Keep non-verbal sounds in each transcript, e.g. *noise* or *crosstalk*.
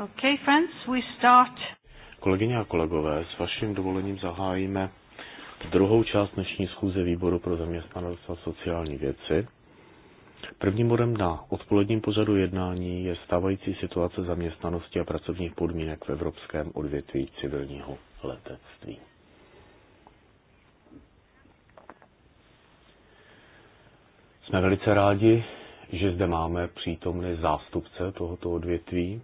Okay, friends, we start. Kolegyně a kolegové, s vaším dovolením zahájíme druhou část dnešní schůze výboru pro zaměstnanost a sociální věci. Prvním bodem na odpoledním pořadu jednání je stávající situace zaměstnanosti a pracovních podmínek v evropském odvětví civilního letectví. Jsme velice rádi, že zde máme přítomné zástupce tohoto odvětví,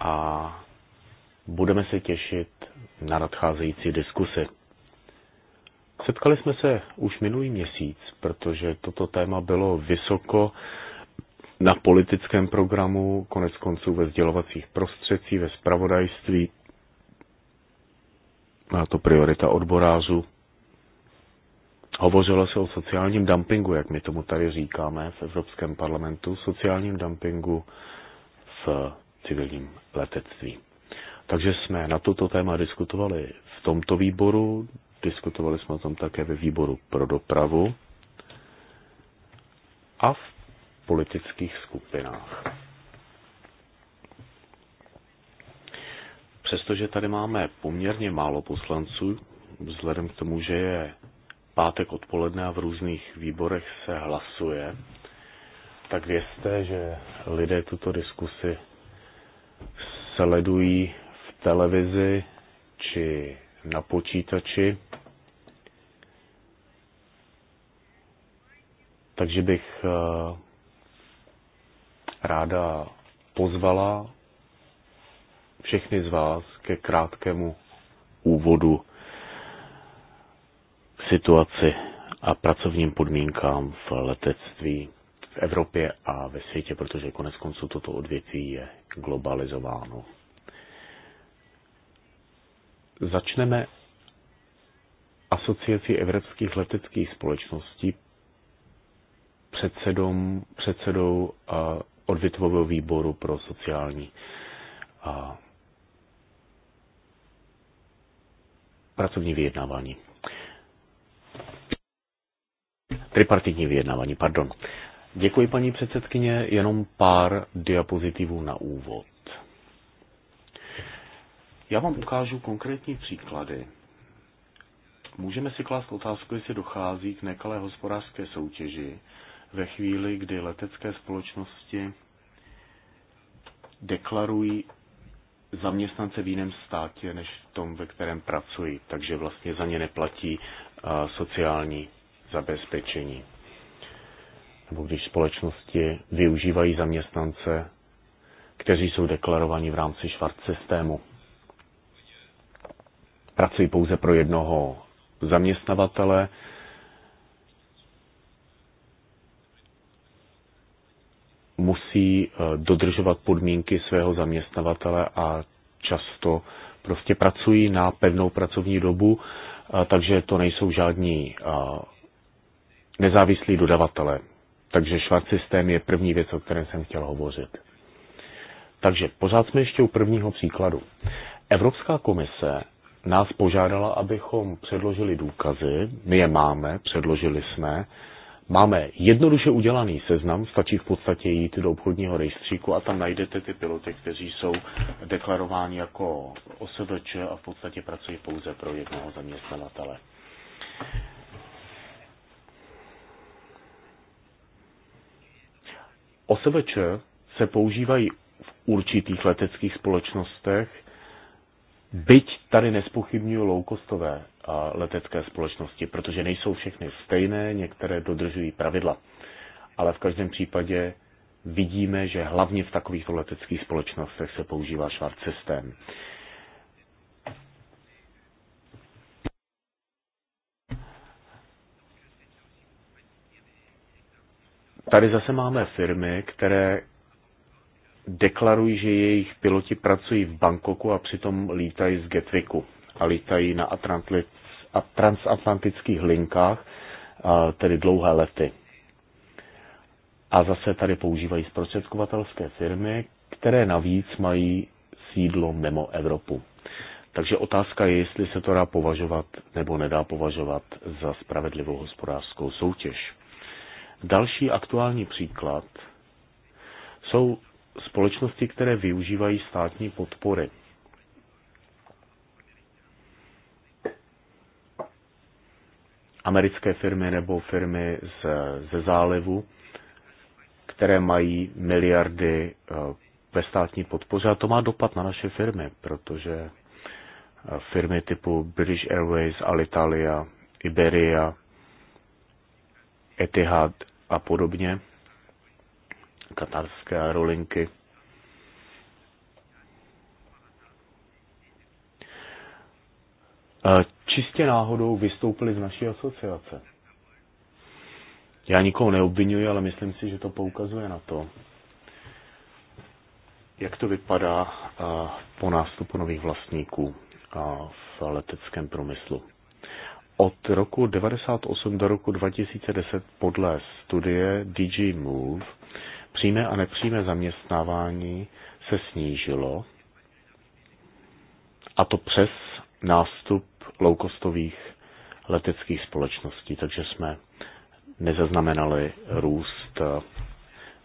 a budeme se těšit na nadcházející diskusy. Setkali jsme se už minulý měsíc, protože toto téma bylo vysoko na politickém programu, konec konců ve sdělovacích prostředcích, ve spravodajství. Má to priorita odborářů. Hovořilo se o sociálním dumpingu, jak my tomu tady říkáme v Evropském parlamentu, sociálním dumpingu v civilním letectví. Takže jsme na toto téma diskutovali v tomto výboru, diskutovali jsme o tom také ve výboru pro dopravu a v politických skupinách. Přestože tady máme poměrně málo poslanců, vzhledem k tomu, že je pátek odpoledne a v různých výborech se hlasuje, tak vězte, že lidé tuto diskusi sledují v televizi či na počítači. Takže bych eh, ráda pozvala všechny z vás ke krátkému úvodu k situaci a pracovním podmínkám v letectví v Evropě a ve světě, protože konec konců toto odvětví je globalizováno. Začneme asociací evropských leteckých společností předsedom, předsedou odvětvového výboru pro sociální a pracovní vyjednávání. Tripartitní vyjednávání, pardon. Děkuji, paní předsedkyně. Jenom pár diapozitivů na úvod. Já vám ukážu konkrétní příklady. Můžeme si klást otázku, jestli dochází k nekalé hospodářské soutěži ve chvíli, kdy letecké společnosti deklarují zaměstnance v jiném státě než v tom, ve kterém pracují, takže vlastně za ně neplatí eh, sociální zabezpečení nebo když společnosti využívají zaměstnance, kteří jsou deklarovaní v rámci švart systému. Pracují pouze pro jednoho zaměstnavatele, musí eh, dodržovat podmínky svého zaměstnavatele a často prostě pracují na pevnou pracovní dobu, eh, takže to nejsou žádní eh, nezávislí dodavatelé. Takže švart systém je první věc, o které jsem chtěl hovořit. Takže pořád jsme ještě u prvního příkladu. Evropská komise nás požádala, abychom předložili důkazy, my je máme, předložili jsme, Máme jednoduše udělaný seznam, stačí v podstatě jít do obchodního rejstříku a tam najdete ty piloty, kteří jsou deklarováni jako OSVČ a v podstatě pracují pouze pro jednoho zaměstnavatele. OSVČ se používají v určitých leteckých společnostech, byť tady nespochybňují loukostové letecké společnosti, protože nejsou všechny stejné, některé dodržují pravidla. Ale v každém případě vidíme, že hlavně v takovýchto leteckých společnostech se používá švart systém. Tady zase máme firmy, které deklarují, že jejich piloti pracují v Bangkoku a přitom lítají z Getviku a lítají na transatlantických linkách, tedy dlouhé lety. A zase tady používají zprostředkovatelské firmy, které navíc mají sídlo mimo Evropu. Takže otázka je, jestli se to dá považovat nebo nedá považovat za spravedlivou hospodářskou soutěž. Další aktuální příklad jsou společnosti, které využívají státní podpory. Americké firmy nebo firmy z, ze zálivu, které mají miliardy eh, ve státní podpoře a to má dopad na naše firmy, protože eh, firmy typu British Airways, Alitalia, Iberia, Etihad a podobně, katarské aerolinky. E, čistě náhodou vystoupili z naší asociace. Já nikoho neobvinuji, ale myslím si, že to poukazuje na to, jak to vypadá e, po nástupu nových vlastníků v leteckém průmyslu. Od roku 1998 do roku 2010 podle studie DG Move přímé a nepřímé zaměstnávání se snížilo, a to přes nástup loukostových leteckých společností, takže jsme nezaznamenali růst eh,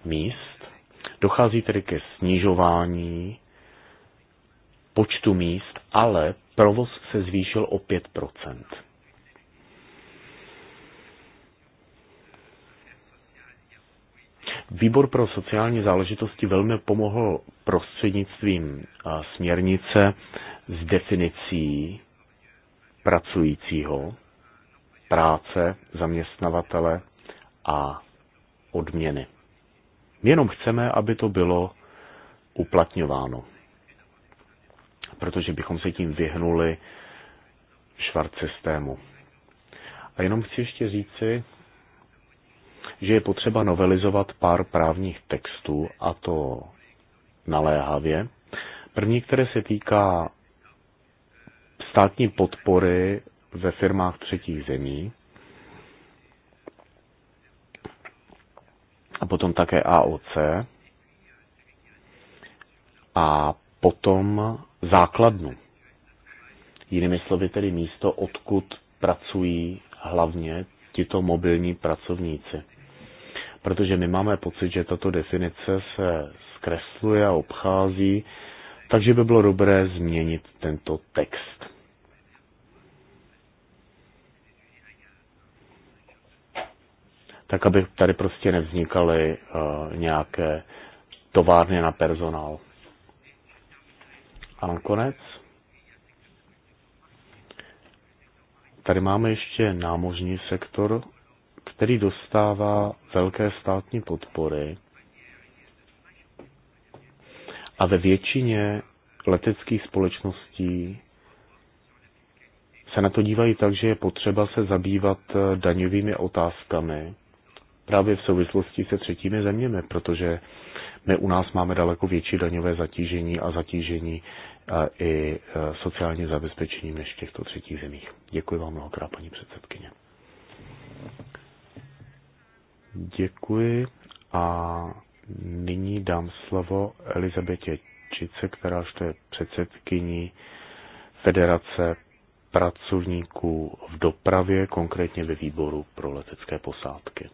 míst. Dochází tedy ke snižování počtu míst, ale provoz se zvýšil o 5 Výbor pro sociální záležitosti velmi pomohl prostřednictvím směrnice s definicí pracujícího, práce, zaměstnavatele a odměny. My jenom chceme, aby to bylo uplatňováno, protože bychom se tím vyhnuli švart systému. A jenom chci ještě říci, že je potřeba novelizovat pár právních textů, a to naléhavě. První, které se týká státní podpory ve firmách třetích zemí a potom také AOC a potom základnu. Jinými slovy tedy místo, odkud pracují hlavně tito mobilní pracovníci protože my máme pocit, že tato definice se zkresluje a obchází, takže by bylo dobré změnit tento text. Tak, aby tady prostě nevznikaly uh, nějaké továrny na personál. A nakonec, tady máme ještě námořní sektor, který dostává velké státní podpory a ve většině leteckých společností se na to dívají tak, že je potřeba se zabývat eh, daňovými otázkami právě v souvislosti se třetími zeměmi, protože my u nás máme daleko větší daňové zatížení a zatížení eh, i eh, sociálně zabezpečení než v těchto třetích zemích. Děkuji vám mnohokrát, paní předsedkyně. Děkuji a nyní dám slovo Elizabetě Čice, která to je předsedkyní Federace pracovníků v dopravě, konkrétně ve výboru pro letecké posádky.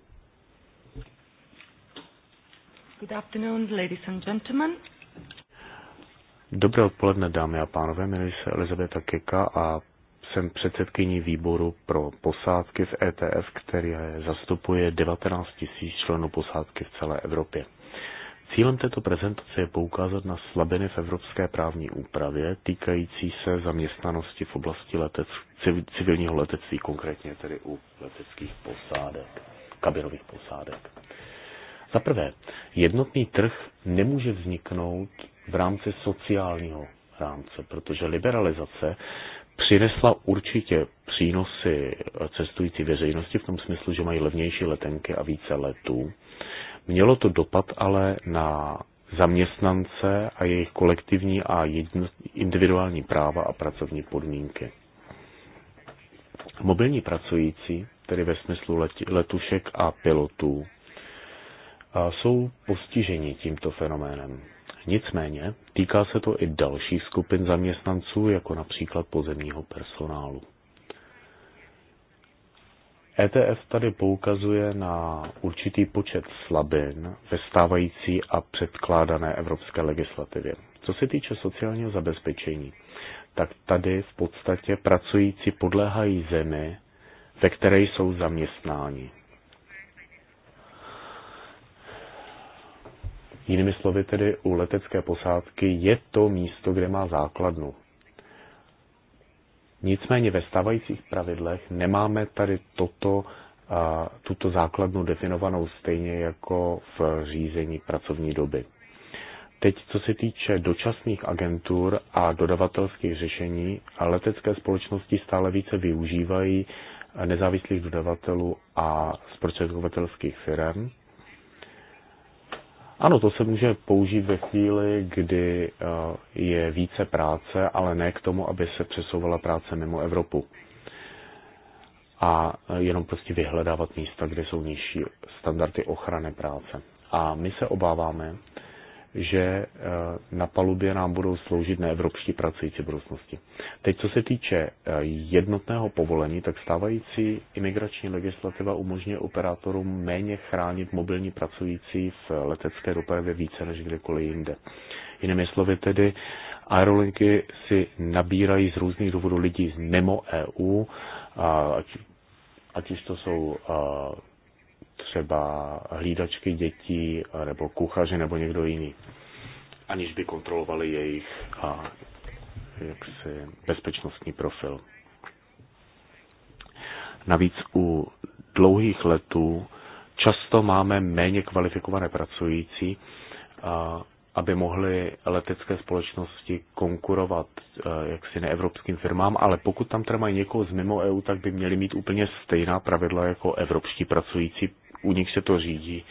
Good afternoon, ladies and gentlemen. Dobré odpoledne, dámy a pánové, jmenuji se Elizabeta Keka a jsem předsedkyní výboru pro posádky v ETF, který zastupuje 19 000 členů posádky v celé Evropě. Cílem této prezentace je poukázat na slabiny v evropské právní úpravě týkající se zaměstnanosti v oblasti letec, civilního letectví, konkrétně tedy u leteckých posádek, kabinových posádek. Za prvé, jednotný trh nemůže vzniknout v rámci sociálního rámce, protože liberalizace přinesla určitě přínosy cestující veřejnosti v tom smyslu, že mají levnější letenky a více letů. Mělo to dopad ale na zaměstnance a jejich kolektivní a individuální práva a pracovní podmínky. Mobilní pracující, tedy ve smyslu letušek a pilotů, jsou postiženi tímto fenoménem. Nicméně týká se to i dalších skupin zaměstnanců, jako například pozemního personálu. ETF tady poukazuje na určitý počet slabin ve stávající a předkládané evropské legislativě. Co se týče sociálního zabezpečení, tak tady v podstatě pracující podléhají zemi, ve které jsou zaměstnáni. Jinými slovy tedy u letecké posádky je to místo, kde má základnu. Nicméně ve stávajících pravidlech nemáme tady toto, a, tuto základnu definovanou stejně jako v řízení pracovní doby. Teď, co se týče dočasných agentur a dodavatelských řešení, letecké společnosti stále více využívají nezávislých dodavatelů a zprostředkovatelských firm. Ano, to se může použít ve chvíli, kdy eh, je více práce, ale ne k tomu, aby se přesouvala práce mimo Evropu. A eh, jenom prostě vyhledávat místa, kde jsou nižší standardy ochrany práce. A my se obáváme, že eh, na palubě nám budou sloužit neevropští pracující budoucnosti. Teď, co se týče eh, jednotného povolení, tak stávající imigrační legislativa umožňuje operátorům méně chránit mobilní pracující v letecké dopravě více než kdekoliv jinde. Jinými slovy tedy, aerolinky si nabírají z různých důvodů lidí z mimo EU, ať, ať už to jsou eh, třeba hlídačky dětí nebo kuchaři nebo někdo jiný, aniž by kontrolovali jejich a, jaksi, bezpečnostní profil. Navíc u dlouhých letů často máme méně kvalifikované pracující, a, aby mohly letecké společnosti konkurovat jaksi neevropským firmám, ale pokud tam třeba mají někoho z mimo EU, tak by měli mít úplně stejná pravidla jako evropští pracující u nich se to řídí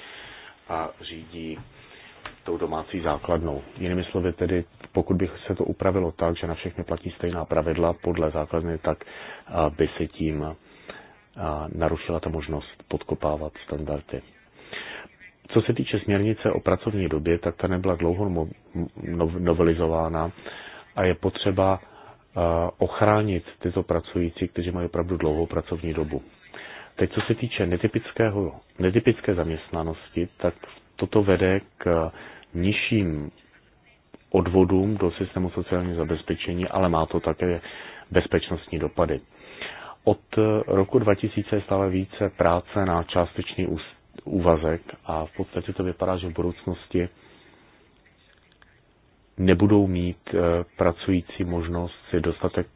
a řídí tou domácí základnou. Jinými slovy tedy, pokud by se to upravilo tak, že na všechny platí stejná pravidla podle základny, tak by se tím narušila ta možnost podkopávat standardy. Co se týče směrnice o pracovní době, tak ta nebyla dlouho no-, novelizována a je potřeba ochránit tyto pracující, kteří mají opravdu dlouhou pracovní dobu. Teď, co se týče netypického, netypické zaměstnanosti, tak toto vede k nižším odvodům do systému sociálního zabezpečení, ale má to také bezpečnostní dopady. Od roku 2000 je stále více práce na částečný úvazek a v podstatě to vypadá, že v budoucnosti nebudou mít eh, pracující možnost si dostatek,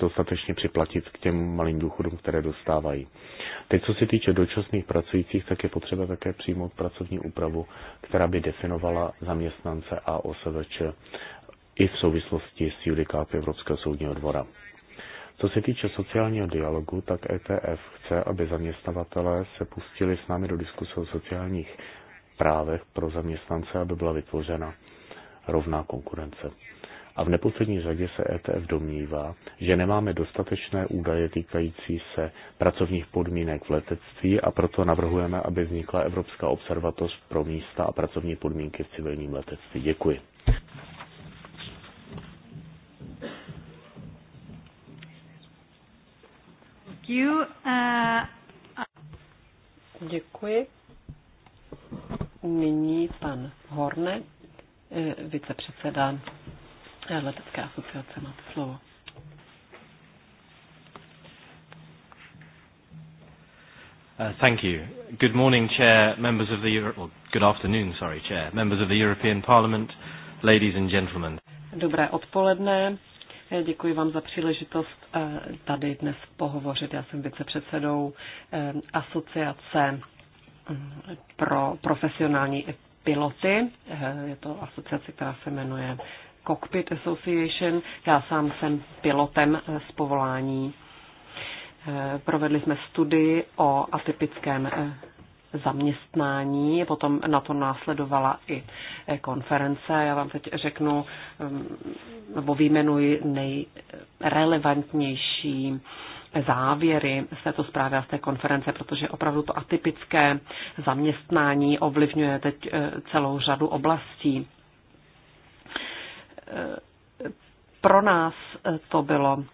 dostatečně připlatit k těm malým důchodům, které dostávají. Teď, co se týče dočasných pracujících, tak je potřeba také přijmout pracovní úpravu, která by definovala zaměstnance a OSVČ i v souvislosti s judikáty Evropského soudního dvora. Co se týče sociálního dialogu, tak ETF chce, aby zaměstnavatelé se pustili s námi do diskuse o sociálních právech pro zaměstnance, aby byla vytvořena rovná konkurence. A v neposlední řadě se ETF domnívá, že nemáme dostatečné údaje týkající se pracovních podmínek v letectví a proto navrhujeme, aby vznikla Evropská observatoř pro místa a pracovní podmínky v civilním letectví. Děkuji. Uh, Děkuji. Nyní pan Hornet. Eh, vicepředseda eh, Letecké asociace. Máte slovo. Uh, thank you. Good morning, Chair, members of the Euro well, good afternoon, sorry, Chair, members of the European Parliament, ladies and gentlemen. Dobré odpoledne. Eh, děkuji vám za příležitost tady dnes pohovořit. Já jsem vicepředsedou asociace mm, pro profesionální piloty. Eh, je to asociace, která se jmenuje Cockpit Association. Já sám jsem pilotem eh, z povolání. Eh, provedli jsme studii o atypickém zaměstnání, potom na to následovala i konference. Já vám teď řeknu, mm, nebo výjmenuji nejrelevantnější závěry z této zprávy a z té konference, protože opravdu to atypické zaměstnání ovlivňuje teď e, celou řadu oblastí. E, pro nás e, to bylo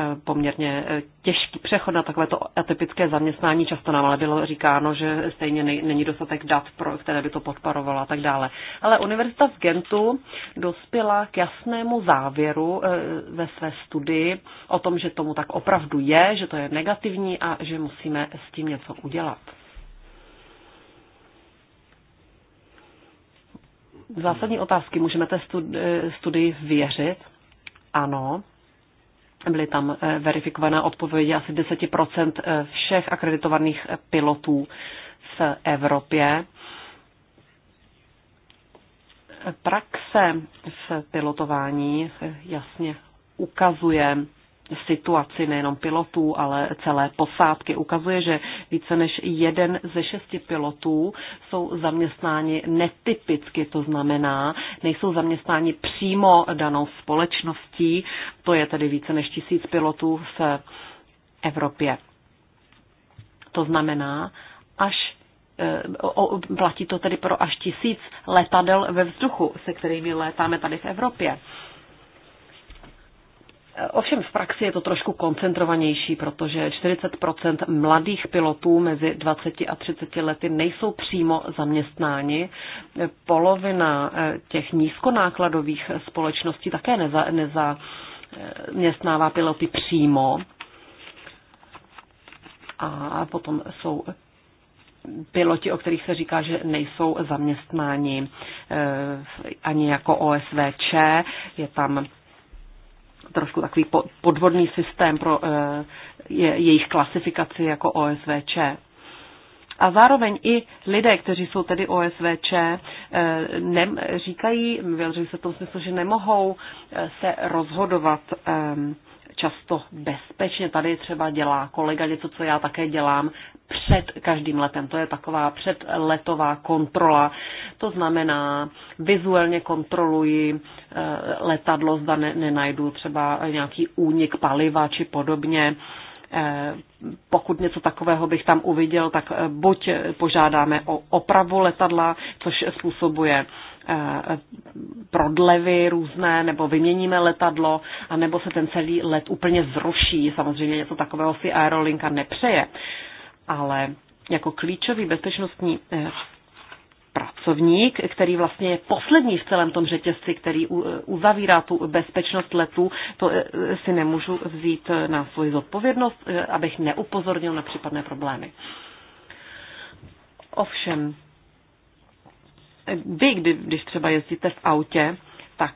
Eh, poměrně eh, těžký přechod na takovéto atypické zaměstnání. Často nám ale bylo říkáno, že stejně není dostatek dat, pro které by to podporovalo a tak dále. Ale Univerzita v Gentu dospěla k jasnému závěru eh, ve své studii o tom, že tomu tak opravdu je, že to je negativní a že musíme s tím něco udělat. Zásadní otázky. Můžeme té studii věřit? Ano. Byly tam eh, verifikované odpovědi asi 10% eh, všech akreditovaných pilotů v Evropě. Praxe v pilotování eh, jasně ukazuje, situaci nejenom pilotů, ale celé posádky. Ukazuje, že více než jeden ze šesti pilotů jsou zaměstnáni netypicky, to znamená, nejsou zaměstnáni přímo danou společností, to je tedy více než tisíc pilotů v Evropě. To znamená, až eh, platí to tedy pro až tisíc letadel ve vzduchu, se kterými létáme tady v Evropě. Ovšem v praxi je to trošku koncentrovanější, protože 40 mladých pilotů mezi 20 a 30 lety nejsou přímo zaměstnáni. Polovina eh, těch nízkonákladových společností také neza, eh, piloty přímo. A potom jsou piloti, o kterých se říká, že nejsou zaměstnáni eh, ani jako OSVČ. Je tam trošku takový podvodný systém pro eh, jejich klasifikaci jako OSVČ. A zároveň i lidé, kteří jsou tedy OSVČ, eh, ne, říkají, vyjadřují se v tom smyslu, že nemohou eh, se rozhodovat ehm, často bezpečně. Tady třeba dělá kolega něco, co já také dělám před každým letem. To je taková předletová kontrola. To znamená, vizuálně kontroluji eh, letadlo, zda ne, nenajdu třeba nějaký únik paliva či podobně. Eh, pokud něco takového bych tam uviděl, tak eh, buď požádáme o opravu letadla, což způsobuje eh, prodlevy různé, nebo vyměníme letadlo, anebo se ten celý let úplně zruší. Samozřejmě něco takového si aerolinka nepřeje. Ale jako klíčový bezpečnostní pracovník, který vlastně je poslední v celém tom řetězci, který uzavírá tu bezpečnost letů, to eh, si nemůžu vzít eh, na svoji zodpovědnost, eh, abych neupozornil na případné problémy. Ovšem, vy, kdy, když třeba jezdíte v autě, tak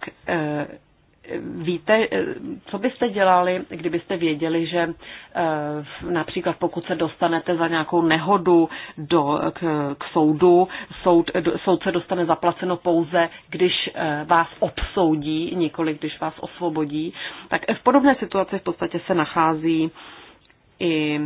víte, eh, co byste dělali, kdybyste věděli, že eh, například pokud se dostanete za nějakou nehodu do, k, k soudu, soud, soud se dostane zaplaceno pouze, když eh, vás obsoudí, nikoli když vás osvobodí, tak v podobné situaci v podstatě se nachází i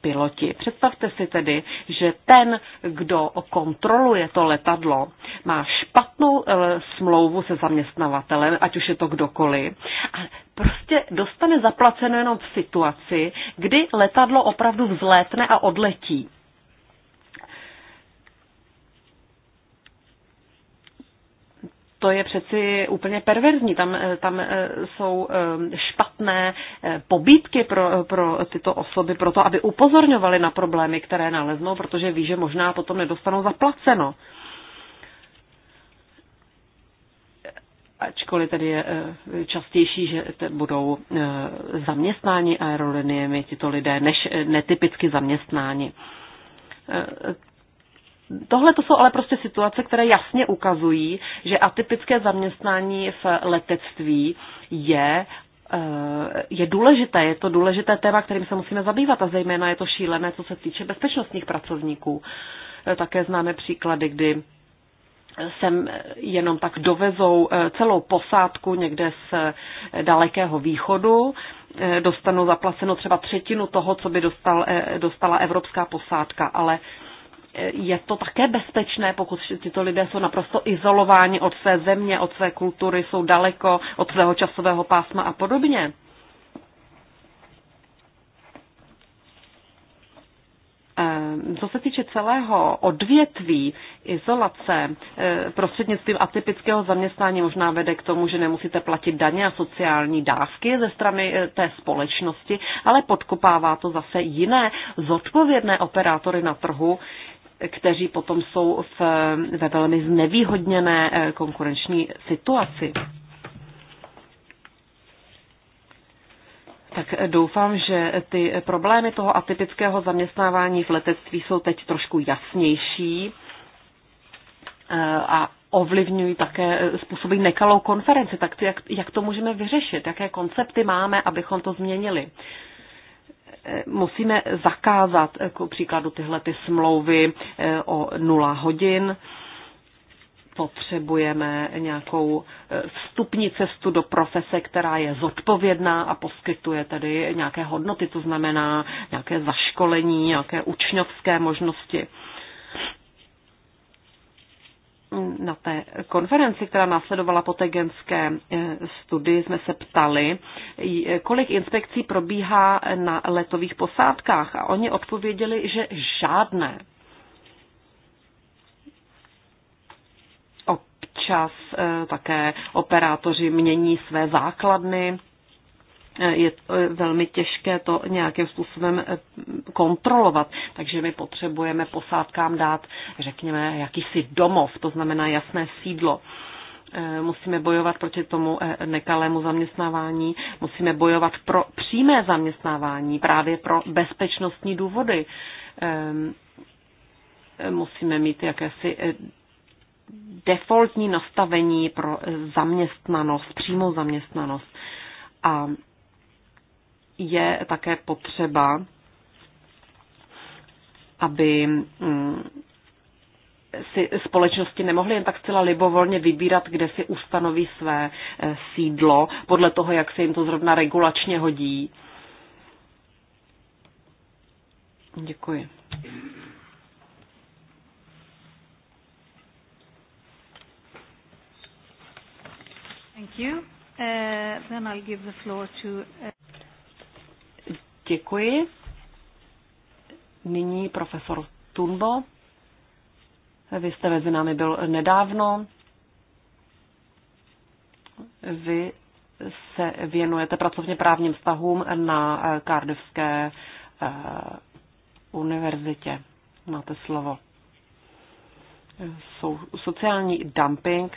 piloti. Představte si tedy, že ten, kdo kontroluje to letadlo, má špatnou eh, smlouvu se zaměstnavatelem, ať už je to kdokoliv, a prostě dostane zaplaceno jenom v situaci, kdy letadlo opravdu vzlétne a odletí. to je přeci úplně perverzní. Tam, eh, tam eh, jsou eh, špatné pobídky pro, pro tyto osoby, pro to, aby upozorňovali na problémy, které naleznou, protože ví, že možná potom nedostanou zaplaceno. ačkoliv tedy je častější, že budou zaměstnáni aeroliniemi tyto lidé, než netypicky zaměstnáni. Tohle to jsou ale prostě situace, které jasně ukazují, že atypické zaměstnání v letectví je eh, je důležité, je to důležité téma, kterým se musíme zabývat a zejména je to šílené, co se týče bezpečnostních pracovníků. Eh, také známe příklady, kdy sem jenom tak dovezou eh, celou posádku někde z dalekého východu, dostanou zaplaceno třeba třetinu toho, co by dostal, dostala evropská posádka, ale je to také bezpečné, pokud tyto lidé jsou naprosto izolováni od své země, od své kultury, jsou daleko od svého časového pásma a podobně. Eh, co se týče celého odvětví izolace eh, prostřednictvím atypického zaměstnání možná vede k tomu, že nemusíte platit daně a sociální dávky ze strany eh, té společnosti, ale podkopává to zase jiné zodpovědné operátory na trhu, kteří potom jsou v, ve velmi znevýhodněné eh, konkurenční situaci. Tak eh, doufám, že ty problémy toho atypického zaměstnávání v letectví jsou teď trošku jasnější eh, a ovlivňují také způsoby nekalou konferenci. Tak jak, jak to můžeme vyřešit? Jaké koncepty máme, abychom to změnili? musíme zakázat eh, k příkladu tyhle ty smlouvy eh, o nula hodin. Potřebujeme nějakou eh, vstupní cestu do profese, která je zodpovědná a poskytuje tedy nějaké hodnoty, to znamená nějaké zaškolení, nějaké učňovské možnosti na té konferenci, která následovala po té genské eh, studii, jsme se ptali, kolik inspekcí probíhá na letových posádkách a oni odpověděli, že žádné. Občas eh, také operátoři mění své základny, je eh, velmi těžké to nějakým způsobem eh, kontrolovat. Takže my potřebujeme posádkám dát, řekněme, jakýsi domov, to znamená jasné sídlo eh, musíme bojovat proti tomu nekalému zaměstnávání, musíme bojovat pro přímé zaměstnávání, právě pro bezpečnostní důvody. Ehm, musíme mít jakési defaultní nastavení pro zaměstnanost, přímou zaměstnanost. A je také potřeba, aby mm, si společnosti nemohly jen tak zcela libovolně vybírat, kde si ustanoví své eh, sídlo, podle toho, jak se jim to zrovna regulačně hodí. Děkuji. Thank you. Uh, then I'll give the floor to... Uh... Děkuji. Nyní profesor Tunbo. Vy jste mezi námi byl nedávno. Vy se věnujete pracovně právním vztahům na Cardiffské eh, univerzitě. Máte slovo. sociální dumping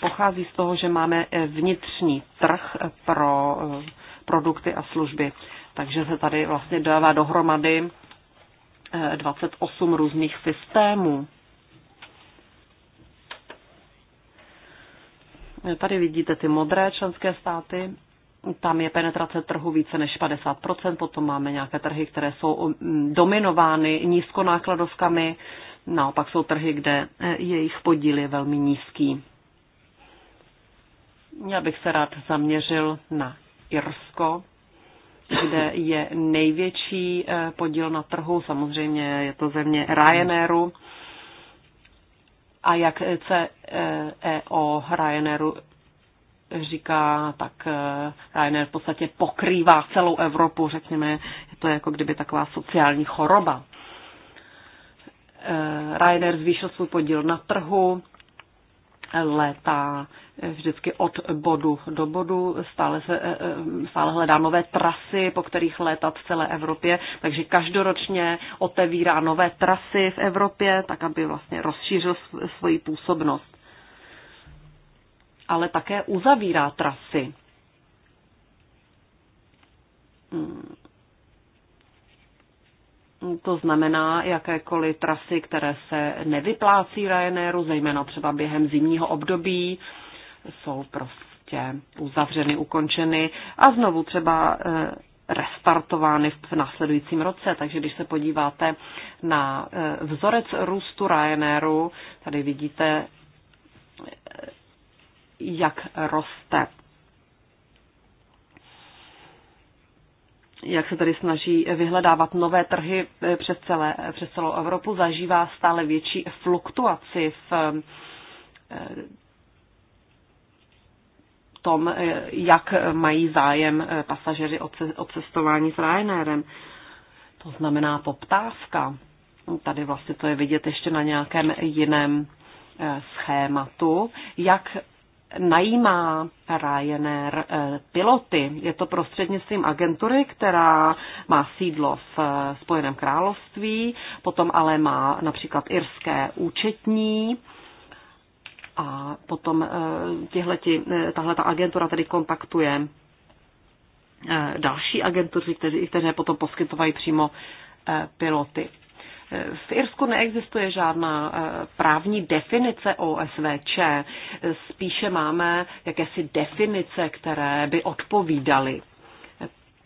pochází z toho, že máme vnitřní trh pro eh, produkty a služby takže se tady vlastně dává dohromady 28 eh, různých systémů. Tady vidíte ty modré členské státy, tam je penetrace trhu více než 50%, potom máme nějaké trhy, které jsou mm, dominovány nízkonákladovkami, naopak jsou trhy, kde eh, jejich podíl je velmi nízký. Já bych se rád zaměřil na Irsko, kde je největší eh, podíl na trhu, samozřejmě je to země Ryanairu. A jak CEO Ryanairu říká, tak eh, Ryanair v podstatě pokrývá celou Evropu, řekněme, je to jako kdyby taková sociální choroba. Eh, Ryanair zvýšil svůj podíl na trhu, létá vždycky od bodu do bodu, stále, se, eh, eh, stále hledá nové trasy, po kterých létat v celé Evropě, takže každoročně otevírá nové trasy v Evropě, tak aby vlastně rozšířil svoji působnost. Ale také uzavírá trasy. Hmm to znamená, jakékoliv trasy, které se nevyplácí Ryanairu, zejména třeba během zimního období, jsou prostě uzavřeny, ukončeny a znovu třeba eh, restartovány v následujícím roce. Takže když se podíváte na eh, vzorec růstu Ryanairu, tady vidíte, eh, jak roste jak se tady snaží vyhledávat nové trhy eh, přes, celé, eh, přes celou Evropu, zažívá stále větší fluktuaci v eh, tom, jak mají zájem pasažeři o cestování s Ryanairem. To znamená poptávka. Tady vlastně to je vidět ještě na nějakém jiném schématu, jak najímá Ryanair eh, piloty. Je to prostřednictvím agentury, která má sídlo v eh, Spojeném království, potom ale má například irské účetní, a potom eh, těhleti, tahle ta agentura tedy kontaktuje další agentury, kteří, kteří potom poskytovají přímo piloty. V Irsku neexistuje žádná eh, právní definice OSVČ, spíše máme jakési definice, které by odpovídaly.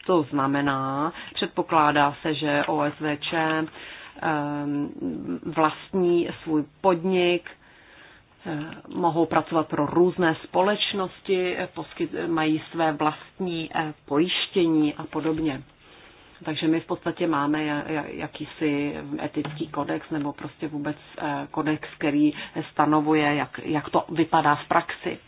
To znamená, předpokládá se, že OSVČ eh, vlastní svůj podnik, eh, mohou pracovat pro různé společnosti, mají své vlastní pojištění a podobně. Takže my v podstatě máme jakýsi etický kodex nebo prostě vůbec eh, kodex, který stanovuje, jak, jak to vypadá v praxi.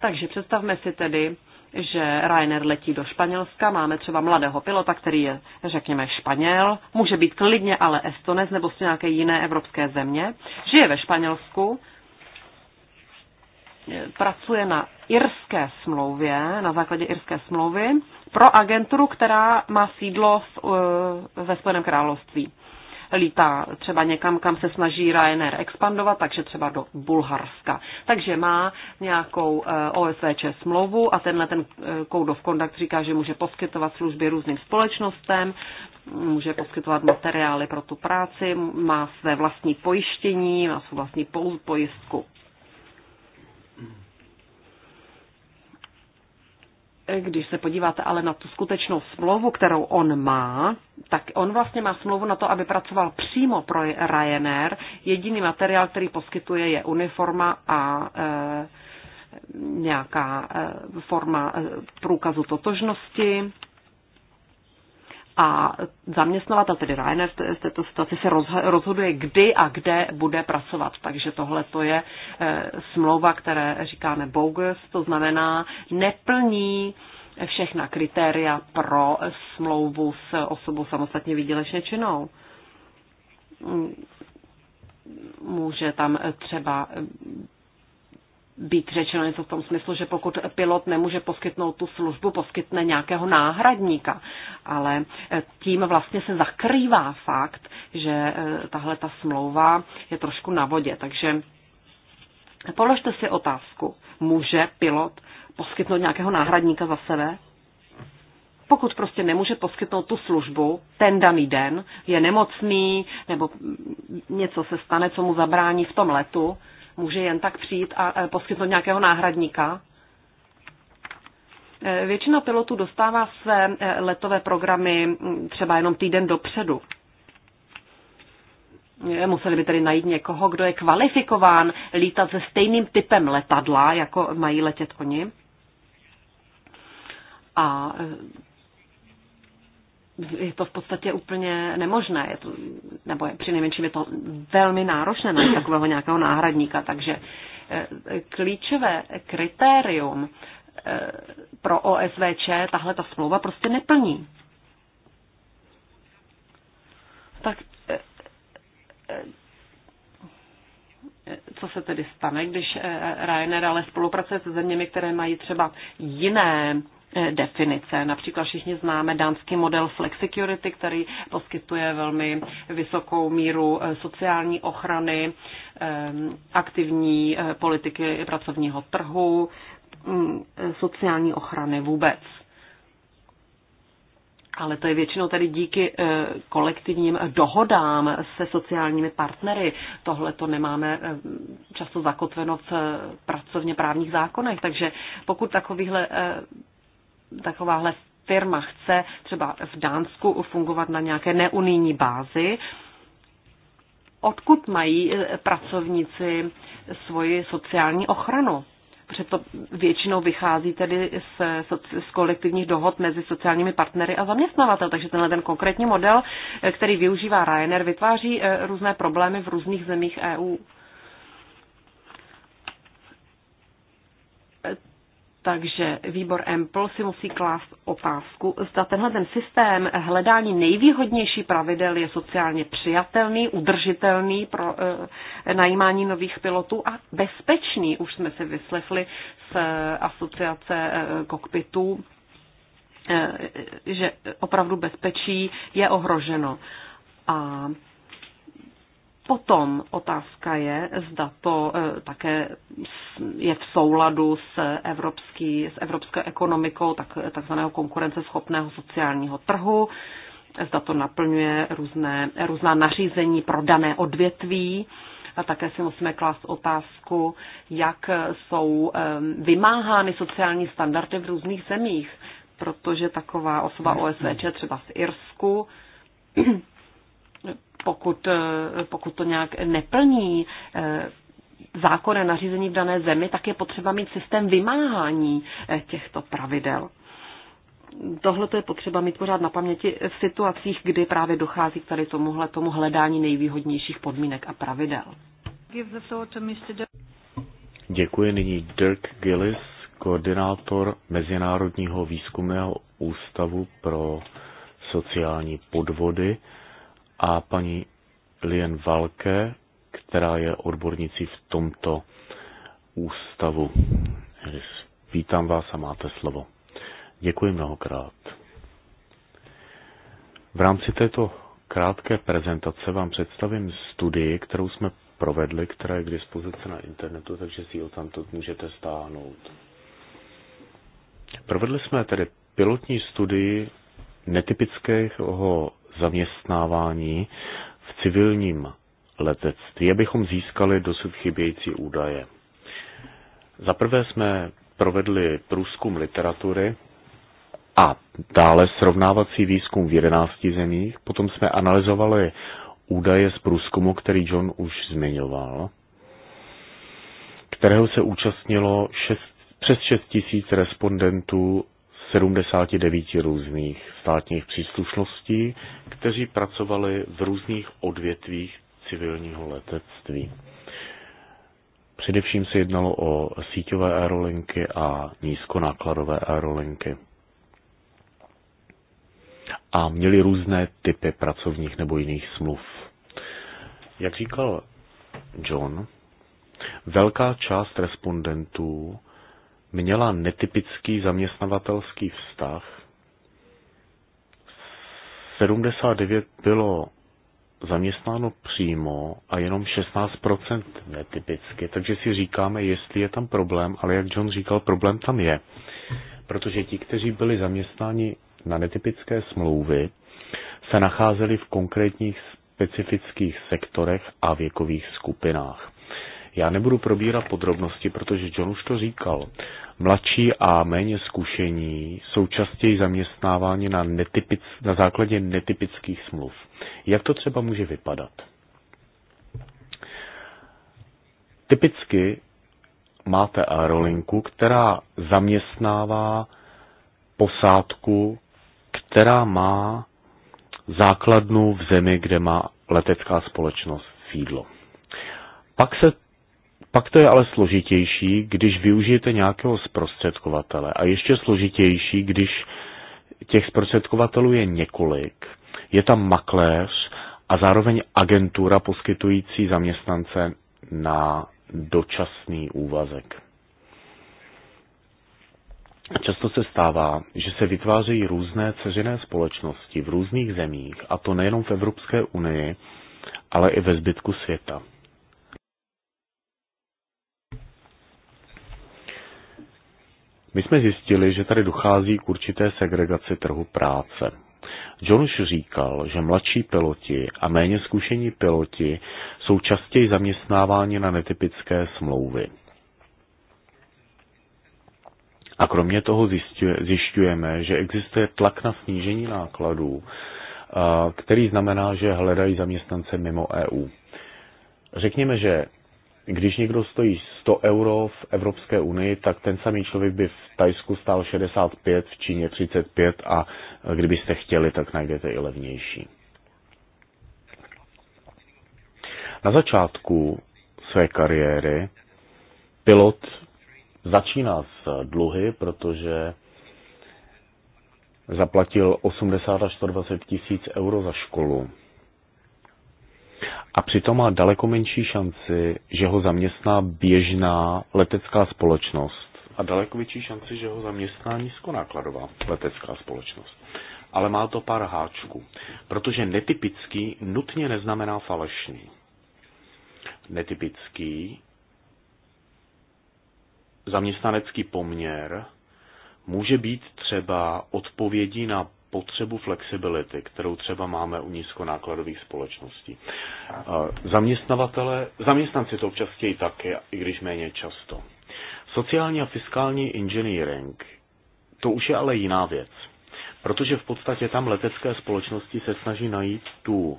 Takže představme si tedy, že Rainer letí do Španělska, máme třeba mladého pilota, který je, řekněme, Španěl, může být klidně ale Estonec nebo z nějaké jiné evropské země, žije ve Španělsku pracuje na irské smlouvě, na základě irské smlouvy, pro agenturu, která má sídlo v, eh, ve Spojeném království. Lítá třeba někam, kam se snaží Ryanair expandovat, takže třeba do Bulharska. Takže má nějakou eh, OSVČ smlouvu a tenhle ten eh, Code of Conduct říká, že může poskytovat služby různým společnostem, může poskytovat materiály pro tu práci, má své vlastní pojištění, má svou vlastní pojistku. když se podíváte ale na tu skutečnou smlouvu, kterou on má, tak on vlastně má smlouvu na to, aby pracoval přímo pro Ryanair. Jediný materiál, který poskytuje, je uniforma a e, nějaká e, forma e, průkazu totožnosti a zaměstnavatel, tedy Ryanair v této situaci se rozhoduje, kdy a kde bude pracovat. Takže tohle to je eh, smlouva, které říkáme bogus, to znamená neplní všechna kritéria pro smlouvu s osobou samostatně výdělečně činnou. Může tam třeba být řečeno něco v tom smyslu, že pokud pilot nemůže poskytnout tu službu, poskytne nějakého náhradníka. Ale eh, tím vlastně se zakrývá fakt, že eh, tahle ta smlouva je trošku na vodě. Takže položte si otázku, může pilot poskytnout nějakého náhradníka za sebe? Pokud prostě nemůže poskytnout tu službu ten daný den, je nemocný nebo něco se stane, co mu zabrání v tom letu, může jen tak přijít a e, poskytnout nějakého náhradníka? E, většina pilotů dostává své e, letové programy třeba jenom týden dopředu. Museli by tedy najít někoho, kdo je kvalifikován lítat se stejným typem letadla, jako mají letět oni. A je to v podstatě úplně nemožné, je to, nebo je, přinejmenším je to velmi náročné na takového nějakého náhradníka, takže eh, klíčové kritérium eh, pro OSVČ tahle ta smlouva prostě neplní. Tak eh, co se tedy stane, když Ryanair ale spolupracuje se zeměmi, které mají třeba jiné Eh, definice. Například všichni známe dánský model Security, který poskytuje velmi vysokou míru eh, sociální ochrany, eh, aktivní politiky pracovního trhu, mm, sociální ochrany vůbec. Ale to je většinou tedy díky kolektivním dohodám se sociálními partnery. Tohle to nemáme často zakotveno v pracovně právních zákonech, takže pokud takovýhle takováhle firma chce třeba v Dánsku fungovat na nějaké neunijní bázi, odkud mají e, pracovníci svoji sociální ochranu? Protože to většinou vychází tedy z, z kolektivních dohod mezi sociálními partnery a zaměstnavatel. Takže tenhle ten konkrétní model, e, který využívá Ryanair, vytváří e, různé problémy v různých zemích EU. Takže výbor EMPL si musí klást otázku, zda tenhle ten systém hledání nejvýhodnější pravidel je sociálně přijatelný, udržitelný pro e, najímání nových pilotů a bezpečný. Už jsme si vyslechli z e, asociace e, eh, kokpitů, e, eh, že opravdu bezpečí je ohroženo. A Potom otázka je, zda to eh, také je v souladu s, evropský, s evropskou ekonomikou tak, takzvaného konkurenceschopného sociálního trhu, zda to naplňuje různé, různá nařízení pro dané odvětví. A také si musíme klást otázku, jak jsou eh, vymáhány sociální standardy v různých zemích, protože taková osoba hmm. OSVČ třeba z Irsku pokud, eh, pokud to nějak neplní eh, zákonné nařízení v dané zemi, tak je potřeba mít systém vymáhání eh, těchto pravidel. Tohle je potřeba mít pořád na paměti v situacích, kdy právě dochází k tady tomuhle, tomu hledání nejvýhodnějších podmínek a pravidel. Děkuji nyní Dirk Gillis, koordinátor Mezinárodního výzkumného ústavu pro sociální podvody a paní Lien Valke, která je odbornicí v tomto ústavu. Vítám vás a máte slovo. Děkuji mnohokrát. V rámci této krátké prezentace vám představím studii, kterou jsme provedli, která je k dispozici na internetu, takže si ji to můžete stáhnout. Provedli jsme tedy pilotní studii netypického zaměstnávání v civilním letectví, abychom získali dosud chybějící údaje. Za prvé jsme provedli průzkum literatury a dále srovnávací výzkum v 11 zemích. Potom jsme analyzovali údaje z průzkumu, který John už zmiňoval, kterého se účastnilo 6, přes 6 tisíc respondentů 79 různých státních příslušností, kteří pracovali v různých odvětvích civilního letectví. Především se jednalo o síťové aerolinky a nízkonákladové aerolinky. A měli různé typy pracovních nebo jiných smluv. Jak říkal John, velká část respondentů měla netypický zaměstnavatelský vztah. 79 bylo zaměstnáno přímo a jenom 16% netypicky. Takže si říkáme, jestli je tam problém, ale jak John říkal, problém tam je. Protože ti, kteří byli zaměstnáni na netypické smlouvy, se nacházeli v konkrétních specifických sektorech a věkových skupinách. Já nebudu probírat podrobnosti, protože John už to říkal. Mladší a méně zkušení jsou častěji zaměstnáváni na, netypic, na základě netypických smluv. Jak to třeba může vypadat? Typicky máte aerolinku, která zaměstnává posádku, která má základnu v zemi, kde má letecká společnost sídlo. Pak se pak to je ale složitější, když využijete nějakého zprostředkovatele a ještě složitější, když těch zprostředkovatelů je několik. Je tam makléř a zároveň agentura poskytující zaměstnance na dočasný úvazek. Často se stává, že se vytvářejí různé ceřené společnosti v různých zemích, a to nejenom v Evropské unii, ale i ve zbytku světa. My jsme zjistili, že tady dochází k určité segregaci trhu práce. John už říkal, že mladší piloti a méně zkušení piloti jsou častěji zaměstnáváni na netypické smlouvy. A kromě toho zjišťujeme, že existuje tlak na snížení nákladů, který znamená, že hledají zaměstnance mimo EU. Řekněme, že když někdo stojí 100 euro v Evropské unii, tak ten samý člověk by v Tajsku stál 65, v Číně 35 a kdybyste chtěli, tak najdete i levnější. Na začátku své kariéry pilot začíná s dluhy, protože zaplatil 80 až 120 tisíc euro za školu a přitom má daleko menší šanci, že ho zaměstná běžná letecká společnost a daleko větší šanci, že ho zaměstná nízkonákladová letecká společnost. Ale má to pár háčků, protože netypický nutně neznamená falešný. Netypický zaměstnanecký poměr může být třeba odpovědí na potřebu flexibility, kterou třeba máme u nízkonákladových společností. Zaměstnavatele, zaměstnanci to občas chtějí taky, i když méně často. Sociální a fiskální engineering, to už je ale jiná věc. Protože v podstatě tam letecké společnosti se snaží najít tu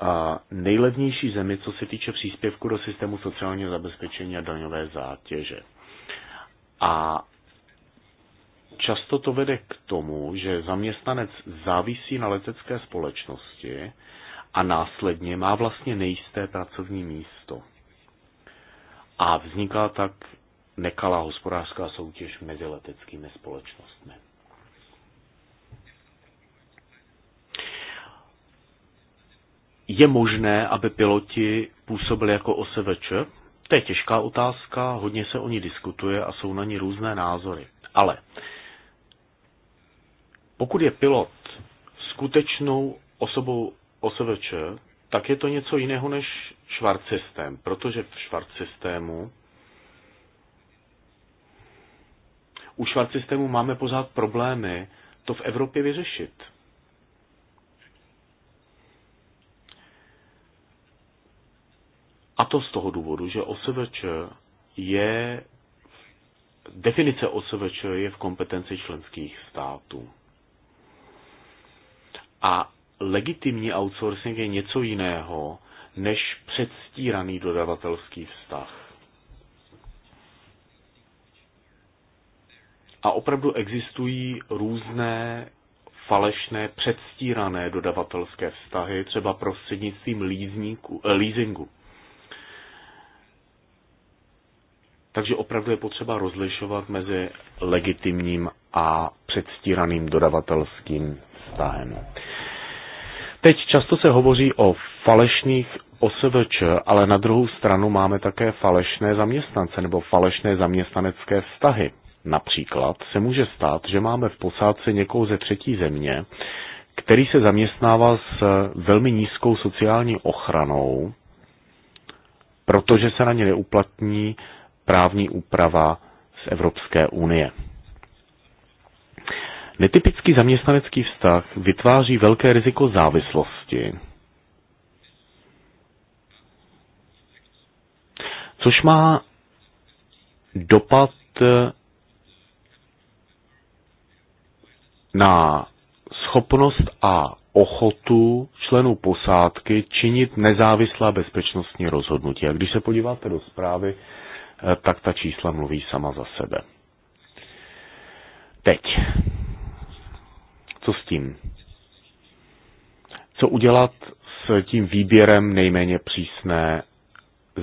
a nejlevnější zemi, co se týče příspěvku do systému sociálního zabezpečení a daňové zátěže. A Často to vede k tomu, že zaměstnanec závisí na letecké společnosti a následně má vlastně nejisté pracovní místo. A vzniká tak nekalá hospodářská soutěž mezi leteckými společnostmi. Je možné, aby piloti působili jako OSVČ? To je těžká otázka, hodně se o ní diskutuje a jsou na ní různé názory. Ale pokud je pilot skutečnou osobou OSVČ, tak je to něco jiného než švart systém, protože v švart systému u švart systému máme pořád problémy to v Evropě vyřešit. A to z toho důvodu, že OSVČ je definice OSVČ je v kompetenci členských států. A legitimní outsourcing je něco jiného než předstíraný dodavatelský vztah. A opravdu existují různé falešné předstírané dodavatelské vztahy, třeba prostřednictvím lízníku, eh, leasingu. Takže opravdu je potřeba rozlišovat mezi legitimním a předstíraným dodavatelským vztahem. Teď často se hovoří o falešných OSVČ, ale na druhou stranu máme také falešné zaměstnance nebo falešné zaměstnanecké vztahy. Například se může stát, že máme v posádce někoho ze třetí země, který se zaměstnává s velmi nízkou sociální ochranou, protože se na ně neuplatní právní úprava z Evropské unie. Netypický zaměstnanecký vztah vytváří velké riziko závislosti, což má dopad eh, na schopnost a ochotu členů posádky činit nezávislá bezpečnostní rozhodnutí. A když se podíváte do zprávy, eh, tak ta čísla mluví sama za sebe. Teď co s tím? Co udělat s tím výběrem nejméně přísné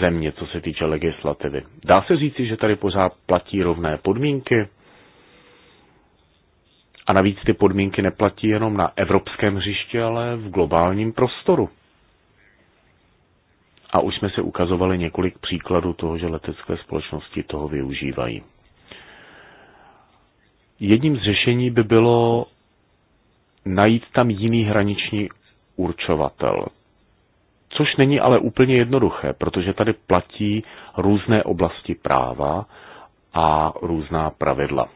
země, co se týče legislativy? Dá se říci, že tady pořád platí rovné podmínky? A navíc ty podmínky neplatí jenom na evropském hřišti, ale v globálním prostoru. A už jsme se ukazovali několik příkladů toho, že letecké společnosti toho využívají. Jedním z řešení by bylo najít tam jiný hraniční určovatel. Což není ale úplně jednoduché, protože tady platí různé oblasti práva a různá pravidla.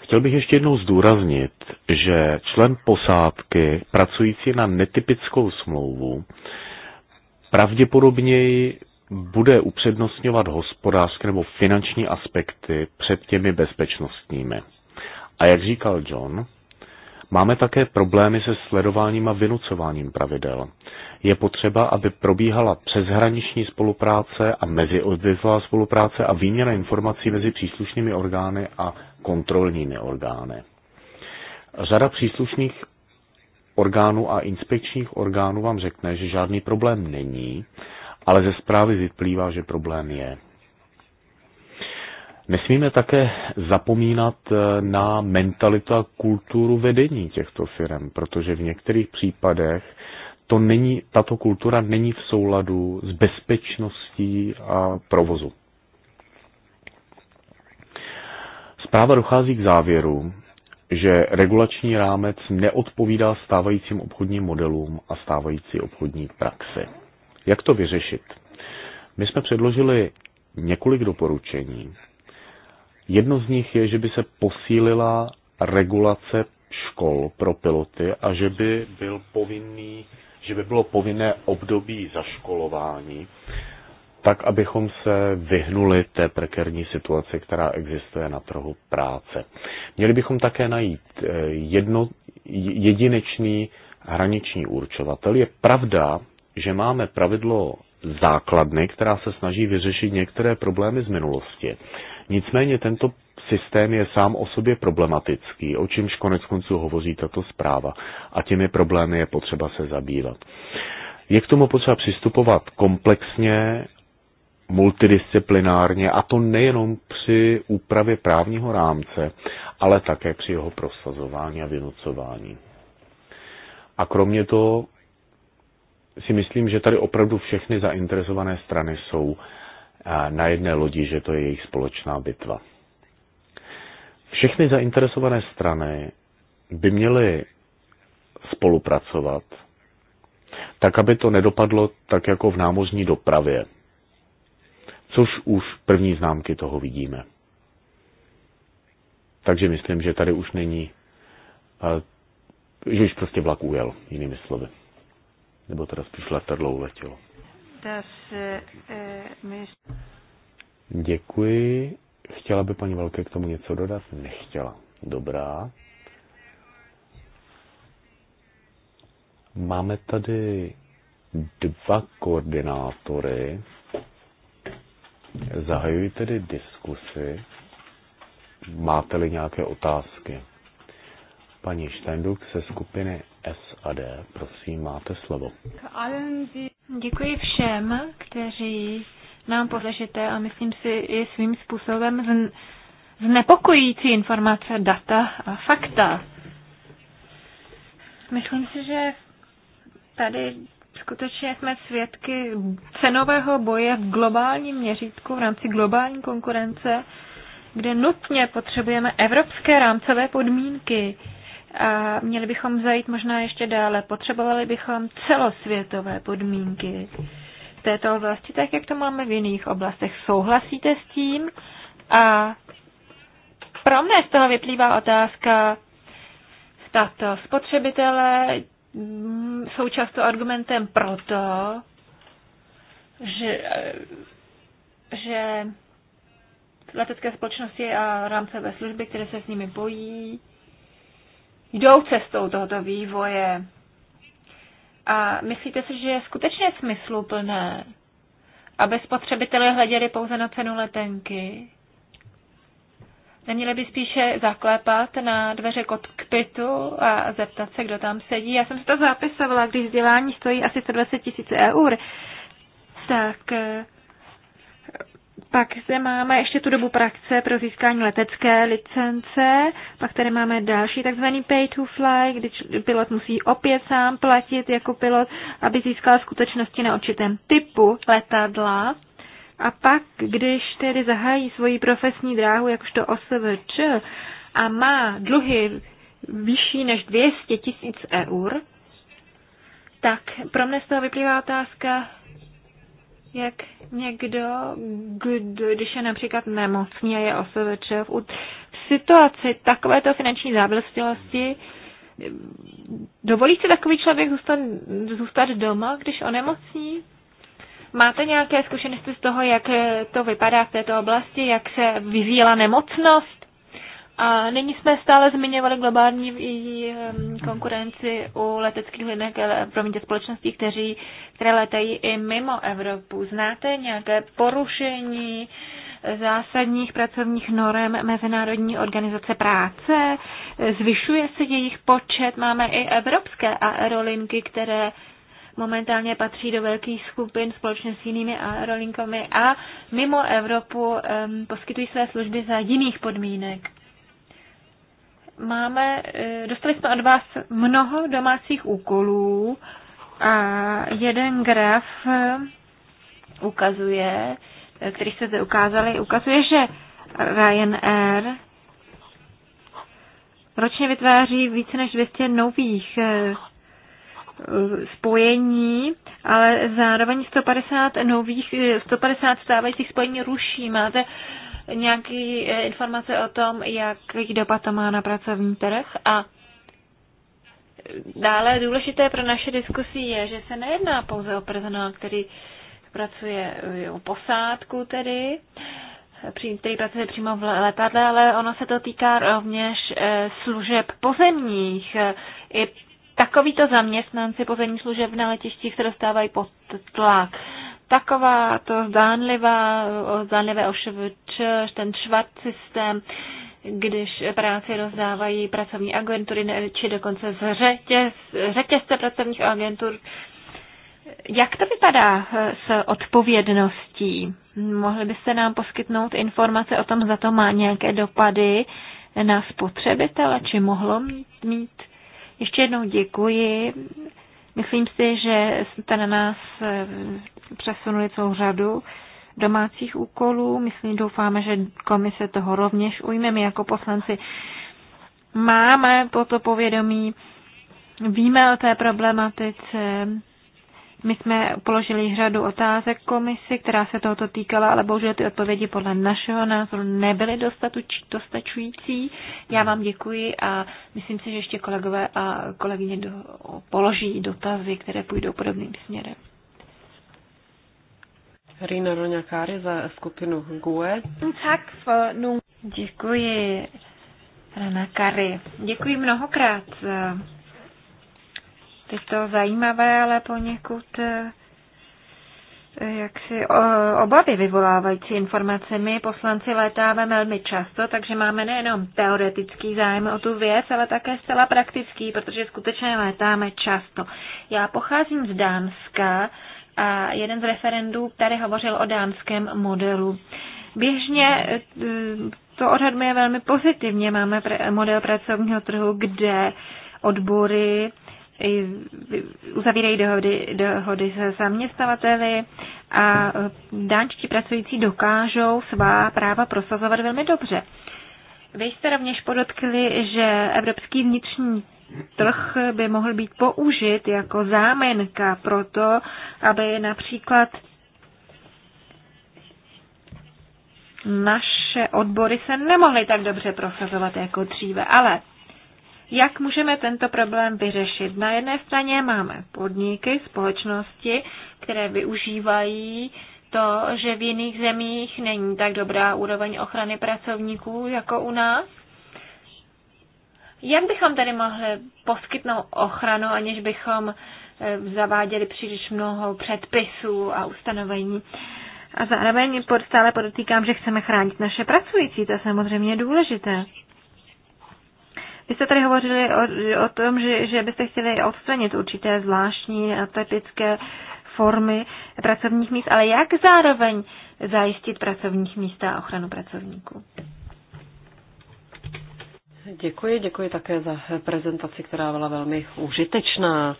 Chtěl bych ještě jednou zdůraznit, že člen posádky pracující na netypickou smlouvu pravděpodobněji bude upřednostňovat hospodářské nebo finanční aspekty před těmi bezpečnostními. A jak říkal John, máme také problémy se sledováním a vynucováním pravidel. Je potřeba, aby probíhala přeshraniční spolupráce a meziodvětvá spolupráce a výměna informací mezi příslušnými orgány a kontrolními orgány. Řada příslušných orgánů a inspekčních orgánů vám řekne, že žádný problém není, ale ze zprávy vyplývá, že problém je. Nesmíme také zapomínat eh, na mentalitu a kulturu vedení těchto firm, protože v některých případech to není, tato kultura není v souladu s bezpečností a provozu. Zpráva dochází k závěru, že regulační rámec neodpovídá stávajícím obchodním modelům a stávající obchodní praxi. Jak to vyřešit? My jsme předložili několik doporučení, Jedno z nich je, že by se posílila regulace škol pro piloty a že by, byl povinný, že by bylo povinné období zaškolování, tak abychom se vyhnuli té prekérní situaci, která existuje na trhu práce. Měli bychom také najít eh, jedno, jedinečný hraniční určovatel. Je pravda, že máme pravidlo základny, která se snaží vyřešit některé problémy z minulosti, Nicméně tento systém je sám o sobě problematický, o čemž konec konců hovoří tato zpráva a těmi problémy je potřeba se zabývat. Je k tomu potřeba přistupovat komplexně, multidisciplinárně a to nejenom při úpravě právního rámce, ale také při jeho prosazování a vynucování. A kromě toho si myslím, že tady opravdu všechny zainteresované strany jsou na jedné lodi, že to je jejich společná bitva. Všechny zainteresované strany by měly spolupracovat, tak aby to nedopadlo tak jako v námořní dopravě, což už první známky toho vidíme. Takže myslím, že tady už není, že už prostě vlak ujel, jinými slovy. Nebo teda spíš letadlo uletělo. Äh, äh, Děkuji. Chtěla by paní Velké k tomu něco dodat? Nechtěla. Dobrá. Máme tady dva koordinátory. Zahajuji tedy diskusy. Máte-li nějaké otázky? Paní Štenduch ze skupiny SAD, prosím, máte slovo. Děkuji všem, kteří nám podležité a myslím si i svým způsobem znepokojící informace, data a fakta. Myslím si, že tady skutečně jsme svědky cenového boje v globálním měřítku v rámci globální konkurence, kde nutně potřebujeme evropské rámcové podmínky, a měli bychom zajít možná ještě dále. Potřebovali bychom celosvětové podmínky v této oblasti, tak jak to máme v jiných oblastech. Souhlasíte s tím? A pro mě z toho vyplývá otázka tato. Spotřebitelé mm, jsou často argumentem proto, že, že letecké společnosti a rámcové služby, které se s nimi pojí, jdou cestou tohoto vývoje. A myslíte si, že je skutečně smysluplné, aby spotřebitelé hleděli pouze na cenu letenky? Neměli by spíše zaklepat na dveře kokpitu a zeptat se, kdo tam sedí. Já jsem si to zapisovala, když vzdělání stojí asi 120 tisíc eur, tak eh, pak zde máme ještě tu dobu praxe pro získání letecké licence, pak tady máme další takzvaný pay to fly, kdy pilot musí opět sám platit jako pilot, aby získal skutečnosti na určitém typu letadla. A pak, když tedy zahájí svoji profesní dráhu jakožto OSVČ a má dluhy vyšší než 200 tisíc eur, tak pro mě z toho vyplývá otázka, jak někdo, kdo, když je například nemocný a je OSVČ, v situaci takovéto finanční závislosti, dovolí se takový člověk zůstat, zůstat doma, když onemocní? Máte nějaké zkušenosti z toho, jak to vypadá v této oblasti, jak se vyvíjela nemocnost? A nyní jsme stále zmiňovali globální konkurenci u leteckých linek, eh, promiňte, společností, kteří, které letají i mimo Evropu. Znáte nějaké porušení eh, zásadních pracovních norem Mezinárodní organizace práce? Zvyšuje se jejich počet? Máme i evropské aerolinky, které momentálně patří do velkých skupin společně s jinými aerolinkami a mimo Evropu um, poskytují své služby za jiných podmínek máme, eh, dostali jsme od vás mnoho domácích úkolů a jeden graf eh, ukazuje, eh, který jste zde ukázali, ukazuje, že Ryanair ročně vytváří více než 200 nových spojení, ale zároveň 150 nových, 150 stávajících spojení ruší. Máte nějaké eh, informace o tom, jaký dopad to má na pracovní trh a dále důležité pro naše diskusí je, že se nejedná pouze o personál, který pracuje u eh, posádku tedy, který pracuje přímo v letadle, ale ono se to týká rovněž eh, služeb pozemních. I takovýto zaměstnanci pozemních služeb na letištích se dostávají pod tlak taková to zdánlivá, zdánlivé ošvč, ten švat systém, když práci rozdávají pracovní agentury, či dokonce z řetěz, řetězce pracovních agentur. Jak to vypadá eh, s odpovědností? Mohli byste nám poskytnout informace o tom, zda to má nějaké dopady na spotřebitele, či mohlo mít? Ještě jednou děkuji Myslím si, že jste na nás eh, přesunuli celou řadu domácích úkolů. Myslím, doufáme, že komise toho rovněž ujme. My jako poslanci máme toto povědomí, víme o té problematice, my jsme položili řadu otázek komisi, která se tohoto týkala, ale bohužel ty odpovědi podle našeho názoru nebyly dostačující. Já vám děkuji a myslím si, že ještě kolegové a kolegyně do, položí dotazy, které půjdou podobným směrem. Rina Roňakáry za skupinu GUE. Tak, děkuji. Rana Kary, děkuji mnohokrát je to zajímavé, ale poněkud eh, jak si obavy vyvolávající informace. My poslanci létáme velmi často, takže máme nejenom teoretický zájem o tu věc, ale také zcela praktický, protože skutečně létáme často. Já pocházím z Dánska a jeden z referendů tady hovořil o dánském modelu. Běžně eh, to odhaduje velmi pozitivně. Máme model pracovního trhu, kde odbory uzavírají dohody, dohody se zaměstnavateli a e, dánčtí pracující dokážou svá práva prosazovat velmi dobře. Vy jste rovněž podotkli, že evropský vnitřní trh by mohl být použit jako zámenka pro to, aby například naše odbory se nemohly tak dobře prosazovat jako dříve. Ale jak můžeme tento problém vyřešit. Na jedné straně máme podniky, společnosti, které využívají to, že v jiných zemích není tak dobrá úroveň ochrany pracovníků jako u nás. Jak bychom tady mohli poskytnout ochranu, aniž bychom eh, zaváděli příliš mnoho předpisů a ustanovení? A zároveň stále podotýkám, že chceme chránit naše pracující, to je samozřejmě důležité. Vy jste tady hovořili o, o tom, že, že byste chtěli odstranit určité zvláštní typické formy pracovních míst, ale jak zároveň zajistit pracovních místa a ochranu pracovníků? Děkuji, děkuji také za prezentaci, která byla velmi užitečná.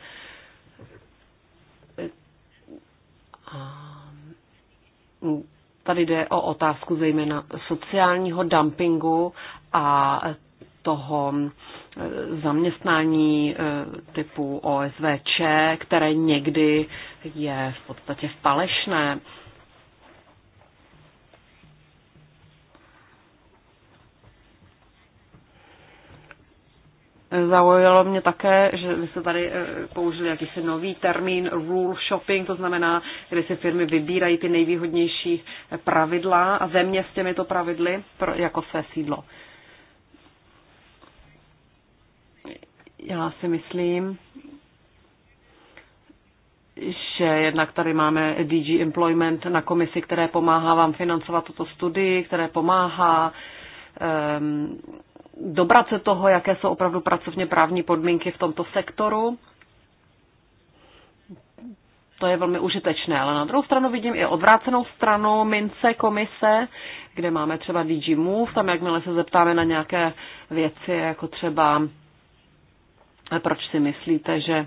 Tady jde o otázku zejména sociálního dumpingu a toho eh, zaměstnání eh, typu OSVČ, které někdy je v podstatě falešné. Zaujalo mě také, že vy jste tady eh, použili jakýsi nový termín rule shopping, to znamená, kdy si firmy vybírají ty nejvýhodnější pravidla a země s těmito pravidly jako své sídlo. Já si myslím, že jednak tady máme DG Employment na komisi, které pomáhá vám financovat tuto studii, které pomáhá um, dobrat se toho, jaké jsou opravdu pracovně právní podmínky v tomto sektoru. To je velmi užitečné, ale na druhou stranu vidím i odvrácenou stranu mince komise, kde máme třeba DG Move, tam jakmile se zeptáme na nějaké věci, jako třeba proč si myslíte, že,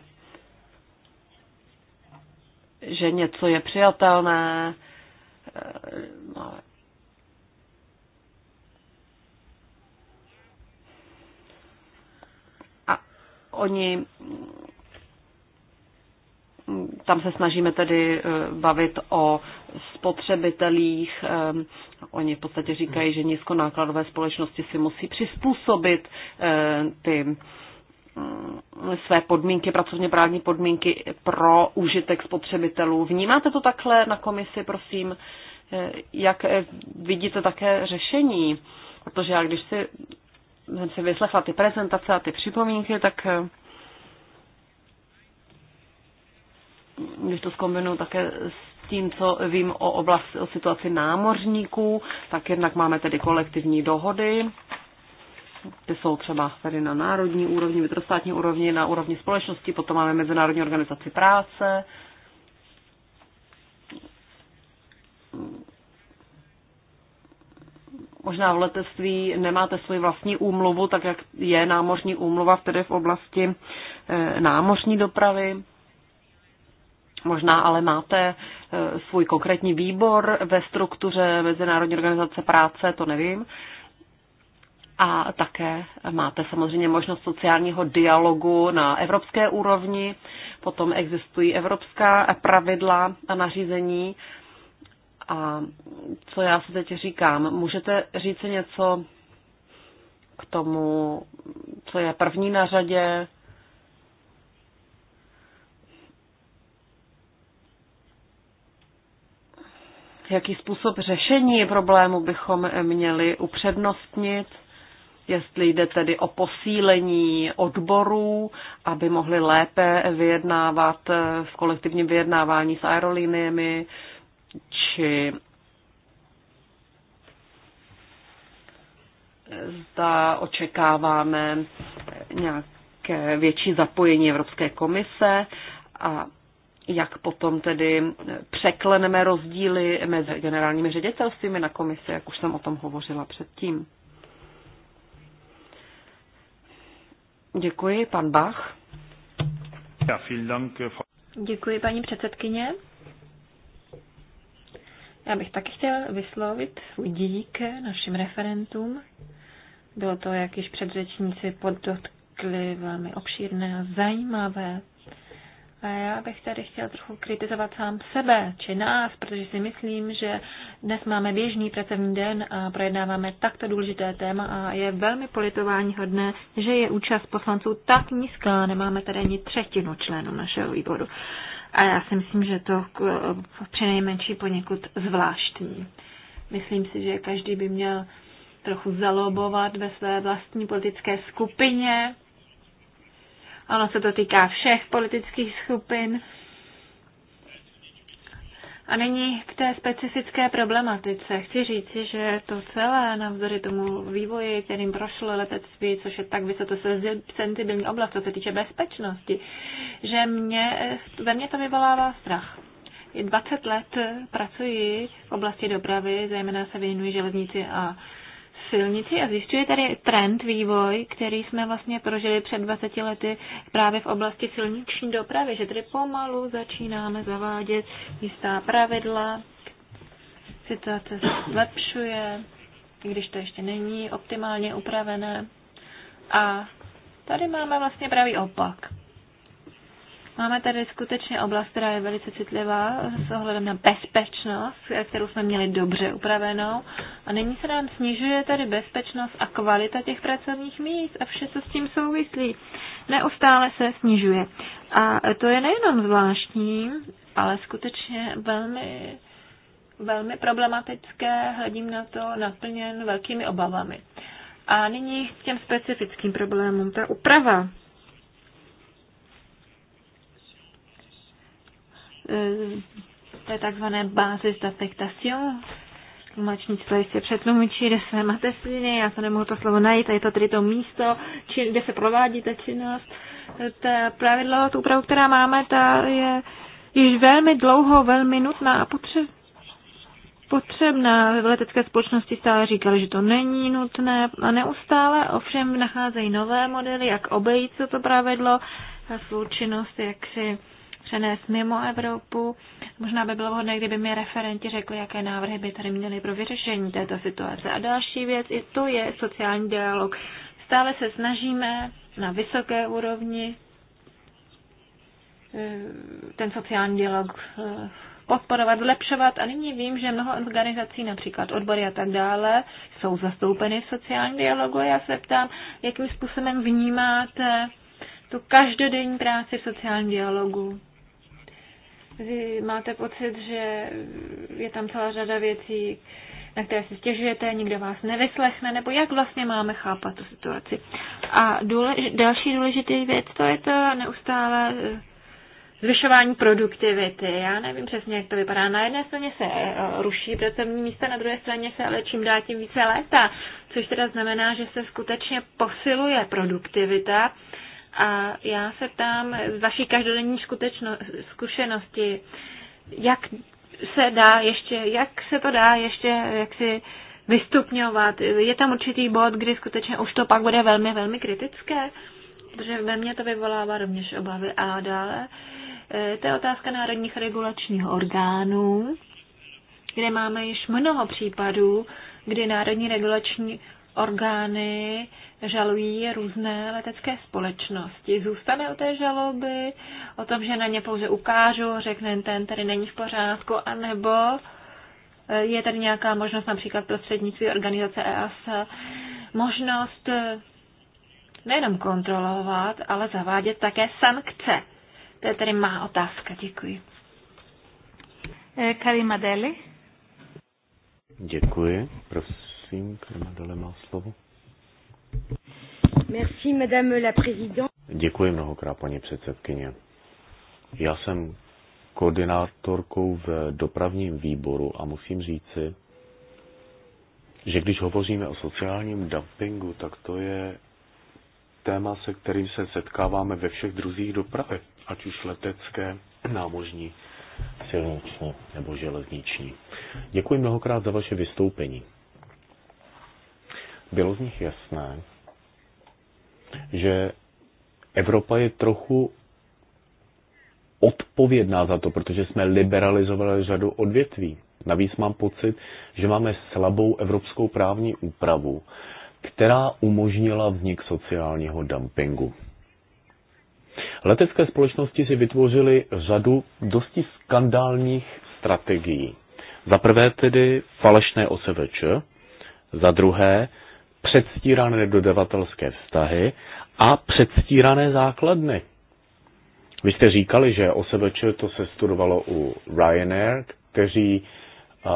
že něco je přijatelné. Eh, no, a oni tam se snažíme tedy eh, bavit o spotřebitelích. Eh, oni v podstatě říkají, že nízkonákladové společnosti si musí přizpůsobit ty Mm, své podmínky, pracovně právní podmínky pro užitek spotřebitelů. Vnímáte to takhle na komisi, prosím? Eh, jak eh, vidíte také řešení? Protože já když si, jsem si vyslechla ty prezentace a ty připomínky, tak eh, když to zkombinuju také s tím, co vím o, oblasti, o situaci námořníků, tak jednak máme tedy kolektivní dohody, ty jsou třeba tady na národní úrovni, vnitrostátní úrovni, na úrovni společnosti, potom máme Mezinárodní organizaci práce, možná v letectví nemáte svoji vlastní úmluvu, tak jak je námořní úmluva tedy v oblasti eh, námořní dopravy. Možná ale máte eh, svůj konkrétní výbor ve struktuře Mezinárodní organizace práce, to nevím a také máte samozřejmě možnost sociálního dialogu na evropské úrovni, potom existují evropská pravidla a nařízení. A co já se teď říkám, můžete říct si něco k tomu, co je první na řadě, jaký způsob řešení problému bychom měli upřednostnit jestli jde tedy o posílení odborů, aby mohli lépe vyjednávat v kolektivním vyjednávání s aerolíniemi, či zda očekáváme nějaké větší zapojení Evropské komise a jak potom tedy překleneme rozdíly mezi generálními ředitelstvími na komisi, jak už jsem o tom hovořila předtím. Děkuji, pan Bach. Ja, Dank, Dank. Eh, Děkuji, paní předsedkyně. Já bych taky chtěl vyslovit svůj dík našim referentům. Bylo to, jak již předřečníci podotkli, velmi obšírné a zajímavé a já bych tady chtěla trochu kritizovat sám sebe, či nás, protože si myslím, že dnes máme běžný pracovní den a projednáváme takto důležité téma a je velmi politování hodné, že je účast poslanců tak nízká, nemáme tady ani třetinu členů našeho výboru. A já si myslím, že to přinejmenší poněkud zvláštní. Myslím si, že každý by měl trochu zalobovat ve své vlastní politické skupině, Ono se to týká všech politických skupin. A nyní k té specifické problematice. Chci říci, že to celé, navzory tomu vývoji, kterým prošlo letectví, což je tak vysoce sensibilní oblast, co se týče bezpečnosti, že mě, ve mně to vyvolává strach. 20 let pracuji v oblasti dopravy, zejména se věnuji železnici a silnici a zjišťuje tady trend, vývoj, který jsme vlastně prožili před 20 lety právě v oblasti silniční dopravy, že tady pomalu začínáme zavádět jistá pravidla, situace se zlepšuje, i když to ještě není optimálně upravené. A tady máme vlastně pravý opak. Máme tady skutečně oblast, která je velice citlivá s ohledem na bezpečnost, kterou jsme měli dobře upravenou. A nyní se nám snižuje tady bezpečnost a kvalita těch pracovních míst a vše, co s tím souvislí. Neustále se snižuje. A to je nejenom zvláštní, ale skutečně velmi, velmi problematické. Hledím na to naplněn velkými obavami. A nyní k těm specifickým problémům. Ta úprava Eh, je takzvané basis d'affectation. to jistě přetlumočí, do své mateřiny, já se nemohu to slovo najít, a je to tedy to místo, či, kde se provádí ta činnost. Eh, ta pravidlo, tu úpravu, která máme, ta je již velmi dlouho, velmi nutná a potřebná potřebná. V letecké společnosti stále říkali, že to není nutné a neustále ovšem nacházejí nové modely, jak obejít toto pravidlo a svou činnost, jak si přenést mimo Evropu. Možná by bylo vhodné, kdyby mi referenti řekli, jaké návrhy by tady měly pro vyřešení této situace. A další věc, i to je sociální dialog. Stále se snažíme na vysoké úrovni eh, ten sociální dialog eh, podporovat, zlepšovat. A nyní vím, že mnoho organizací, například odbory a tak dále, jsou zastoupeny v sociálním dialogu. Já se ptám, jakým způsobem vnímáte tu každodenní práci v sociálním dialogu. Vy máte pocit, že je tam celá řada věcí, na které si stěžujete, nikdo vás nevyslechne, nebo jak vlastně máme chápat tu situaci. A důlež, další důležitý věc, to je to neustále eh, zvyšování produktivity. Já nevím přesně, jak to vypadá. Na jedné straně se eh, ruší pracovní místa, na druhé straně se ale čím dál tím více léta, což teda znamená, že se skutečně posiluje produktivita a já se ptám z vaší každodenní zkušenosti, jak se dá ještě, jak se to dá ještě, jak si vystupňovat. Je tam určitý bod, kdy skutečně už to pak bude velmi, velmi kritické, protože ve mně to vyvolává rovněž obavy a dále. E, to je otázka národních regulačních orgánů, kde máme již mnoho případů, kdy národní regulační orgány žalují různé letecké společnosti. Zůstane o té žaloby, o tom, že na ně pouze ukážu, řekne ten tady není v pořádku, anebo eh, je tady nějaká možnost například prostřednictví organizace EAS, eh, možnost eh, nejenom kontrolovat, ale zavádět také sankce. To je tedy má otázka. Děkuji. Karima Deli. Děkuji. Prosím prosím, Karima dole má slovo. Merci, madame la présidente. Děkuji mnohokrát, paní předsedkyně. Já jsem koordinátorkou v dopravním výboru a musím říci, že když hovoříme o sociálním dumpingu, tak to je téma, se kterým se setkáváme ve všech druzích dopravy, ať už letecké, námožní, silniční nebo železniční. Děkuji mnohokrát za vaše vystoupení bylo z nich jasné, že Evropa je trochu odpovědná za to, protože jsme liberalizovali řadu odvětví. Navíc mám pocit, že máme slabou evropskou právní úpravu, která umožnila vznik sociálního dumpingu. Letecké společnosti si vytvořily řadu dosti skandálních strategií. Za prvé tedy falešné OSVČ, za druhé předstírané dodavatelské vztahy a předstírané základny. Vy jste říkali, že OSVČ to se studovalo u Ryanair, kteří uh,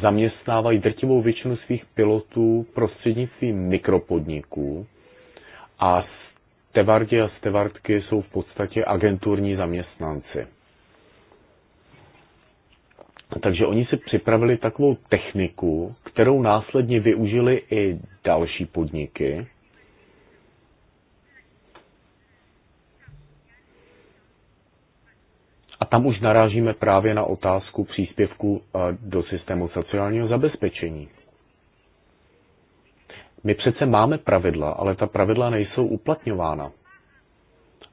zaměstnávají drtivou většinu svých pilotů prostřednictvím mikropodniků a stevardi a stevardky jsou v podstatě agenturní zaměstnanci. Takže oni si připravili takovou techniku, kterou následně využili i další podniky. A tam už narážíme právě na otázku příspěvku eh, do systému sociálního zabezpečení. My přece máme pravidla, ale ta pravidla nejsou uplatňována.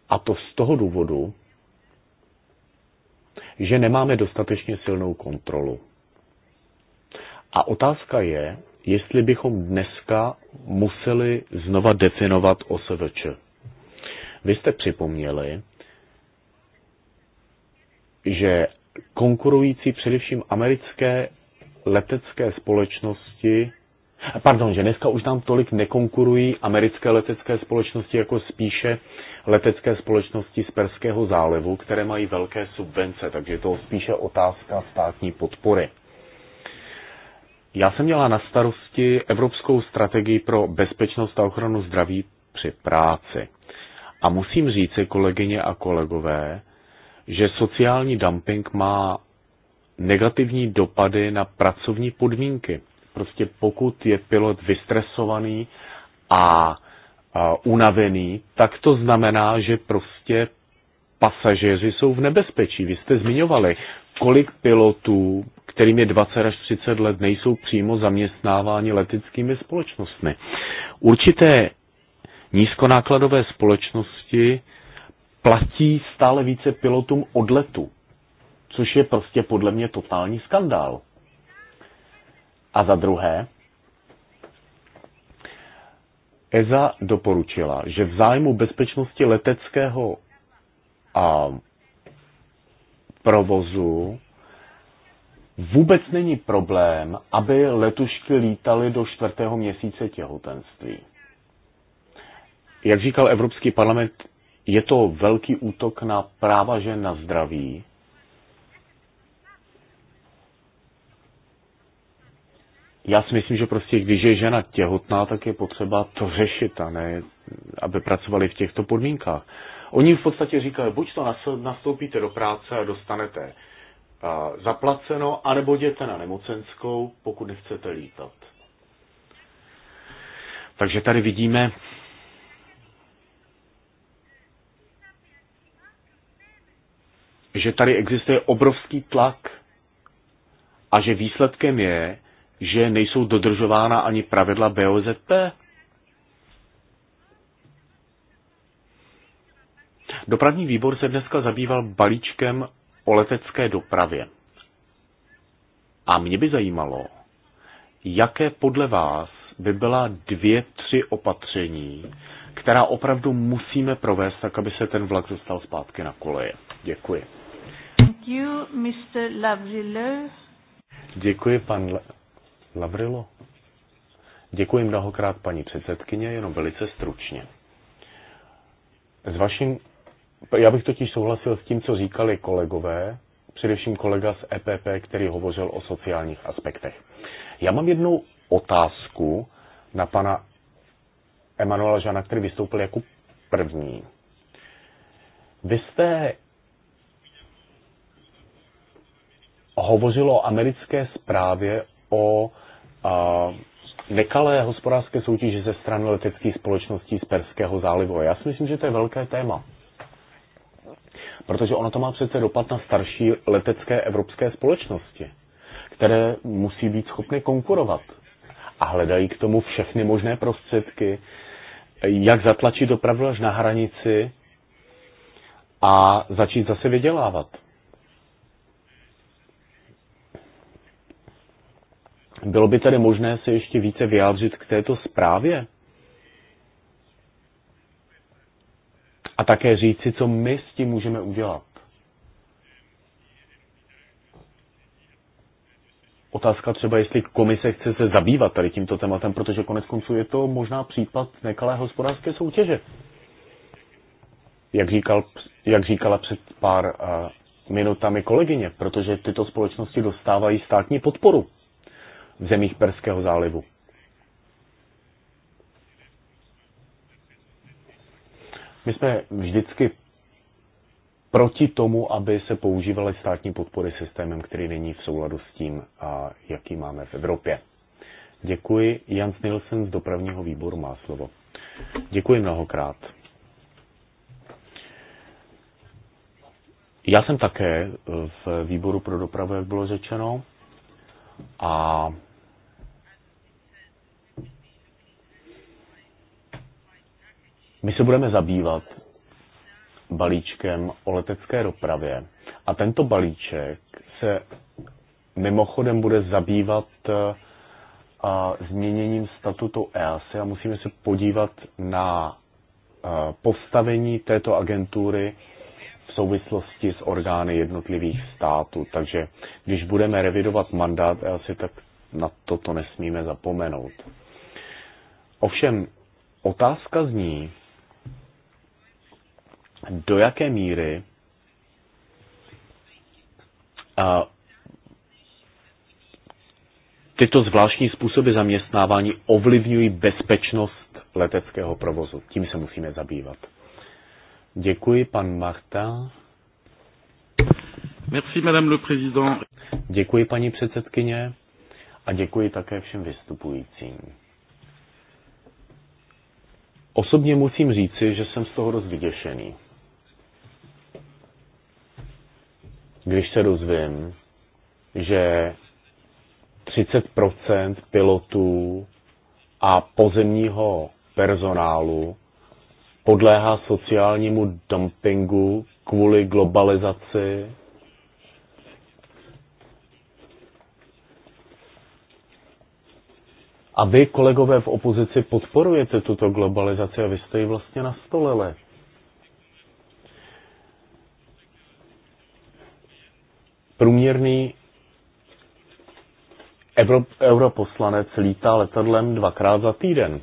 A to z toho důvodu, že nemáme dostatečně silnou kontrolu. A otázka je, jestli bychom dneska museli znova definovat OSVČ. Vy jste připomněli, že konkurující především americké letecké společnosti, pardon, že dneska už nám tolik nekonkurují americké letecké společnosti, jako spíše letecké společnosti z Perského zálivu, které mají velké subvence, takže je to spíše otázka státní podpory. Já jsem měla na starosti Evropskou strategii pro bezpečnost a ochranu zdraví při práci. A musím říci, kolegyně a kolegové, že sociální dumping má negativní dopady na pracovní podmínky. Prostě pokud je pilot vystresovaný a unavený, tak to znamená, že prostě pasažéři jsou v nebezpečí. Vy jste zmiňovali, kolik pilotů, kterým je 20 až 30 let, nejsou přímo zaměstnáváni leteckými společnostmi. Určité nízkonákladové společnosti platí stále více pilotům od letu, což je prostě podle mě totální skandál. A za druhé, EZA doporučila, že v zájmu bezpečnosti leteckého a provozu vůbec není problém, aby letušky lítaly do čtvrtého měsíce těhotenství. Jak říkal Evropský parlament, je to velký útok na práva žen na zdraví já si myslím, že prostě když je žena těhotná, tak je potřeba to řešit a ne, aby pracovali v těchto podmínkách. Oni v podstatě říkají, buď to nastoupíte do práce a dostanete zaplaceno, anebo jděte na nemocenskou, pokud nechcete lítat. Takže tady vidíme, že tady existuje obrovský tlak a že výsledkem je, že nejsou dodržována ani pravidla BOZP? Dopravní výbor se dneska zabýval balíčkem o letecké dopravě. A mě by zajímalo, jaké podle vás by byla dvě, tři opatření, která opravdu musíme provést, tak aby se ten vlak dostal zpátky na koleje. Děkuji. Thank you, Mr. Děkuji, pan Lavrilo. Děkuji mnohokrát, paní předsedkyně, jenom velice stručně. S vaším, já bych totiž souhlasil s tím, co říkali kolegové, především kolega z EPP, který hovořil o sociálních aspektech. Já mám jednu otázku na pana Emanuela Žana, který vystoupil jako první. Vy jste hovořil o americké zprávě o nekalé hospodářské soutěže ze strany leteckých společností z Perského zálivu. Já si myslím, že to je velké téma. Protože ono to má přece dopad na starší letecké evropské společnosti, které musí být schopny konkurovat. A hledají k tomu všechny možné prostředky, jak zatlačit dopravu až na hranici a začít zase vydělávat. Bylo by tedy možné se ještě více vyjádřit k této zprávě? A také říci, co my s tím můžeme udělat. Otázka třeba, jestli komise chce se zabývat tady tímto tématem, protože konec konců je to možná případ nekalé hospodářské soutěže. Jak, říkal, jak říkala před pár uh, minutami kolegyně, protože tyto společnosti dostávají státní podporu v zemích Perského zálivu. My jsme vždycky proti tomu, aby se používaly státní podpory systémem, který není v souladu s tím, jaký máme v Evropě. Děkuji. Jan Nielsen z dopravního výboru má slovo. Děkuji mnohokrát. Já jsem také v výboru pro dopravu, jak bylo řečeno, a My se budeme zabývat balíčkem o letecké dopravě. A tento balíček se mimochodem bude zabývat eh, a změněním statutu EASA e. a musíme se podívat na eh, postavení této agentury v souvislosti s orgány jednotlivých států. Takže když budeme revidovat mandát EASA, e, tak na toto nesmíme zapomenout. Ovšem, otázka zní, do jaké míry a tyto zvláštní způsoby zaměstnávání ovlivňují bezpečnost leteckého provozu. Tím se musíme zabývat. Děkuji, pan Marta. Merci, madame le président. Děkuji, paní předsedkyně, a děkuji také všem vystupujícím. Osobně musím říci, že jsem z toho dost vyděšený. když se dozvím, že 30% pilotů a pozemního personálu podléhá sociálnímu dumpingu kvůli globalizaci. A vy, kolegové v opozici, podporujete tuto globalizaci a vy jste ji vlastně nastolili. průměrný Evrop, europoslanec lítá letadlem dvakrát za týden.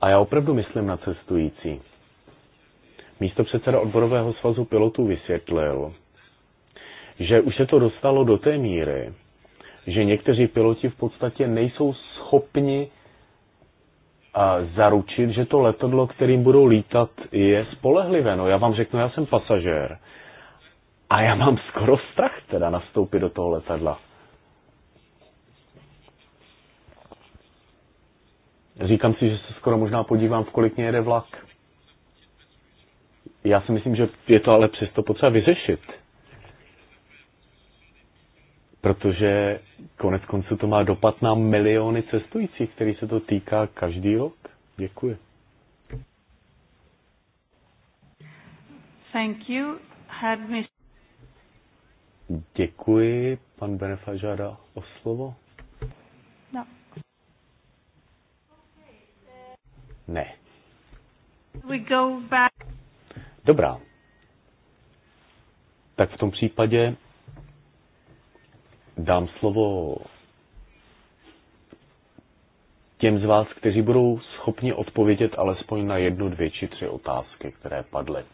A já opravdu myslím na cestující. Místo předseda odborového svazu pilotů vysvětlil, že už se to dostalo do té míry, že někteří piloti v podstatě nejsou schopni zaručit, že to letadlo, kterým budou lítat, je spolehlivé. No já vám řeknu, já jsem pasažér a já mám skoro strach teda nastoupit do toho letadla. Říkám si, že se skoro možná podívám, v kolik mě jede vlak. Já si myslím, že je to ale přesto potřeba vyřešit. Protože konec konců to má dopad na miliony cestujících, který se to týká každý rok. Děkuji. Thank you. Had Děkuji. Pan Benefa žádá o slovo. No. Ne. We go back. Dobrá. Tak v tom případě dám slovo těm z vás, kteří budou schopni odpovědět alespoň na jednu, dvě či tři otázky, které padly.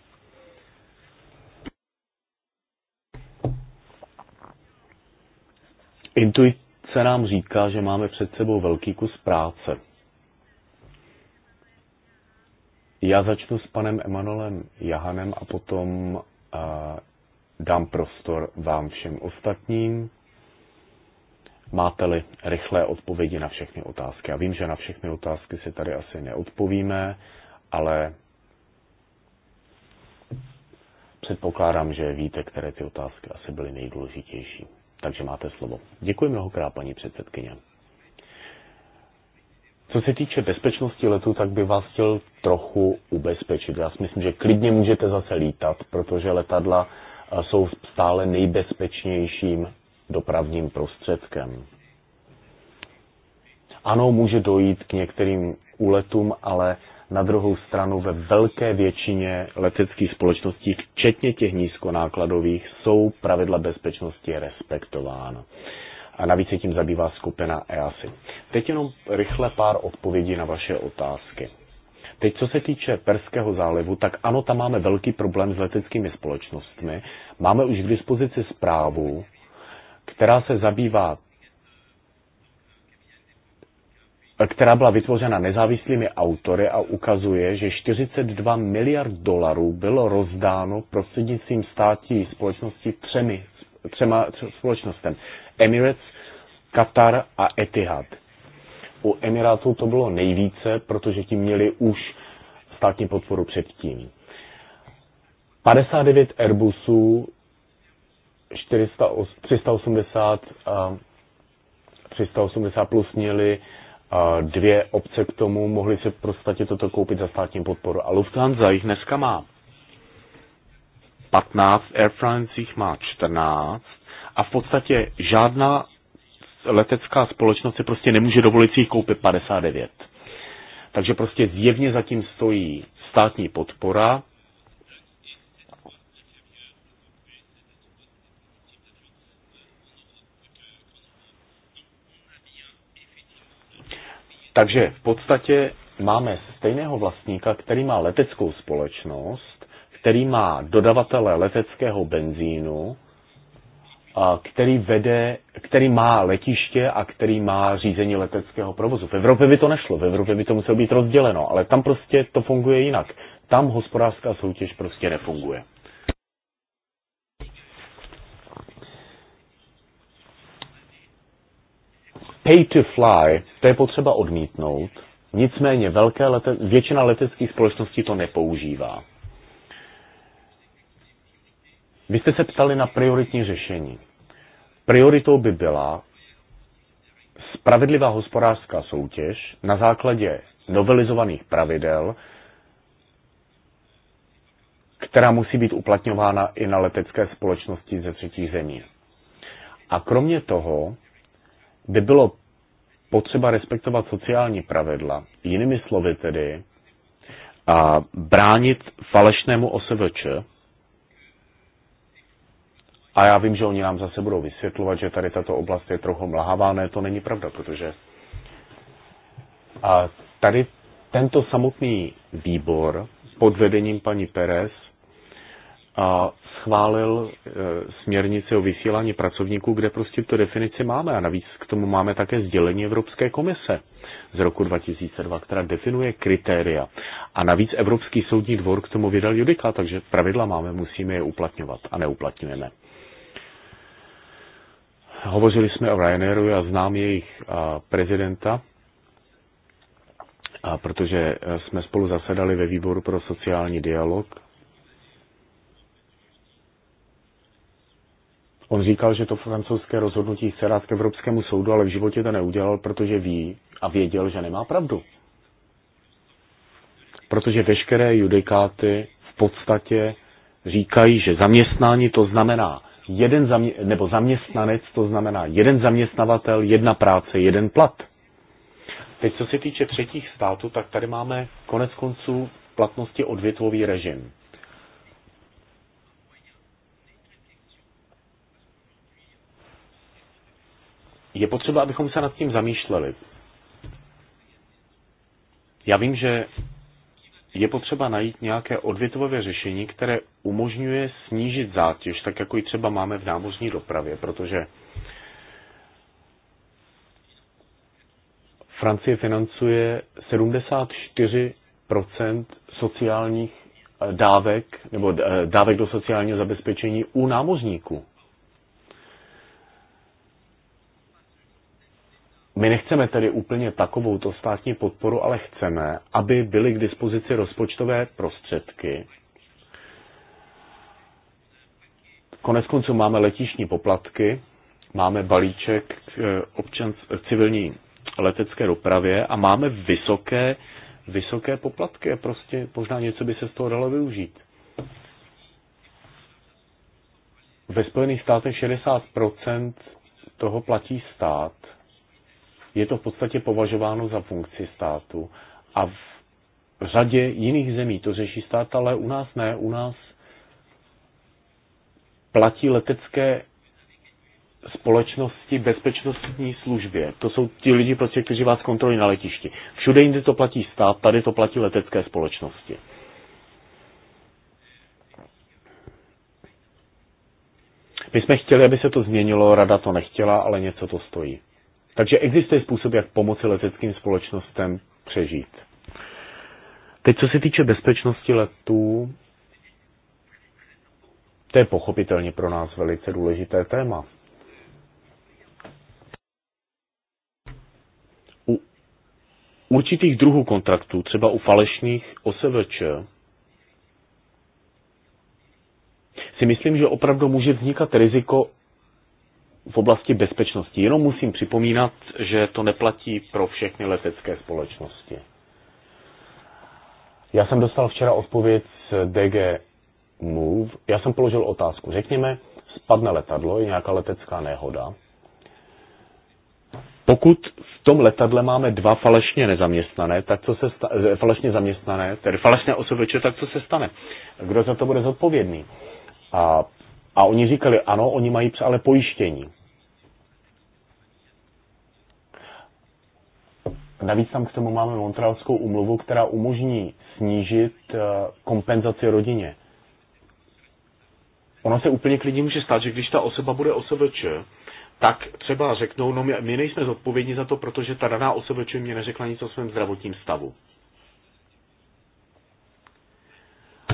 Intuice nám říká, že máme před sebou velký kus práce. Já začnu s panem Emanolem Jahanem a potom uh, dám prostor vám všem ostatním. Máte-li rychlé odpovědi na všechny otázky. Já vím, že na všechny otázky si tady asi neodpovíme, ale předpokládám, že víte, které ty otázky asi byly nejdůležitější. Takže máte slovo. Děkuji mnohokrát, paní předsedkyně. Co se týče bezpečnosti letu, tak bych vás chtěl trochu ubezpečit. Já si myslím, že klidně můžete zase lítat, protože letadla eh, jsou stále nejbezpečnějším dopravním prostředkem. Ano, může dojít k některým úletům, ale na druhou stranu ve velké většině leteckých společností, včetně těch nízkonákladových, jsou pravidla bezpečnosti respektována. A navíc se tím zabývá skupina EASI. Teď jenom rychle pár odpovědí na vaše otázky. Teď, co se týče Perského zálivu, tak ano, tam máme velký problém s leteckými společnostmi. Máme už k dispozici zprávu, která se zabývá která byla vytvořena nezávislými autory a ukazuje, že 42 miliard dolarů bylo rozdáno prostřednictvím státí společnosti třemi, třema společnostem. Emirates, Qatar a Etihad. U Emirátů to bylo nejvíce, protože ti měli už státní podporu předtím. 59 Airbusů, 400, 380, 380 plus měli dvě obce k tomu mohly si v podstatě toto koupit za státní podporu. A Lufthansa jich dneska má 15, Air France jich má 14 a v podstatě žádná letecká společnost si prostě nemůže dovolit si jich koupit 59. Takže prostě zjevně zatím stojí státní podpora, Takže v podstatě máme stejného vlastníka, který má leteckou společnost, který má dodavatele leteckého benzínu, který vede, který má letiště a který má řízení leteckého provozu. V Evropě by to nešlo, v Evropě by to muselo být rozděleno, ale tam prostě to funguje jinak. Tam hospodářská soutěž prostě nefunguje. pay to fly, to je potřeba odmítnout, nicméně velké lete, většina leteckých společností to nepoužívá. Vy jste se ptali na prioritní řešení. Prioritou by byla spravedlivá hospodářská soutěž na základě novelizovaných pravidel, která musí být uplatňována i na letecké společnosti ze třetích zemí. A kromě toho kde bylo potřeba respektovat sociální pravidla, jinými slovy tedy, a bránit falešnému OSVČ, a já vím, že oni nám zase budou vysvětlovat, že tady tato oblast je trochu mlhavá. Ne, to není pravda, protože a tady tento samotný výbor pod vedením paní Perez a schválil eh, směrnici o vysílání pracovníků, kde prostě tu definici máme. A navíc k tomu máme také sdělení Evropské komise z roku 2002, která definuje kritéria. A navíc Evropský soudní dvor k tomu vydal judika, takže pravidla máme, musíme je uplatňovat a neuplatňujeme. Hovořili jsme o Ryanairu, já znám jejich prezidenta, a protože e, jsme spolu zasedali ve výboru pro sociální dialog On říkal, že to francouzské rozhodnutí chce dát k Evropskému soudu, ale v životě to neudělal, protože ví a věděl, že nemá pravdu. Protože veškeré judikáty v podstatě říkají, že zaměstnání to znamená jeden zamě- nebo zaměstnanec, to znamená jeden zaměstnavatel, jedna práce, jeden plat. Teď, co se týče třetích států, tak tady máme konec konců platnosti odvětvový režim. je potřeba, abychom se nad tím zamýšleli. Já vím, že je potřeba najít nějaké odvětvové řešení, které umožňuje snížit zátěž, tak jako ji třeba máme v námořní dopravě, protože Francie financuje 74 sociálních dávek nebo eh, dávek do sociálního zabezpečení u námořníků. My nechceme tedy úplně takovou to státní podporu, ale chceme, aby byly k dispozici rozpočtové prostředky. Konec konců máme letišní poplatky, máme balíček k eh, občan, civilní letecké dopravě a máme vysoké, vysoké poplatky. Prostě možná něco by se z toho dalo využít. Ve Spojených státech 60% toho platí stát je to v podstatě považováno za funkci státu a v řadě jiných zemí to řeší stát, ale u nás ne, u nás platí letecké společnosti bezpečnostní službě. To jsou ti lidi, prostě, kteří vás kontrolují na letišti. Všude jinde to platí stát, tady to platí letecké společnosti. My jsme chtěli, aby se to změnilo, rada to nechtěla, ale něco to stojí. Takže existuje způsob, jak pomoci leteckým společnostem přežít. Teď, co se týče bezpečnosti letů, to je pochopitelně pro nás velice důležité téma. U určitých druhů kontraktů, třeba u falešných OSVČ, si myslím, že opravdu může vznikat riziko v oblasti bezpečnosti. Jenom musím připomínat, že to neplatí pro všechny letecké společnosti. Já jsem dostal včera odpověď z DG Move. Já jsem položil otázku. Řekněme, spadne letadlo, je nějaká letecká nehoda. Pokud v tom letadle máme dva falešně nezaměstnané, tak co se stane, eh, falešně zaměstnané, tedy falešné osobeče, tak co se stane? Kdo za to bude zodpovědný? A a oni říkali, ano, oni mají ale pojištění. Navíc tam k tomu máme Montrealskou umluvu, která umožní snížit eh, kompenzaci rodině. Ono se úplně klidně může stát, že když ta osoba bude OSVČ, tak třeba řeknou, no my, my nejsme zodpovědní za to, protože ta daná OSVČ mě neřekla nic o svém zdravotním stavu.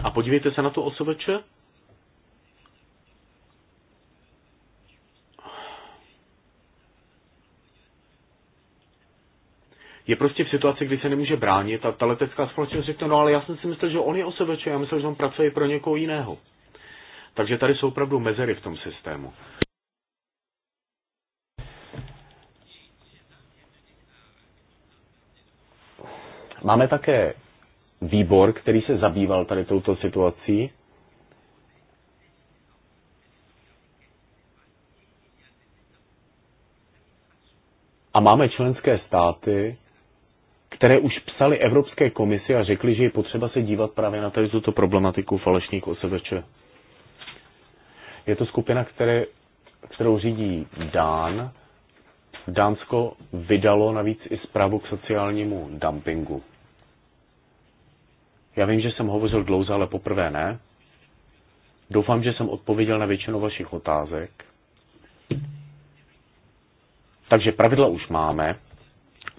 A podívejte se na to OSVČ, je prostě v situaci, kdy se nemůže bránit a ta letecká společnost řekne, no ale já jsem si myslel, že on je osobeče, já myslel, že on pracuje pro někoho jiného. Takže tady jsou opravdu mezery v tom systému. Máme také výbor, který se zabýval tady touto situací. A máme členské státy, které už psali Evropské komisi a řekli, že je potřeba se dívat právě na tady tuto problematiku falešných OSVČ. Je to skupina, které, kterou řídí Dán. Dánsko vydalo navíc i zprávu k sociálnímu dumpingu. Já vím, že jsem hovořil dlouze, ale poprvé ne. Doufám, že jsem odpověděl na většinu vašich otázek. Takže pravidla už máme.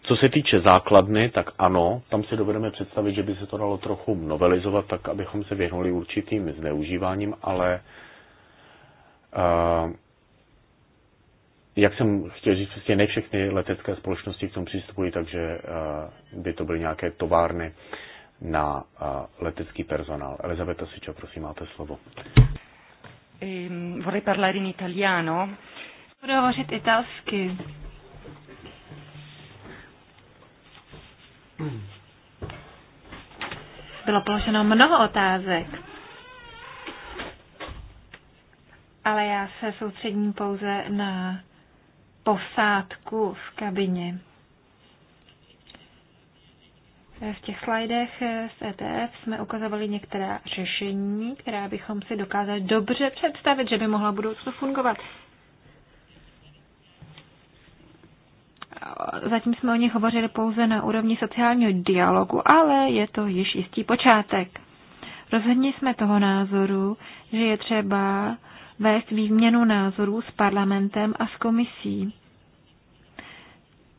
Co se týče základny, tak ano, tam si dovedeme představit, že by se to dalo trochu novelizovat, tak abychom se vyhnuli určitým zneužíváním, ale uh, jak jsem chtěl říct, prostě ne všechny letecké společnosti k tomu přistupují, takže uh, by to byly nějaké továrny na uh, letecký personál. Elizabeta Sičo, prosím, máte slovo. Ehm, vorrei parlare in italiano. Budu hovořit italsky. Bylo položeno mnoho otázek, ale já se soustředím pouze na posádku v kabině. V těch slajdech z ETF jsme ukazovali některá řešení, která bychom si dokázali dobře představit, že by mohla budoucnu fungovat. Zatím jsme o nich hovořili pouze na úrovni sociálního dialogu, ale je to již jistý počátek. Rozhodně jsme toho názoru, že je třeba vést výměnu názorů s parlamentem a s komisí,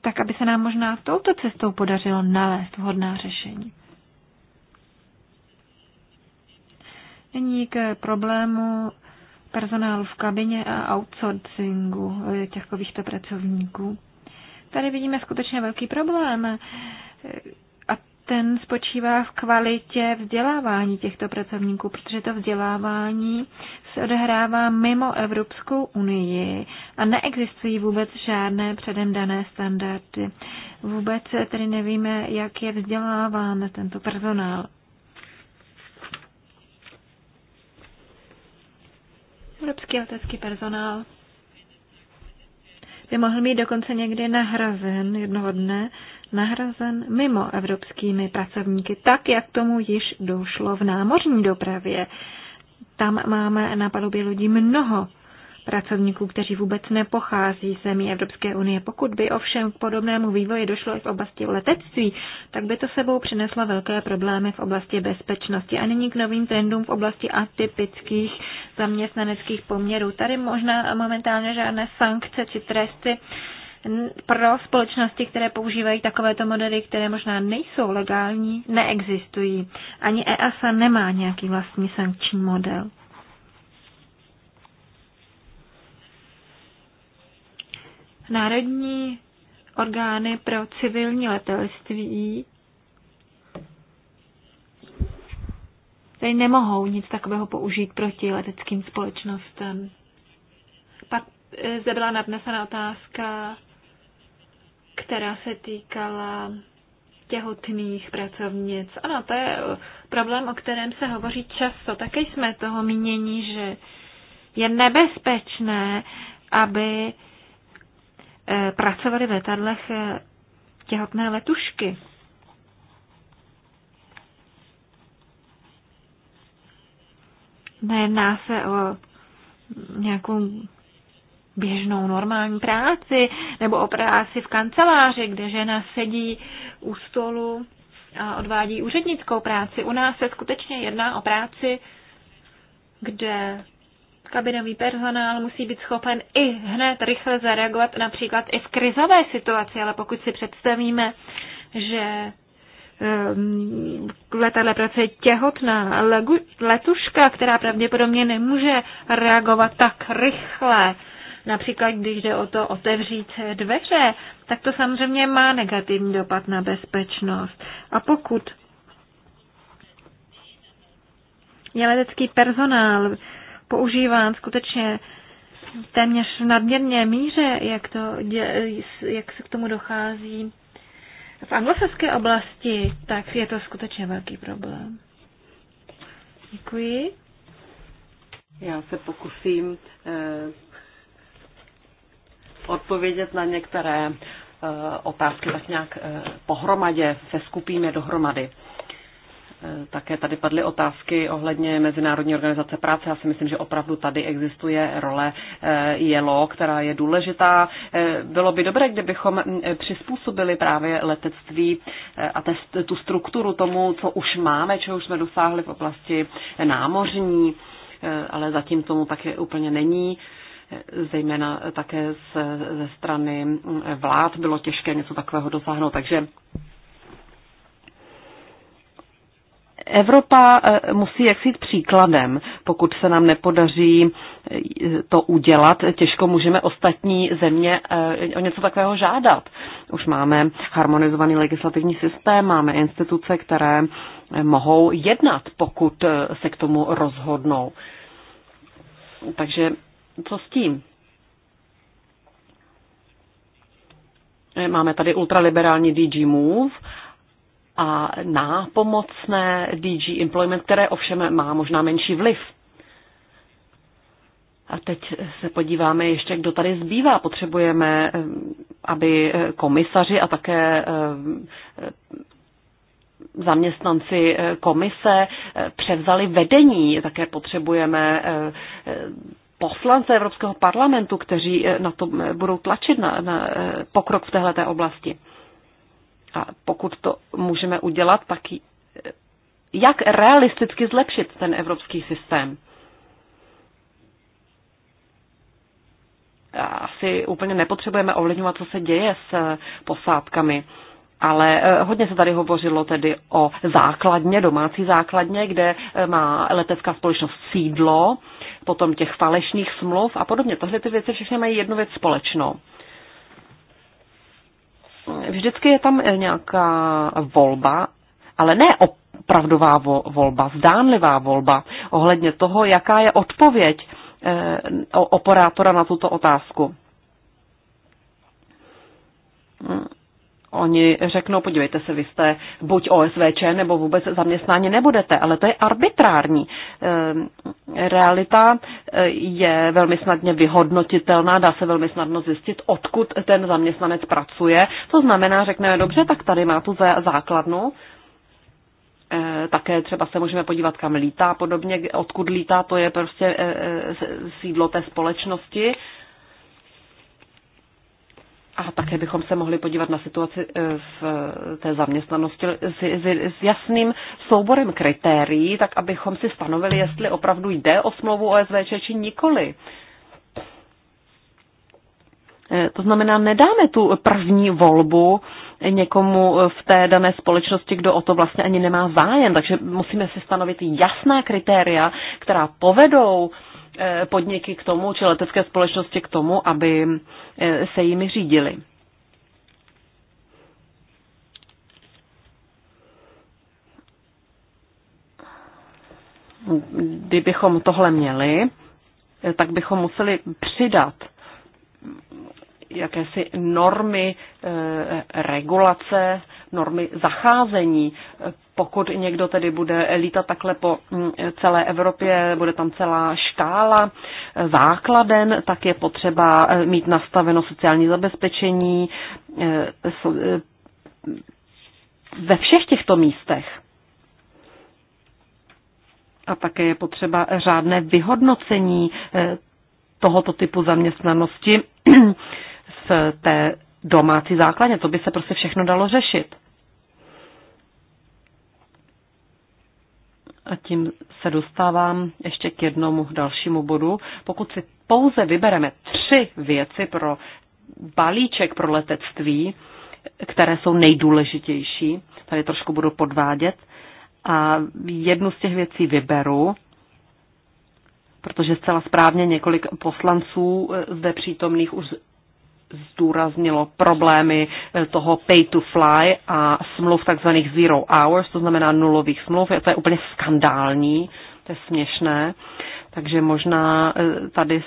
tak aby se nám možná v touto cestou podařilo nalézt vhodná řešení. Nyní k problému personálu v kabině a outsourcingu těchto pracovníků. Tady vidíme skutečně velký problém a ten spočívá v kvalitě vzdělávání těchto pracovníků, protože to vzdělávání se odehrává mimo Evropskou unii a neexistují vůbec žádné předem dané standardy. Vůbec tedy nevíme, jak je vzděláván tento personál. Evropský letecký personál by mohl být dokonce někdy nahrazen jednoho dne, nahrazen mimo evropskými pracovníky, tak jak tomu již došlo v námořní dopravě. Tam máme na palubě lidí mnoho pracovníků, kteří vůbec nepochází z zemí Evropské unie. Pokud by ovšem k podobnému vývoji došlo i v oblasti letectví, tak by to sebou přineslo velké problémy v oblasti bezpečnosti. A nyní k novým trendům v oblasti atypických zaměstnaneckých poměrů. Tady možná momentálně žádné sankce či tresty pro společnosti, které používají takovéto modely, které možná nejsou legální, neexistují. Ani EASA nemá nějaký vlastní sankční model. národní orgány pro civilní letelství tady nemohou nic takového použít proti leteckým společnostem. Pak eh, zde byla nadnesena otázka, která se týkala těhotných pracovnic. Ano, to je eh, problém, o kterém se hovoří často. Také jsme toho mínění, že je nebezpečné, aby Eh, pracovali v letadlech eh, těhotné letušky. Nejedná se o nějakou běžnou normální práci nebo o práci v kanceláři, kde žena sedí u stolu a odvádí úřednickou práci. U nás se skutečně jedná o práci, kde kabinový personál musí být schopen i hned rychle zareagovat například i v krizové situaci, ale pokud si představíme, že ehm, v letadle pracuje těhotná letuška, která pravděpodobně nemůže reagovat tak rychle, například když jde o to otevřít dveře, tak to samozřejmě má negativní dopad na bezpečnost. A pokud je letecký personál používán skutečně téměř v nadměrné míře, jak, to, jak se k tomu dochází v anglosaské oblasti, tak je to skutečně velký problém. Děkuji. Já se pokusím eh, odpovědět na některé eh, otázky tak nějak eh, pohromadě, se skupíme dohromady. Eh, také tady padly otázky ohledně Mezinárodní organizace práce. Já si myslím, že opravdu tady existuje role eh, JELO, která je důležitá. Eh, bylo by dobré, kdybychom mm, přizpůsobili právě letectví a tu strukturu tomu, co už máme, čeho už jsme dosáhli v oblasti námořní, ale zatím tomu také úplně není zejména také ze strany mm, vlád bylo těžké něco takového dosáhnout. Takže Evropa eh, musí jak jít příkladem. Pokud se nám nepodaří eh, to udělat, těžko můžeme ostatní země eh, o něco takového žádat. Už máme harmonizovaný legislativní systém, máme instituce, které mohou jednat, pokud se k tomu rozhodnou. Takže co s tím? Máme tady ultraliberální DG Move a nápomocné DG Employment, které ovšem má možná menší vliv. A teď se podíváme ještě, kdo tady zbývá. Potřebujeme, eh, aby eh, komisaři a také eh, zaměstnanci komise převzali vedení. Také potřebujeme poslance Evropského parlamentu, kteří na to budou tlačit na, na pokrok v této oblasti. A pokud to můžeme udělat, tak jak realisticky zlepšit ten evropský systém? Asi úplně nepotřebujeme ovlivňovat, co se děje s eh, posádkami. Ale eh, hodně se tady hovořilo tedy o základně, domácí základně, kde eh, má letecká společnost sídlo, potom těch falešných smluv a podobně. Tohle ty věci všechny mají jednu věc společnou vždycky je tam eh, nějaká volba, ale ne opravdová volba, zdánlivá volba ohledně toho, jaká je odpověď eh, operátora na tuto otázku. Hmm. Oni řeknou, podívejte se, vy jste buď OSVČ nebo vůbec zaměstnání nebudete, ale to je arbitrární. Ehm, realita eh, je velmi snadně vyhodnotitelná, dá se velmi snadno zjistit, odkud ten zaměstnanec pracuje. To znamená, řekneme, dobře, tak tady má tu základnu, eh, také třeba se můžeme podívat, kam lítá podobně, odkud lítá, to je prostě eh, sídlo té společnosti a také bychom se mohli podívat na situaci eh, v té zaměstnanosti s, s, s jasným souborem kritérií, tak abychom si stanovili, jestli opravdu jde o smlouvu OSVČ či nikoli. Eh, to znamená, nedáme tu první volbu někomu v té dané společnosti, kdo o to vlastně ani nemá zájem. Takže musíme si stanovit jasná kritéria, která povedou Eh, podniky k tomu, či letecké společnosti k tomu, aby eh, se jimi řídili. Kdybychom tohle měli, eh, tak bychom museli přidat jakési normy regulace, normy zacházení pokud někdo tedy bude lítat takhle po mm, celé Evropě, bude tam celá škála eh, základen, tak je potřeba eh, mít nastaveno sociální zabezpečení eh, ve všech těchto místech. A také je potřeba řádné vyhodnocení tohoto typu zaměstnanosti z *clears throat* té domácí základně. To by se prostě všechno dalo řešit. A tím se dostávám ještě k jednomu dalšímu bodu. Pokud si pouze vybereme tři věci pro balíček pro letectví, které jsou nejdůležitější, tady trošku budu podvádět, a jednu z těch věcí vyberu, protože zcela správně několik poslanců eh, zde přítomných už zdůraznilo problémy eh, toho pay to fly a smluv takzvaných zero hours, to znamená nulových smluv. To je úplně skandální, to je směšné. Takže možná eh, tady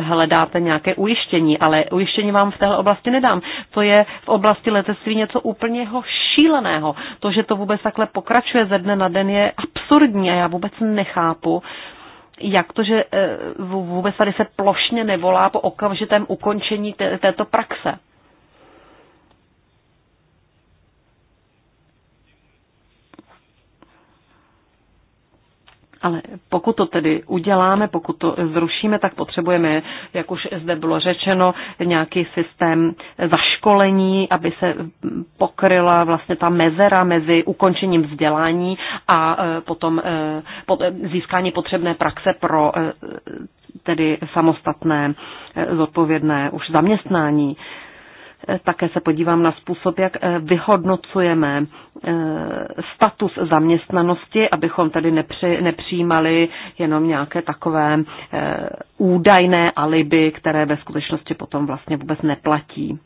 hledáte nějaké ujištění, ale ujištění vám v téhle oblasti nedám. To je v oblasti letectví něco úplněho šíleného. To, že to vůbec takhle pokračuje ze dne na den, je absurdní a já vůbec nechápu, jak to, že eh, vůbec tady se plošně nevolá po okamžitém ukončení této praxe. Ale pokud to tedy uděláme, pokud to zrušíme, tak potřebujeme, jak už zde bylo řečeno, nějaký systém zaškolení, aby se pokryla vlastně ta mezera mezi ukončením vzdělání a e, potom e, získání potřebné praxe pro e, tedy samostatné zodpovědné už zaměstnání. Také se podívám na způsob, jak eh, vyhodnocujeme eh, status zaměstnanosti, abychom tady nepři, nepřijímali jenom nějaké takové eh, údajné aliby, které ve skutečnosti potom vlastně vůbec neplatí.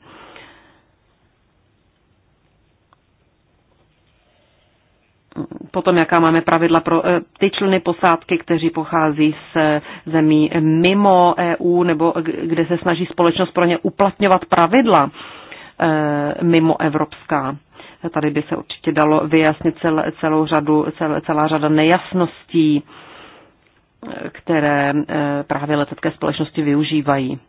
potom, jaká máme pravidla pro eh, ty členy posádky, kteří pochází z eh, zemí mimo EU nebo kde se snaží společnost pro ně uplatňovat pravidla eh, mimo evropská. Tady by se určitě dalo vyjasnit celou řadu, celá řada nejasností, které právě letecké společnosti využívají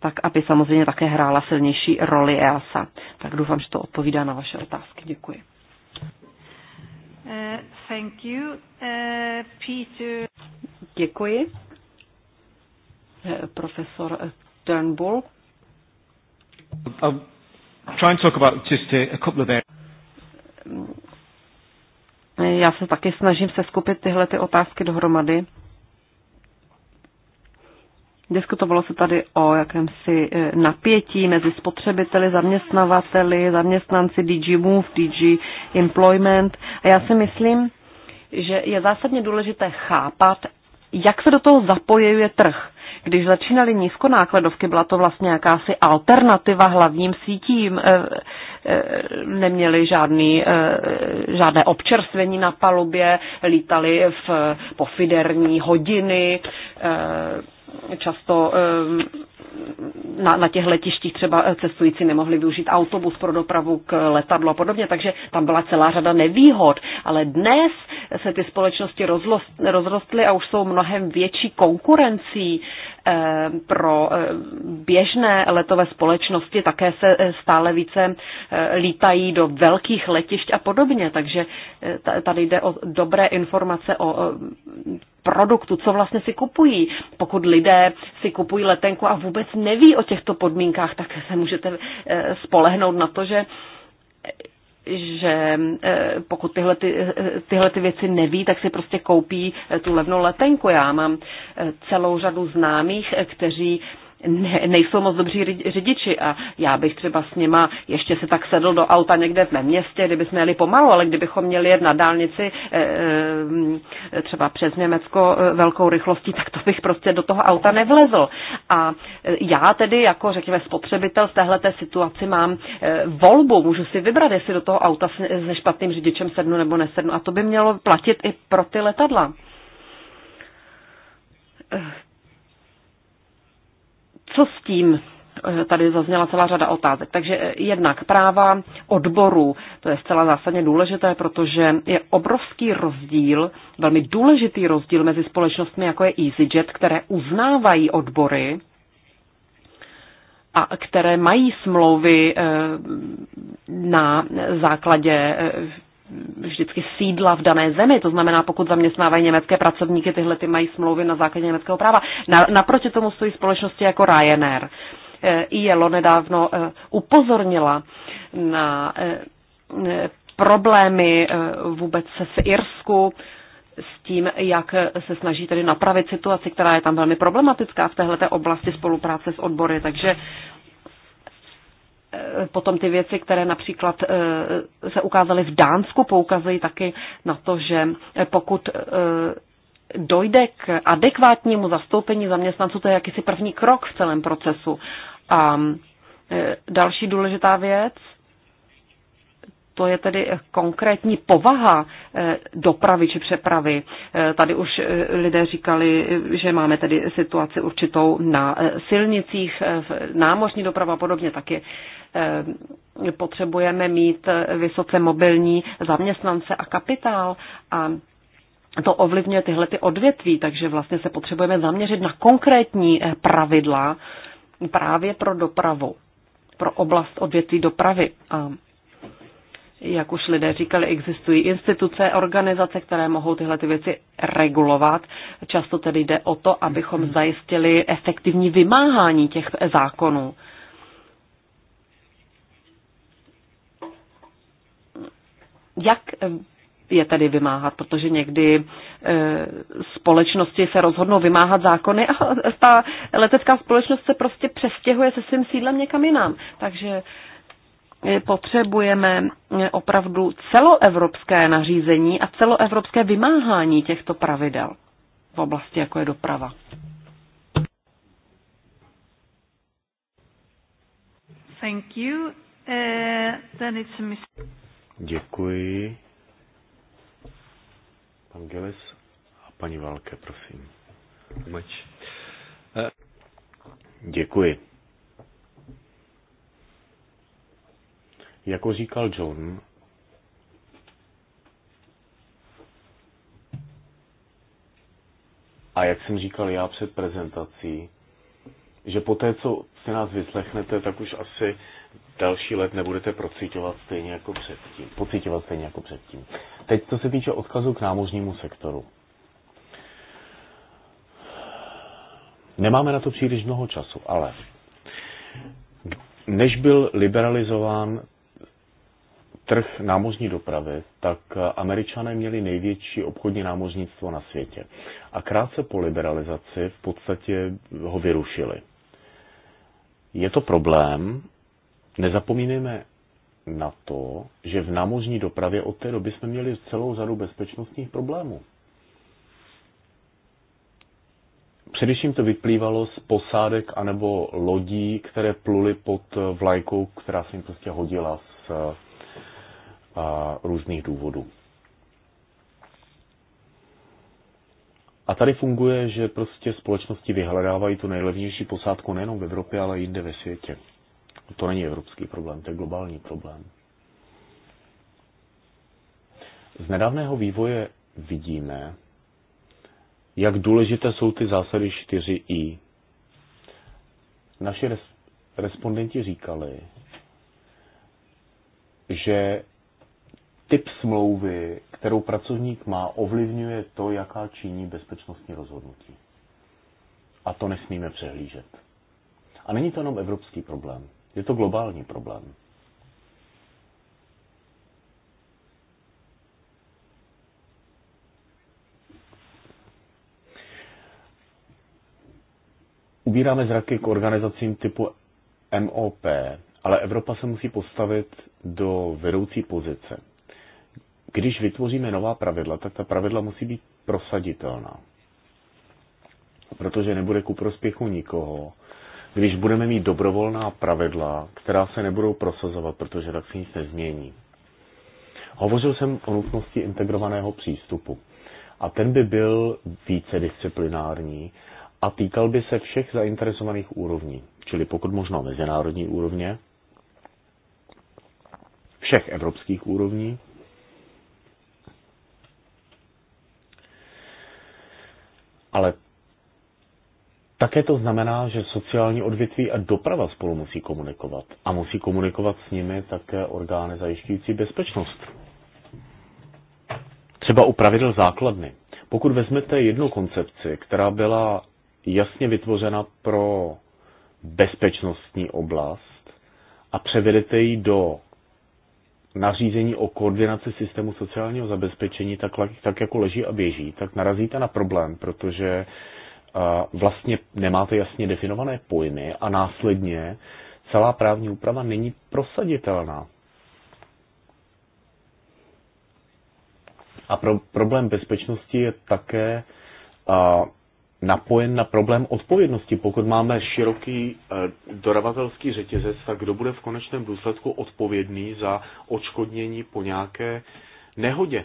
tak aby samozřejmě také hrála silnější roli EASA. Tak doufám, že to odpovídá na vaše otázky. Děkuji. Eh, thank you. Eh, Peter. Děkuji. Eh, profesor Turnbull. I'll try and talk about just a couple of areas. Já se taky snažím se skupit tyhle ty otázky dohromady. Diskutovalo se tady o jakémsi e, napětí mezi spotřebiteli, zaměstnavateli, zaměstnanci DG Move, DG Employment. A já si myslím, že je zásadně důležité chápat, jak se do toho zapojuje trh. Když začínaly nízkonákladovky, byla to vlastně jakási alternativa hlavním sítím. E, e, Neměli žádný, žádné občerstvení na palubě, lítali v pofiderní hodiny, často eh, na, na těch letištích třeba eh, cestující nemohli využít autobus pro dopravu k letadlu a podobně, takže tam byla celá řada nevýhod. Ale dnes se ty společnosti rozrostly a už jsou mnohem větší konkurencí Eh, pro eh, běžné letové společnosti také se eh, stále více lítají do velkých letišť a podobně, takže tady jde o dobré informace o produktu, co vlastně si kupují. Pokud lidé si kupují letenku a vůbec neví o těchto podmínkách, tak se můžete spolehnout na to, že že eh, pokud tyhle, ty, eh, tyhle ty věci neví, tak si prostě koupí eh, tu levnou letenku. Já mám celou řadu známých, kteří ne, nejsou moc dobří řidiči a já bych třeba s nima ještě se tak sedl do auta někde v mém městě, kdyby jsme jeli pomalu, ale kdybychom měli jet na dálnici eh, eh, třeba přes Německo eh, velkou rychlostí, tak to bych prostě do toho auta nevlezl. A já tedy jako řekněme spotřebitel v téhle situaci mám volbu, můžu si vybrat, jestli do toho auta se špatným řidičem sednu nebo nesednu a to by mělo platit i pro ty letadla co s tím? Eh, Tady zazněla celá řada otázek. Takže eh, jednak práva odborů, to je zcela zásadně důležité, protože je obrovský rozdíl, velmi důležitý rozdíl mezi společnostmi, jako je EasyJet, které uznávají odbory a které mají smlouvy eh, na základě vždycky sídla v dané zemi, to znamená, pokud zaměstnávají německé pracovníky, tyhle ty mají smlouvy na základě německého práva. Na, naproti tomu stojí společnosti jako Ryanair. Eh, ILO nedávno eh, upozornila na eh, problémy vůbec v Irsku s tím, jak se snaží tedy napravit situaci, která je tam velmi problematická v této oblasti spolupráce s odbory. Takže Eh, potom ty věci, které například eh, se ukázaly v Dánsku, poukazují taky na to, že eh, pokud dojde k adekvátnímu zastoupení zaměstnanců, to je jakýsi první krok v celém procesu. A další důležitá věc, to je tedy konkrétní povaha dopravy či přepravy. Tady už lidé říkali, že máme tedy situaci určitou na silnicích, námořní doprava a podobně, taky. Ehm, potřebujeme mít vysoce mobilní zaměstnance a kapitál a to ovlivňuje tyhle ty odvětví, takže vlastně se potřebujeme zaměřit na konkrétní eh, pravidla právě pro dopravu, pro oblast odvětví dopravy. A jak už lidé říkali, existují instituce, organizace, které mohou tyhle ty věci regulovat. Často tedy jde o to, abychom hmm. zajistili efektivní vymáhání těch zákonů. Jak eh, je tedy vymáhat, protože někdy e, společnosti se rozhodnou vymáhat zákony a *laughs* ta letecká společnost se prostě přestěhuje se svým sídlem někam jinam. Takže eh, potřebujeme opravdu celoevropské nařízení a celoevropské vymáhání těchto pravidel v oblasti, jako je doprava. Thank you. Uh, then it's a mistake. Děkuji. Pan Gelis a paní Valke, prosím. Much. Eh. Děkuji. Jako říkal John, a jak jsem říkal já před prezentací, že po té, co si nás vyslechnete, tak už asi další let nebudete procitovat stejně jako předtím, pocitovat stejně jako předtím. Teď, co se týče odkazu k námořnímu sektoru. Nemáme na to příliš mnoho času, ale než byl liberalizován trh námořní dopravy, tak američané měli největší obchodní námořnictvo na světě. A krátce po liberalizaci v podstatě ho vyrušili. Je to problém, Nezapomínejme na to, že v námořní dopravě od té doby jsme měli celou řadu bezpečnostních problémů. Především to vyplývalo z posádek anebo lodí, které pluly pod vlajkou, která se jim prostě hodila z a, různých důvodů. A tady funguje, že prostě společnosti vyhledávají tu nejlevnější posádku nejenom v Evropě, ale i jinde ve světě. To není evropský problém, to je globální problém. Z nedávného vývoje vidíme, jak důležité jsou ty zásady 4i. Naši res- respondenti říkali, že typ smlouvy, kterou pracovník má, ovlivňuje to, jaká činí bezpečnostní rozhodnutí. A to nesmíme přehlížet. A není to jenom evropský problém. Je to globální problém. Ubíráme zraky k organizacím typu MOP, ale Evropa se musí postavit do vedoucí pozice. Když vytvoříme nová pravidla, tak ta pravidla musí být prosaditelná. Protože nebude ku prospěchu nikoho, když budeme mít dobrovolná pravidla, která se nebudou prosazovat, protože tak se nic nezmění. Hovořil jsem o nutnosti integrovaného přístupu a ten by byl více disciplinární a týkal by se všech zainteresovaných úrovní, čili pokud možno mezinárodní úrovně, všech evropských úrovní, ale také to znamená, že sociální odvětví a doprava spolu musí komunikovat. A musí komunikovat s nimi také orgány zajišťující bezpečnost. Třeba u pravidel základny. Pokud vezmete jednu koncepci, která byla jasně vytvořena pro bezpečnostní oblast a převedete ji do nařízení o koordinaci systému sociálního zabezpečení, tak, tak jako leží a běží, tak narazíte na problém, protože vlastně nemáte jasně definované pojmy a následně celá právní úprava není prosaditelná. A pro, problém bezpečnosti je také a, napojen na problém odpovědnosti. Pokud máme široký e, dodavatelský řetězec, tak kdo bude v konečném důsledku odpovědný za odškodnění po nějaké nehodě?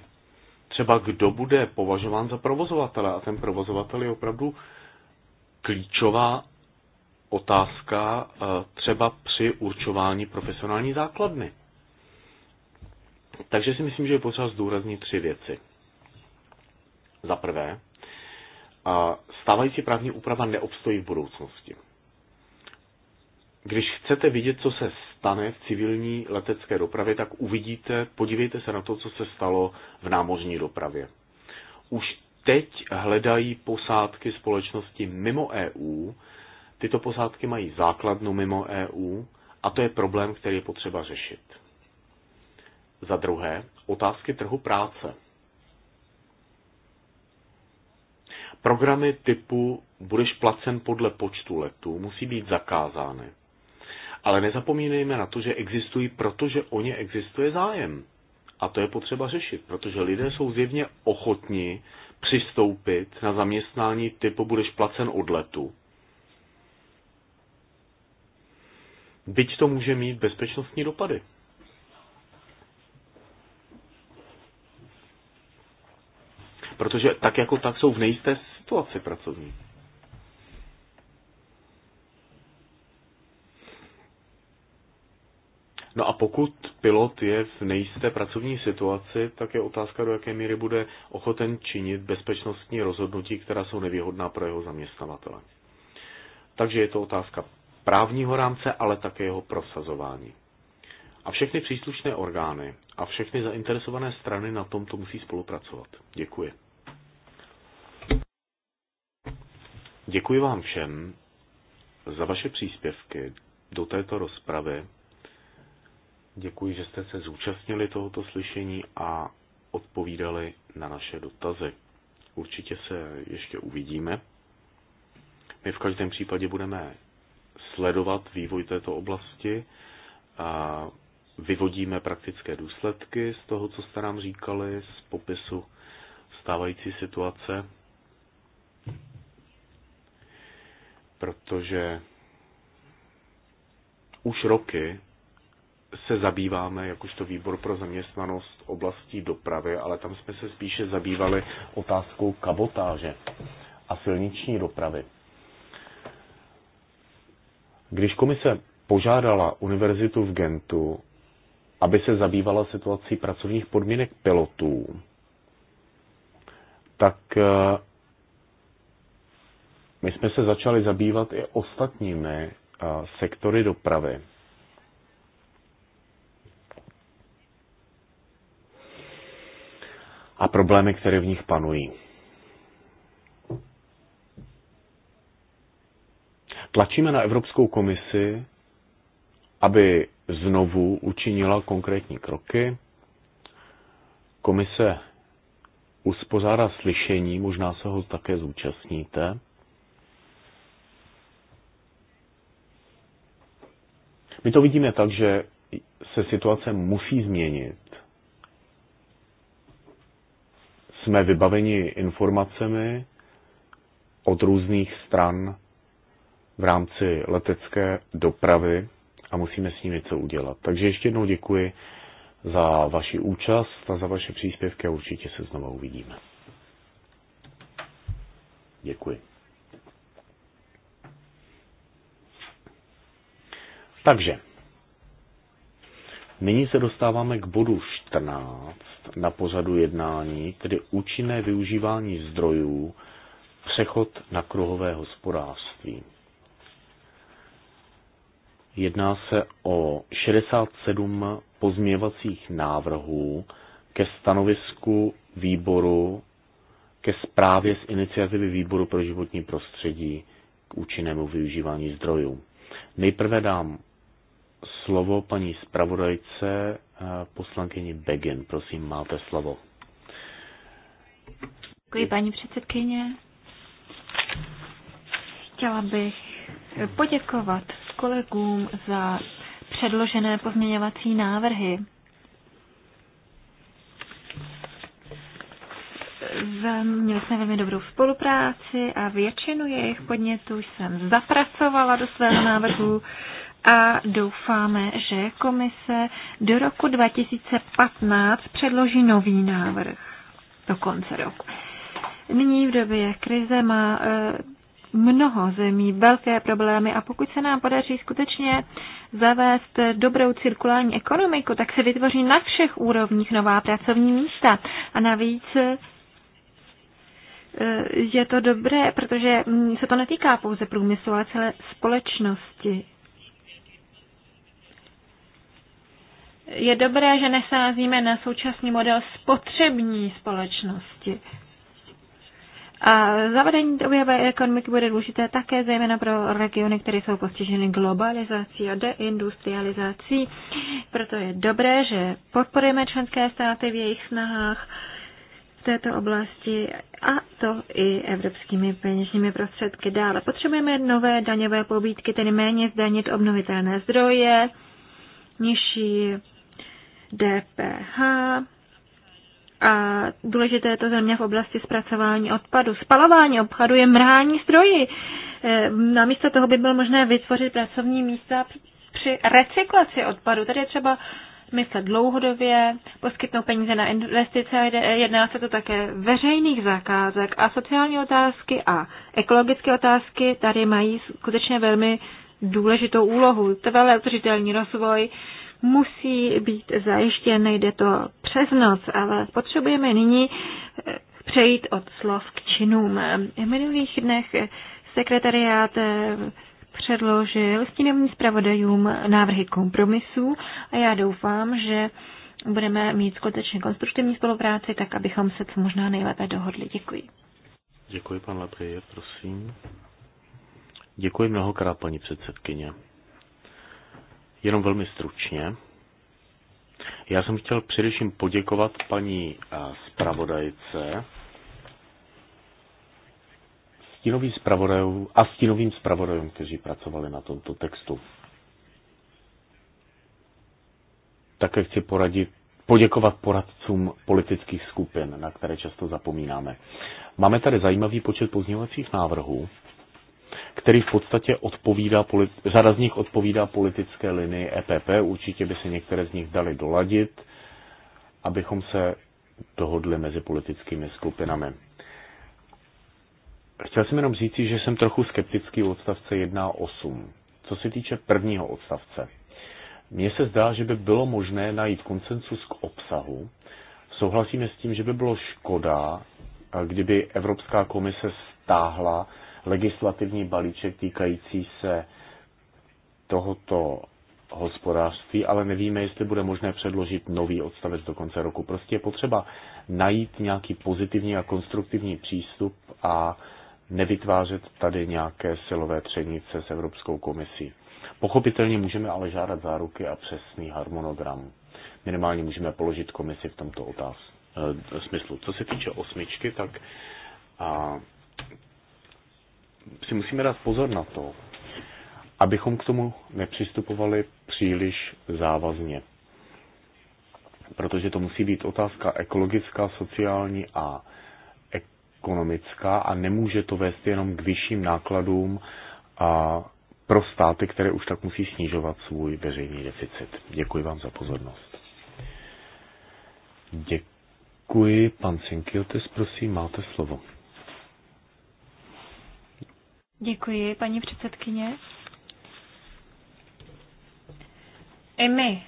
Třeba kdo bude považován za provozovatele a ten provozovatel je opravdu klíčová otázka eh, třeba při určování profesionální základny. Takže si myslím, že je potřeba zdůraznit tři věci. Za prvé, eh, stávající právní úprava neobstojí v budoucnosti. Když chcete vidět, co se stane v civilní letecké dopravě, tak uvidíte, podívejte se na to, co se stalo v námořní dopravě. Už teď hledají posádky společnosti mimo EU. Tyto posádky mají základnu mimo EU a to je problém, který je potřeba řešit. Za druhé, otázky trhu práce. Programy typu budeš placen podle počtu letů musí být zakázány. Ale nezapomínejme na to, že existují, protože o ně existuje zájem. A to je potřeba řešit, protože lidé jsou zjevně ochotní přistoupit na zaměstnání typu budeš placen od letu. Byť to může mít bezpečnostní dopady. Protože tak jako tak jsou v nejisté situaci pracovní. No a pokud pilot je v nejisté pracovní situaci, tak je otázka, do jaké míry bude ochoten činit bezpečnostní rozhodnutí, která jsou nevýhodná pro jeho zaměstnavatele. Takže je to otázka právního rámce, ale také jeho prosazování. A všechny příslušné orgány a všechny zainteresované strany na tomto musí spolupracovat. Děkuji. Děkuji vám všem za vaše příspěvky do této rozpravy. Děkuji, že jste se zúčastnili tohoto slyšení a odpovídali na naše dotazy. Určitě se ještě uvidíme. My v každém případě budeme sledovat vývoj této oblasti a vyvodíme praktické důsledky z toho, co jste nám říkali, z popisu stávající situace, protože už roky se zabýváme, jakožto výbor pro zaměstnanost oblastí dopravy, ale tam jsme se spíše zabývali otázkou kabotáže a silniční dopravy. Když komise požádala univerzitu v Gentu, aby se zabývala situací pracovních podmínek pilotů, tak eh, my jsme se začali zabývat i ostatními eh, sektory dopravy. a problémy, které v nich panují. Tlačíme na Evropskou komisi, aby znovu učinila konkrétní kroky. Komise uspořádá slyšení, možná se ho také zúčastníte. My to vidíme tak, že se situace musí změnit jsme vybaveni informacemi od různých stran v rámci letecké dopravy a musíme s nimi co udělat. Takže ještě jednou děkuji za vaši účast a za vaše příspěvky a určitě se znovu uvidíme. Děkuji. Takže, nyní se dostáváme k bodu 14 na pozadu jednání, tedy účinné využívání zdrojů, přechod na kruhové hospodářství. Jedná se o 67 pozměvacích návrhů ke stanovisku výboru, ke zprávě z iniciativy výboru pro životní prostředí k účinnému využívání zdrojů. Nejprve dám slovo paní zpravodajce Eh, poslankyni Begin. Prosím, máte slovo. Děkuji, paní předsedkyně. Chtěla bych poděkovat kolegům za předložené pozměňovací návrhy. Měli jsme velmi dobrou spolupráci a většinu jejich podnětů jsem zapracovala do svého návrhu a doufáme, že komise do roku 2015 předloží nový návrh do konce roku. Nyní v době krize má e, mnoho zemí velké problémy a pokud se nám podaří skutečně zavést dobrou cirkulární ekonomiku, tak se vytvoří na všech úrovních nová pracovní místa. A navíc e, je to dobré, protože mm, se to netýká pouze průmyslu, ale celé společnosti. je dobré, že nesázíme na současný model spotřební společnosti. A zavedení oběhové ekonomiky bude důležité také zejména pro regiony, které jsou postiženy globalizací a deindustrializací. Proto je dobré, že podporujeme členské státy v jejich snahách v této oblasti a to i evropskými peněžními prostředky. Dále potřebujeme nové daňové pobídky, tedy méně zdanit obnovitelné zdroje, nižší DPH a důležité je to země v oblasti zpracování odpadu. Spalování odpadu je mrhání Na e, Namísto toho by bylo možné vytvořit pracovní místa při recyklaci odpadu. Tady je třeba myslet dlouhodobě, poskytnout peníze na investice, jedná se to také veřejných zakázek a sociální otázky a ekologické otázky tady mají skutečně velmi důležitou úlohu. Trvalé udržitelný rozvoj, musí být zajištěn, nejde to přes noc, ale potřebujeme nyní eh, přejít od slov k činům. V minulých dnech sekretariát eh, předložil stínovým zpravodajům návrhy kompromisů a já doufám, že budeme mít skutečně konstruktivní spolupráci, tak abychom se co možná nejlépe dohodli. Děkuji. Děkuji, pan Leprie, prosím. Děkuji mnohokrát, paní předsedkyně. Jenom velmi stručně. Já jsem chtěl především poděkovat paní eh, zpravodajce, stínovým zpravodajům a stínovým zpravodajům, kteří pracovali na tomto textu. Také chci poradit, poděkovat poradcům politických skupin, na které často zapomínáme. Máme tady zajímavý počet pozměňovacích návrhů který v podstatě odpovídá, řada z nich odpovídá politické linii EPP, určitě by se některé z nich dali doladit, abychom se dohodli mezi politickými skupinami. Chtěl jsem jenom říci, že jsem trochu skeptický v odstavce 1.8. Co se týče prvního odstavce, mně se zdá, že by bylo možné najít konsensus k obsahu. Souhlasíme s tím, že by bylo škoda, kdyby Evropská komise stáhla legislativní balíček týkající se tohoto hospodářství, ale nevíme, jestli bude možné předložit nový odstavec do konce roku. Prostě je potřeba najít nějaký pozitivní a konstruktivní přístup a nevytvářet tady nějaké silové třenice s Evropskou komisí. Pochopitelně můžeme ale žádat záruky a přesný harmonogram. Minimálně můžeme položit komisi v tomto otázku. e, eh, smyslu. Co se týče osmičky, tak a, si musíme dát pozor na to, abychom k tomu nepřistupovali příliš závazně. Protože to musí být otázka ekologická, sociální a ekonomická a nemůže to vést jenom k vyšším nákladům a pro státy, které už tak musí snižovat svůj veřejný deficit. Děkuji vám za pozornost. Děkuji, pan Sinkiotis, prosím, máte slovo. Děkuji, paní předsedkyně. I my,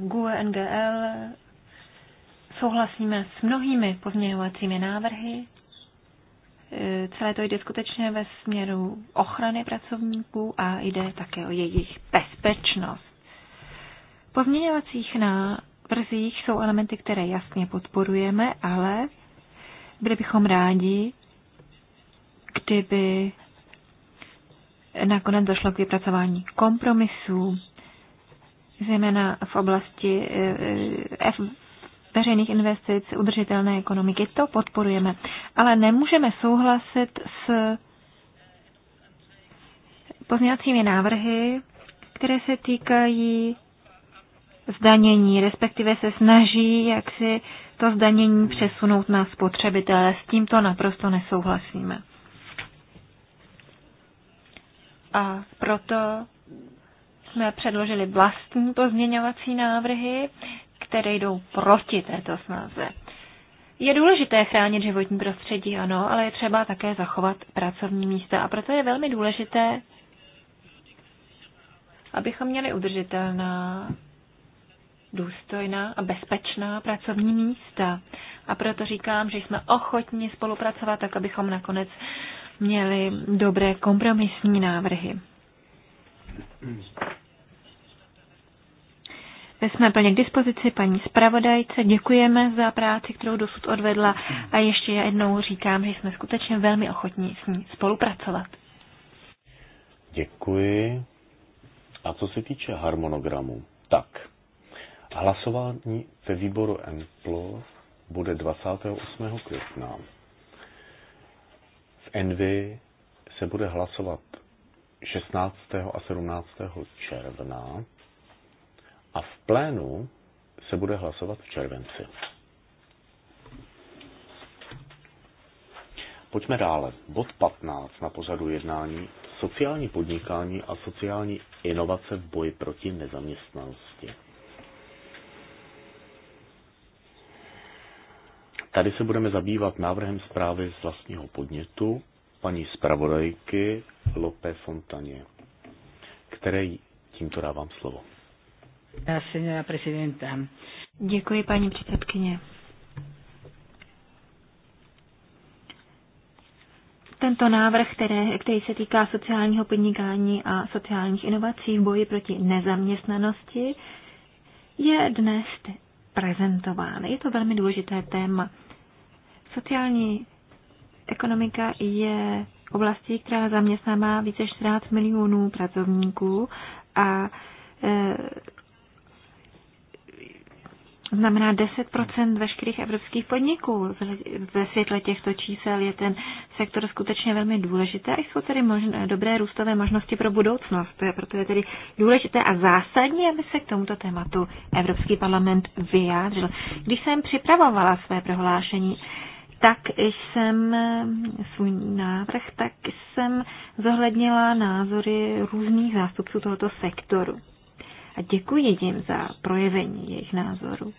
GUE NGL, souhlasíme s mnohými pozměňovacími návrhy. Celé to jde skutečně ve směru ochrany pracovníků a jde také o jejich bezpečnost. Pozměňovacích návrzích jsou elementy, které jasně podporujeme, ale byli bychom rádi, kdyby nakonec došlo k vypracování kompromisů, zejména v oblasti eh, eh, veřejných investic, udržitelné ekonomiky. To podporujeme. Ale nemůžeme souhlasit s pozměňovacími návrhy, které se týkají zdanění, respektive se snaží, jak si to zdanění přesunout na spotřebitele. S tímto naprosto nesouhlasíme. A proto jsme předložili vlastní pozměňovací návrhy, které jdou proti této snaze. Je důležité chránit životní prostředí, ano, ale je třeba také zachovat pracovní místa. A proto je velmi důležité, abychom měli udržitelná, důstojná a bezpečná pracovní místa. A proto říkám, že jsme ochotni spolupracovat, tak abychom nakonec měli dobré kompromisní návrhy. My jsme plně k dispozici paní zpravodajce, děkujeme za práci, kterou dosud odvedla a ještě jednou říkám, že jsme skutečně velmi ochotní s ní spolupracovat. Děkuji. A co se týče harmonogramu, tak hlasování ve výboru MPLO bude 28. května. Envy se bude hlasovat 16. a 17. června a v plénu se bude hlasovat v červenci. Pojďme dále. Bod 15 na pořadu jednání. Sociální podnikání a sociální inovace v boji proti nezaměstnanosti. Tady se budeme zabývat návrhem zprávy z vlastního podnětu paní zpravodajky Lope Fontaně, které tímto dávám slovo. Eh, Děkuji, paní předsedkyně. Tento návrh, které, který se týká sociálního podnikání a sociálních inovací v boji proti nezaměstnanosti, je dnes prezentována Je to velmi důležité téma. Sociální ekonomika je oblastí, která zaměstnává více 14 milionů pracovníků a e, to znamená 10% veškerých evropských podniků. Ve světle těchto čísel je ten sektor skutečně velmi důležité a jsou tedy možné, dobré růstové možnosti pro budoucnost. Proto je tedy důležité a zásadní, aby se k tomuto tématu Evropský parlament vyjádřil. Když jsem připravovala své prohlášení, tak jsem eh, svůj návrh, tak jsem zohlednila názory různých zástupců tohoto sektoru a děkuji jim za projevení jejich názorů.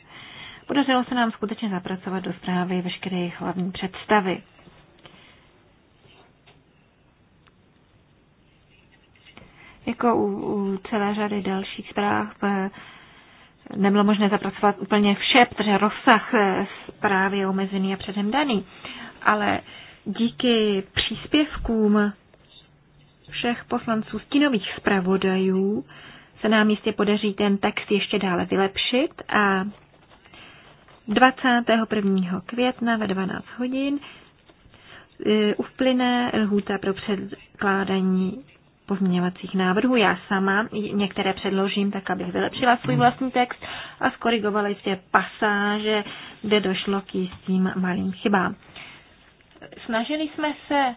Podařilo se nám skutečně zapracovat do zprávy veškeré jejich hlavní představy. Jako u, u celé řady dalších zpráv eh, nebylo možné zapracovat úplně vše, protože rozsah eh, zprávy je omezený a předem daný. Ale díky příspěvkům všech poslanců stínových zpravodajů se nám jistě podaří ten text ještě dále vylepšit a 21. května ve 12 hodin e, uplyne lhůta pro předkládání pozměňovacích návrhů. Já sama některé předložím tak, abych vylepšila svůj vlastní text a skorigovala jistě pasáže, kde došlo k jistým malým chybám. Snažili jsme se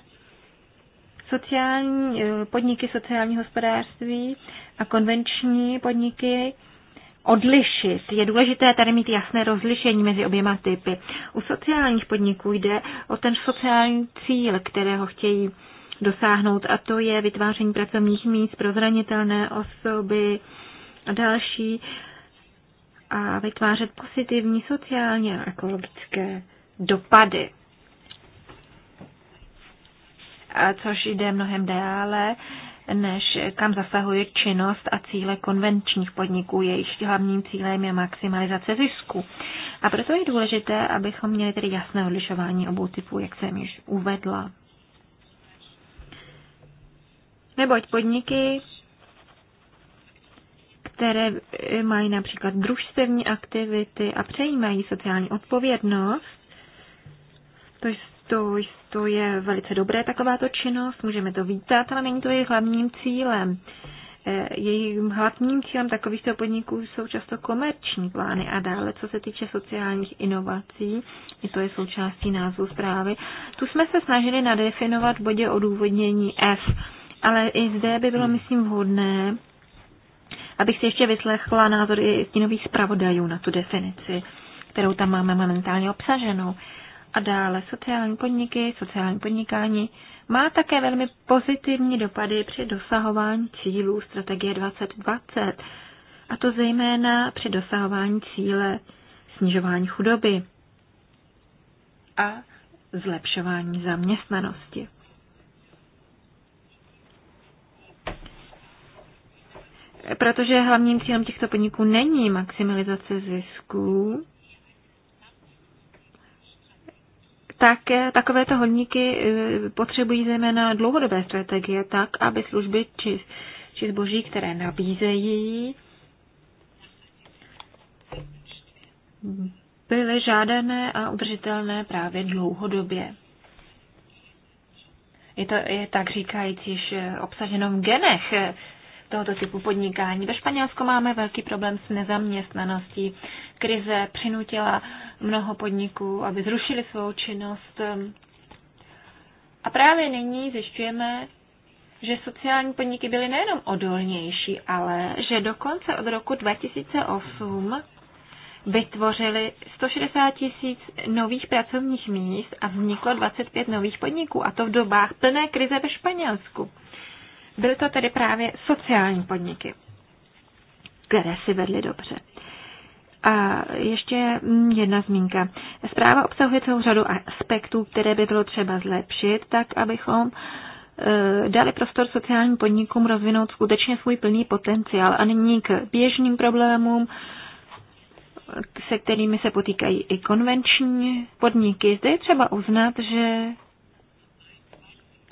Sociální, eh, podniky sociální hospodářství a konvenční podniky odlišit. Je důležité tady mít jasné rozlišení mezi oběma typy. U sociálních podniků jde o ten sociální cíl, kterého chtějí dosáhnout, a to je vytváření pracovních míst pro zranitelné osoby a další a vytvářet pozitivní sociální a ekologické dopady což jde mnohem dále, než kam zasahuje činnost a cíle konvenčních podniků. Jejich hlavním cílem je maximalizace zisku. A proto je důležité, abychom měli tedy jasné odlišování obou typů, jak jsem již uvedla. Neboť podniky, které mají například družstevní aktivity a přejímají sociální odpovědnost, to to, to je velice dobré takováto činnost, můžeme to vítat, ale není to jejich hlavním cílem. E, Jejím hlavním cílem takovýchto podniků jsou často komerční plány a dále, co se týče sociálních inovací, i to je součástí názvu zprávy. Tu jsme se snažili nadefinovat v bodě odůvodnění F, ale i zde by bylo, myslím, vhodné, abych si ještě vyslechla názory stínových zpravodajů na tu definici, kterou tam máme momentálně obsaženou. A dále sociální podniky, sociální podnikání má také velmi pozitivní dopady při dosahování cílů strategie 2020, a to zejména při dosahování cíle snižování chudoby a zlepšování zaměstnanosti. Protože hlavním cílem těchto podniků není maximalizace zisků, tak eh, takovéto hodníky eh, potřebují zejména dlouhodobé strategie tak, aby služby či, či zboží, které nabízejí, byly žádané a udržitelné právě dlouhodobě. Je to je tak říkajíc již eh, obsaženo v genech tohoto typu podnikání. Ve Španělsku máme velký problém s nezaměstnaností. Krize přinutila mnoho podniků, aby zrušili svou činnost. A právě nyní zjišťujeme, že sociální podniky byly nejenom odolnější, ale že dokonce od roku 2008 vytvořili 160 tisíc nových pracovních míst a vzniklo 25 nových podniků, a to v dobách plné krize ve Španělsku. Byly to tedy právě sociální podniky, které si vedly dobře. A ještě mm, jedna zmínka. Zpráva obsahuje celou řadu aspektů, které by bylo třeba zlepšit, tak abychom e, dali prostor sociálním podnikům rozvinout skutečně svůj plný potenciál a nyní k běžným problémům, se kterými se potýkají i konvenční podniky. Zde je třeba uznat, že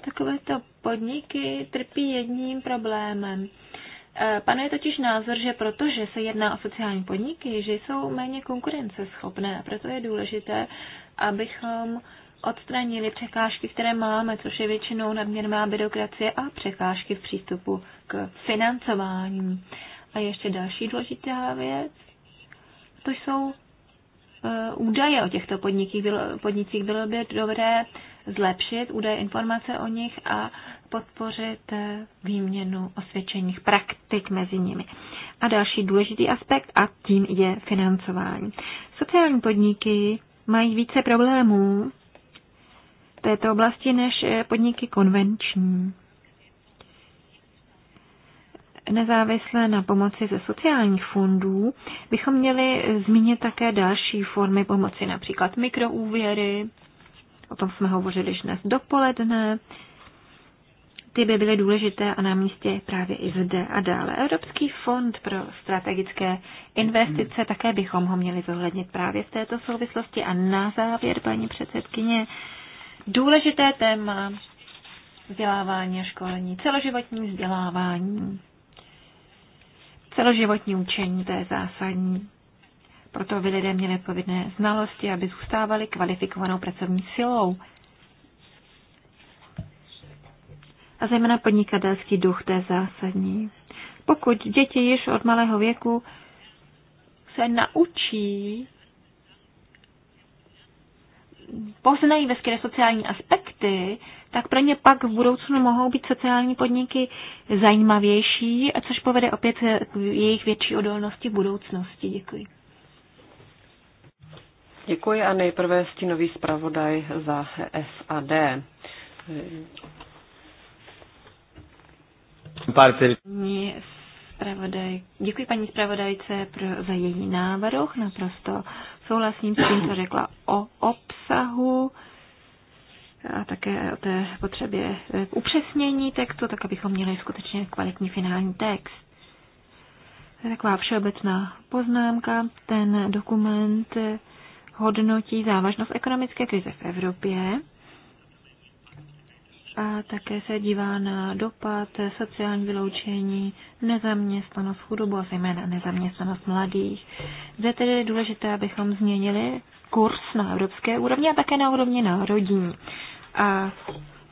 takovéto podniky trpí jedním problémem. E, Panuje totiž názor, že protože se jedná o sociální podniky, že jsou méně konkurenceschopné. Proto je důležité, abychom odstranili překážky, které máme, což je většinou nadměrná byrokracie a překážky v přístupu k financování. A ještě další důležitá věc, to jsou e, údaje o těchto podnicích. Bylo, podnicích bylo by dobré zlepšit údaje informace o nich a podpořit eh, výměnu osvědčených praktik mezi nimi. A další důležitý aspekt a tím je financování. Sociální podniky mají více problémů v této oblasti než eh, podniky konvenční. Nezávisle na pomoci ze sociálních fondů bychom měli zmínit také další formy pomoci, například mikroúvěry, o tom jsme hovořili již dnes dopoledne, ty by byly důležité a na místě právě i zde a dále. Evropský fond pro strategické investice, také bychom ho měli zohlednit právě v této souvislosti. A na závěr, paní předsedkyně, důležité téma vzdělávání a školení, celoživotní vzdělávání, celoživotní učení, to je zásadní. Proto by lidé měli povinné znalosti, aby zůstávali kvalifikovanou pracovní silou. a zejména podnikatelský duch, to je zásadní. Pokud děti již od malého věku se naučí, poznají veškeré sociální aspekty, tak pro ně pak v budoucnu mohou být sociální podniky zajímavější, a což povede opět k jejich větší odolnosti v budoucnosti. Děkuji. Děkuji a nejprve stínový zpravodaj za SAD. Parte. Děkuji paní zpravodajce pro, za její návrh. Naprosto souhlasím s tím, co řekla o obsahu a také o té potřebě e, upřesnění textu, tak abychom měli skutečně kvalitní finální text. Taková všeobecná poznámka. Ten dokument hodnotí závažnost ekonomické krize v Evropě a také se dívá na dopad sociální vyloučení, nezaměstnanost, chudobu a zejména nezaměstnanost mladých. Zde tedy je důležité, abychom změnili kurz na evropské úrovni a také na úrovni národní. A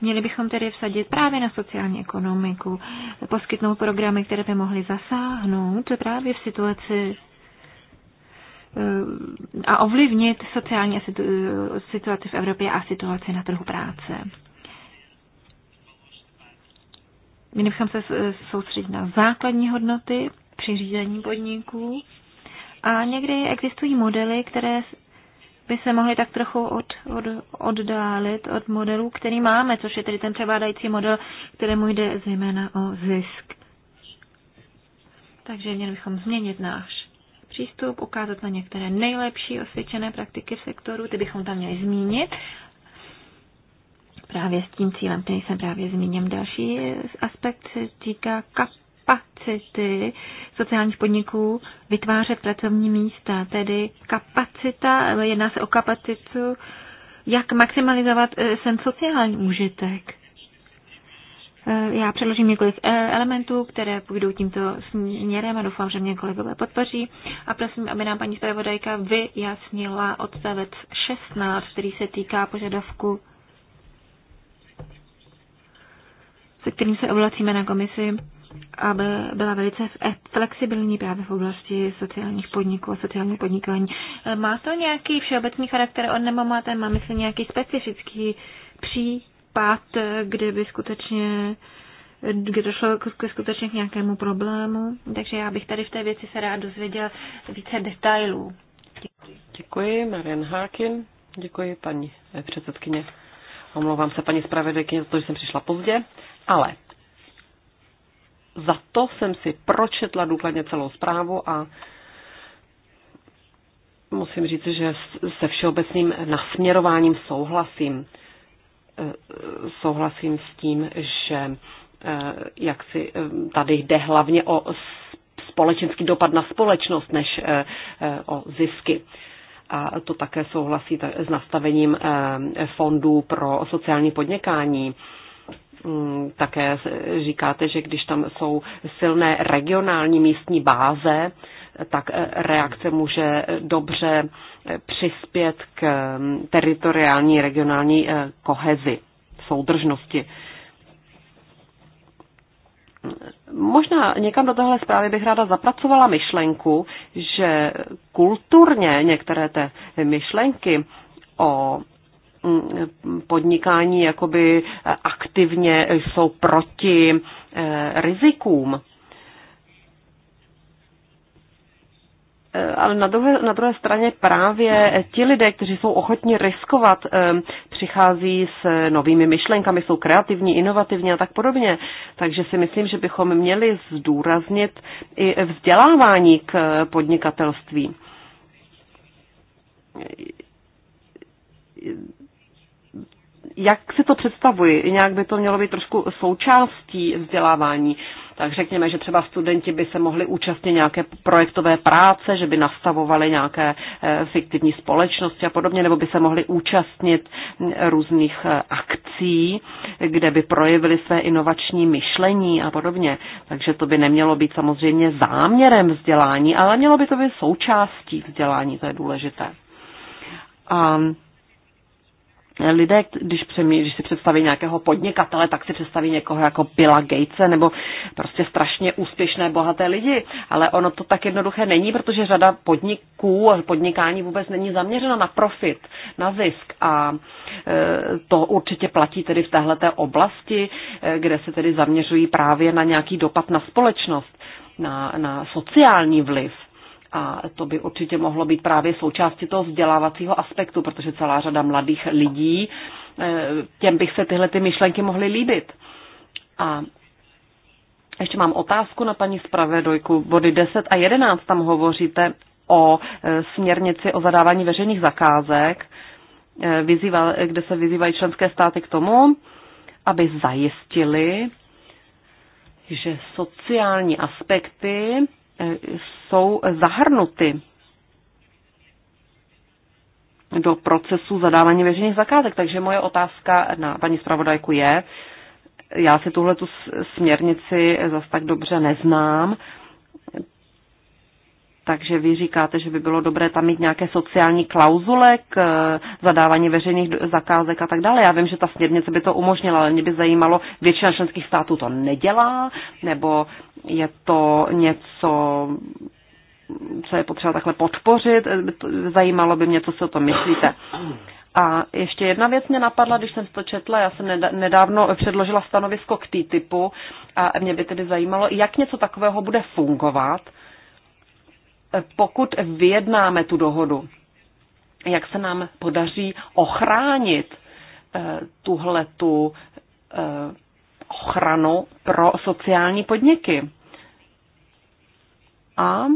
Měli bychom tedy vsadit právě na sociální ekonomiku, poskytnout programy, které by mohly zasáhnout právě v situaci eh, a ovlivnit sociální eh, situaci v Evropě a situaci na trhu práce. Měli bychom se soustředit na základní hodnoty při řízení podniků. A někdy existují modely, které by se mohly tak trochu od, od, oddálit od modelů, který máme, což je tedy ten převádající model, kterému jde zejména o zisk. Takže měli bychom změnit náš přístup, ukázat na některé nejlepší osvědčené praktiky v sektoru, ty bychom tam měli zmínit právě s tím cílem, který jsem právě zmínil. Další aspekt se týká kapacity sociálních podniků vytvářet pracovní místa, tedy kapacita, jedná se o kapacitu, jak maximalizovat sen eh, sociální užitek. Eh, já předložím několik eh, elementů, které půjdou tímto směrem a doufám, že mě kolegové podpoří. A prosím, aby nám paní zpravodajka vyjasnila odstavec 16, který se týká požadavku se kterým se obracíme na komisi, aby byla velice e- flexibilní právě v oblasti sociálních podniků a sociálního podnikání. E, má to nějaký všeobecný charakter, on nebo máte, má myslím nějaký specifický případ, kde by skutečně kde došlo k, skutečně k nějakému problému, takže já bych tady v té věci se rád dozvěděl více detailů. Děkuji. Marian Hákin. Děkuji, paní eh, předsedkyně. Omlouvám se, paní zpravodajkyně, za to, že jsem přišla pozdě. Ale za to jsem si pročetla důkladně celou zprávu a musím říct, že se všeobecným nasměrováním souhlasím. Eh, souhlasím s tím, že eh, jak si eh, tady jde hlavně o společenský dopad na společnost než o zisky. A to také souhlasí s nastavením fondů pro sociální podnikání Mm, také říkáte, že když tam jsou silné regionální místní báze, tak eh, reakce může eh, dobře eh, přispět k mm, teritoriální regionální kohezi, soudržnosti. Možná někam do téhle zprávy bych ráda zapracovala myšlenku, že kulturně některé té myšlenky o podnikání jakoby aktivně jsou proti eh, rizikům. Eh, ale na druhé, na druhé straně právě ti lidé, kteří jsou ochotni riskovat, eh, přichází s novými myšlenkami, jsou kreativní, inovativní a tak podobně. Takže si myslím, že bychom měli zdůraznit i vzdělávání k podnikatelství jak si to představuji? Nějak by to mělo být trošku součástí vzdělávání. Tak řekněme, že třeba studenti by se mohli účastnit nějaké projektové práce, že by nastavovali nějaké eh, fiktivní společnosti a podobně, nebo by se mohli účastnit mm, různých eh, akcí, kde by projevili své inovační myšlení a podobně. Takže to by nemělo být samozřejmě záměrem vzdělání, ale mělo by to být součástí vzdělání, to je důležité. A lidé, když, přemý, když si představí nějakého podnikatele, tak si představí někoho jako Billa Gatese nebo prostě strašně úspěšné, bohaté lidi. Ale ono to tak jednoduché není, protože řada podniků a podnikání vůbec není zaměřena na profit, na zisk. A e, to určitě platí tedy v téhleté oblasti, e, kde se tedy zaměřují právě na nějaký dopad na společnost, na, na sociální vliv a to by určitě mohlo být právě součástí toho vzdělávacího aspektu, protože celá řada mladých lidí, eh, těm bych se tyhle ty myšlenky mohly líbit. A ještě mám otázku na paní zpravedojku. Body 10 a 11 tam hovoříte o eh, směrnici o zadávání veřejných zakázek, eh, vyzýval, kde se vyzývají členské státy k tomu, aby zajistili, že sociální aspekty jsou zahrnuty do procesu zadávání veřejných zakázek. Takže moje otázka na paní zpravodajku je, já si tuhle tu směrnici zas tak dobře neznám, takže vy říkáte, že by bylo dobré tam mít nějaké sociální klauzule k eh, zadávání veřejných zakázek a tak dále. Já vím, že ta směrnice by to umožnila, ale mě by zajímalo, většina členských států to nedělá, nebo je to něco, co je potřeba takhle podpořit. Eh, zajímalo by mě, co si o tom myslíte. A ještě jedna věc mě napadla, když jsem to četla, já jsem nedávno předložila stanovisko k TTIPu a mě by tedy zajímalo, jak něco takového bude fungovat, pokud vyjednáme tu dohodu, jak se nám podaří ochránit eh, tuhle tu eh, ochranu pro sociální podniky. A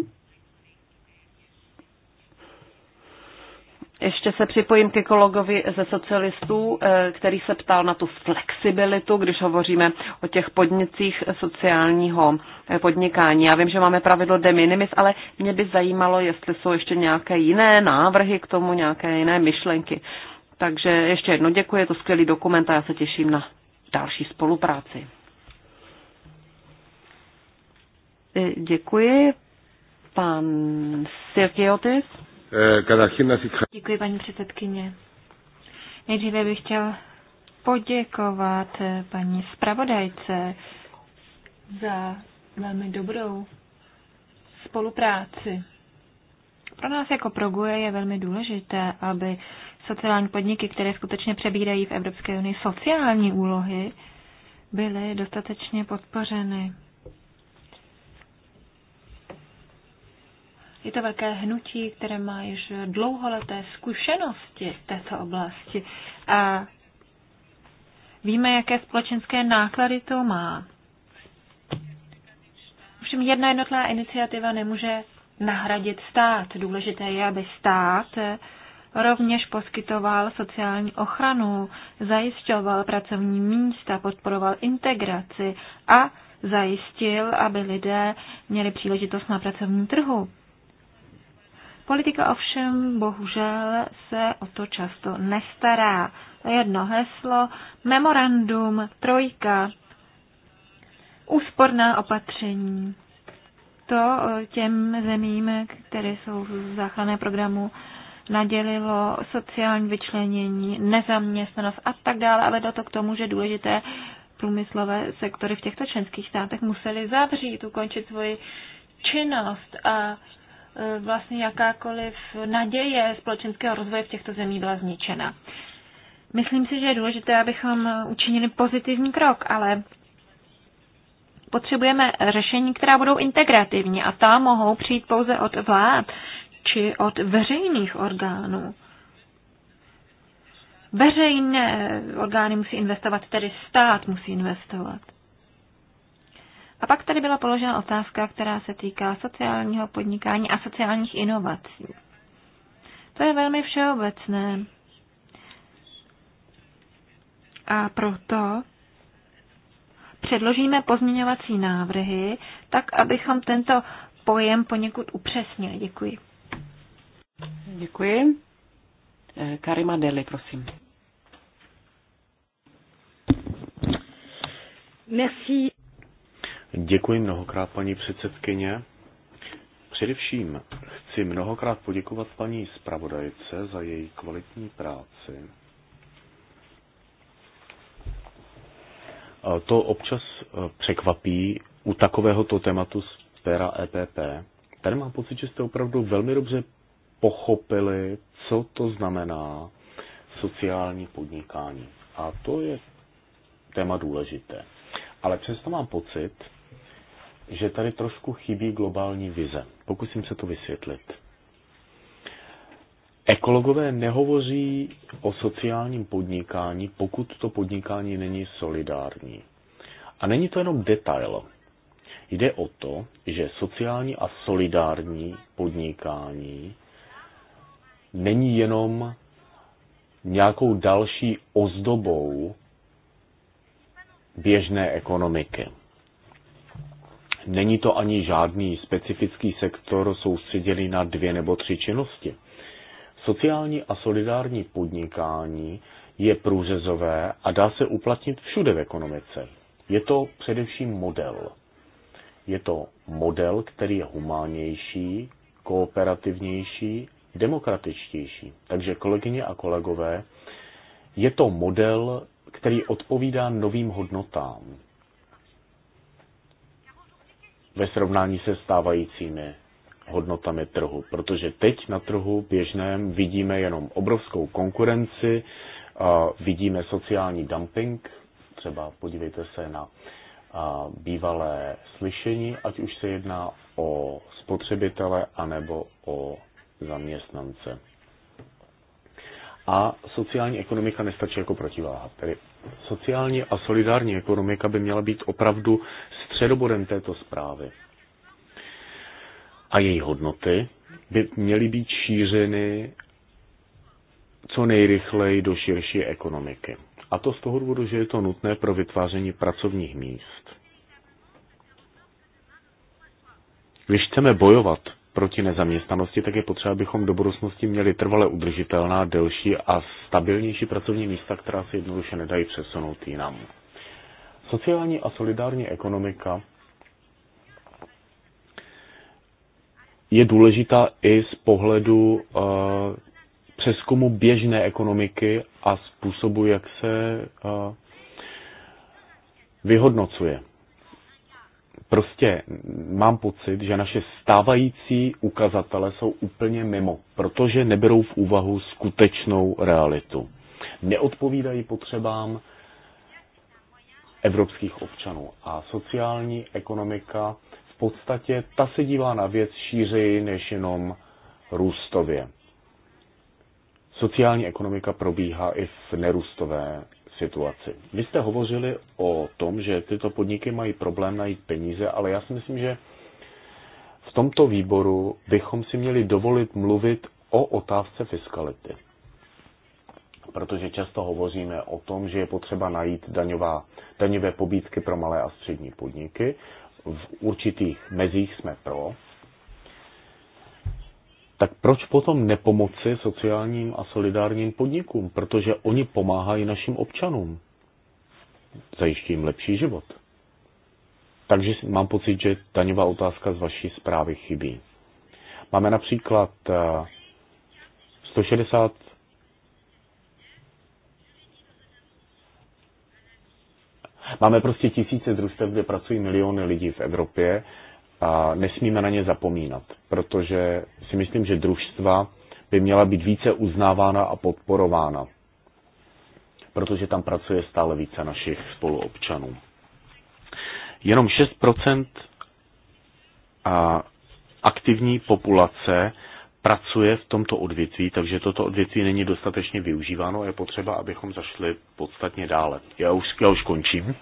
Ještě se připojím ke kolegovi ze socialistů, eh, který se ptal na tu flexibilitu, když hovoříme o těch podnicích sociálního eh, podnikání. Já vím, že máme pravidlo de minimis, ale mě by zajímalo, jestli jsou ještě nějaké jiné návrhy k tomu, nějaké jiné myšlenky. Takže ještě jedno děkuji, je to skvělý dokument a já se těším na další spolupráci. Eh, děkuji. Pan Sirkiotis. Děkuji, paní předsedkyně. Nejdříve bych chtěl poděkovat eh, paní zpravodajce za velmi dobrou spolupráci. Pro nás jako pro GUE je velmi důležité, aby sociální podniky, které skutečně přebírají v Evropské unii sociální úlohy, byly dostatečně podpořeny. Je to velké hnutí, které má již dlouholeté zkušenosti v této oblasti a víme, jaké společenské náklady to má. Všem jedna jednotlá iniciativa nemůže nahradit stát. Důležité je, aby stát rovněž poskytoval sociální ochranu, zajišťoval pracovní místa, podporoval integraci a zajistil, aby lidé měli příležitost na pracovním trhu. Politika ovšem bohužel se o to často nestará. Jedno heslo, memorandum, trojka, úsporná opatření. To těm zemím, které jsou v záchranné programu, nadělilo sociální vyčlenění, nezaměstnanost a tak dále, ale do to k tomu, že důležité průmyslové sektory v těchto členských státech museli zavřít, ukončit svoji činnost a vlastně jakákoliv naděje společenského rozvoje v těchto zemích byla zničena. Myslím si, že je důležité, abychom učinili pozitivní krok, ale potřebujeme řešení, která budou integrativní a ta mohou přijít pouze od vlád či od veřejných orgánů. Veřejné orgány musí investovat, tedy stát musí investovat. A pak tady byla položena otázka, která se týká sociálního podnikání a sociálních inovací. To je velmi všeobecné. A proto předložíme pozměňovací návrhy, tak abychom tento pojem poněkud upřesnili. Děkuji. Děkuji. Eh, Karima Deli, prosím. Merci. Děkuji mnohokrát, paní předsedkyně. Především chci mnohokrát poděkovat paní zpravodajce za její kvalitní práci. To občas e, překvapí u takovéhoto tématu z pera EPP. Tady mám pocit, že jste opravdu velmi dobře pochopili, co to znamená sociální podnikání. A to je téma důležité. Ale přesto mám pocit, že tady trošku chybí globální vize. Pokusím se to vysvětlit. Ekologové nehovoří o sociálním podnikání, pokud to podnikání není solidární. A není to jenom detail. Jde o to, že sociální a solidární podnikání není jenom nějakou další ozdobou běžné ekonomiky. Není to ani žádný specifický sektor soustředěný na dvě nebo tři činnosti. Sociální a solidární podnikání je průřezové a dá se uplatnit všude v ekonomice. Je to především model. Je to model, který je humánnější, kooperativnější, demokratičtější. Takže kolegyně a kolegové, je to model, který odpovídá novým hodnotám ve srovnání se stávajícími hodnotami trhu, protože teď na trhu běžném vidíme jenom obrovskou konkurenci, vidíme sociální dumping, třeba podívejte se na bývalé slyšení, ať už se jedná o spotřebitele anebo o zaměstnance. A sociální ekonomika nestačí jako protiváha. Tedy sociální a solidární ekonomika by měla být opravdu středobodem této zprávy. A její hodnoty by měly být šířeny co nejrychleji do širší ekonomiky. A to z toho důvodu, že je to nutné pro vytváření pracovních míst. Když chceme bojovat proti nezaměstnanosti, tak je potřeba, abychom do budoucnosti měli trvale udržitelná, delší a stabilnější pracovní místa, která se jednoduše nedají přesunout jinam. Sociální a solidární ekonomika je důležitá i z pohledu uh, přeskumu běžné ekonomiky a způsobu, jak se uh, vyhodnocuje. Prostě mám pocit, že naše stávající ukazatele jsou úplně mimo, protože neberou v úvahu skutečnou realitu. Neodpovídají potřebám evropských občanů. A sociální ekonomika v podstatě, ta se dívá na věc šířeji než jenom růstově. Sociální ekonomika probíhá i v nerůstové situaci. Vy jste hovořili o tom, že tyto podniky mají problém najít peníze, ale já si myslím, že v tomto výboru bychom si měli dovolit mluvit o otázce fiskality protože často hovoříme o tom, že je potřeba najít daňová, daňové pobídky pro malé a střední podniky. V určitých mezích jsme pro. Tak proč potom nepomoci sociálním a solidárním podnikům? Protože oni pomáhají našim občanům. Zajišťují jim lepší život. Takže mám pocit, že daňová otázka z vaší zprávy chybí. Máme například eh, 160 Máme prostě tisíce družstev, kde pracují miliony lidí v Evropě a nesmíme na ně zapomínat, protože si myslím, že družstva by měla být více uznávána a podporována, protože tam pracuje stále více našich spoluobčanů. Jenom 6 aktivní populace pracuje v tomto odvětví, takže toto odvětví není dostatečně využíváno a je potřeba, abychom zašli podstatně dále. Já už, já už končím.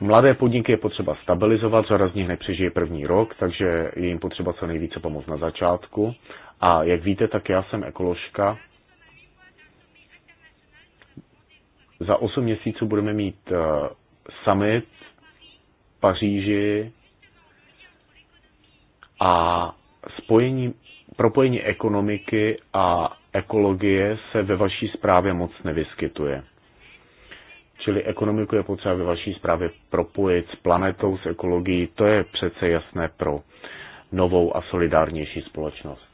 Mladé podniky je potřeba stabilizovat, řada z nich nepřežije první rok, takže je jim potřeba co nejvíce pomoct na začátku. A jak víte, tak já jsem ekoložka. Za 8 měsíců budeme mít eh, summit v Paříži a spojení, propojení ekonomiky a ekologie se ve vaší zprávě moc nevyskytuje. Čili ekonomiku je potřeba ve vaší zprávě propojit s planetou, s ekologií. To je přece jasné pro novou a solidárnější společnost.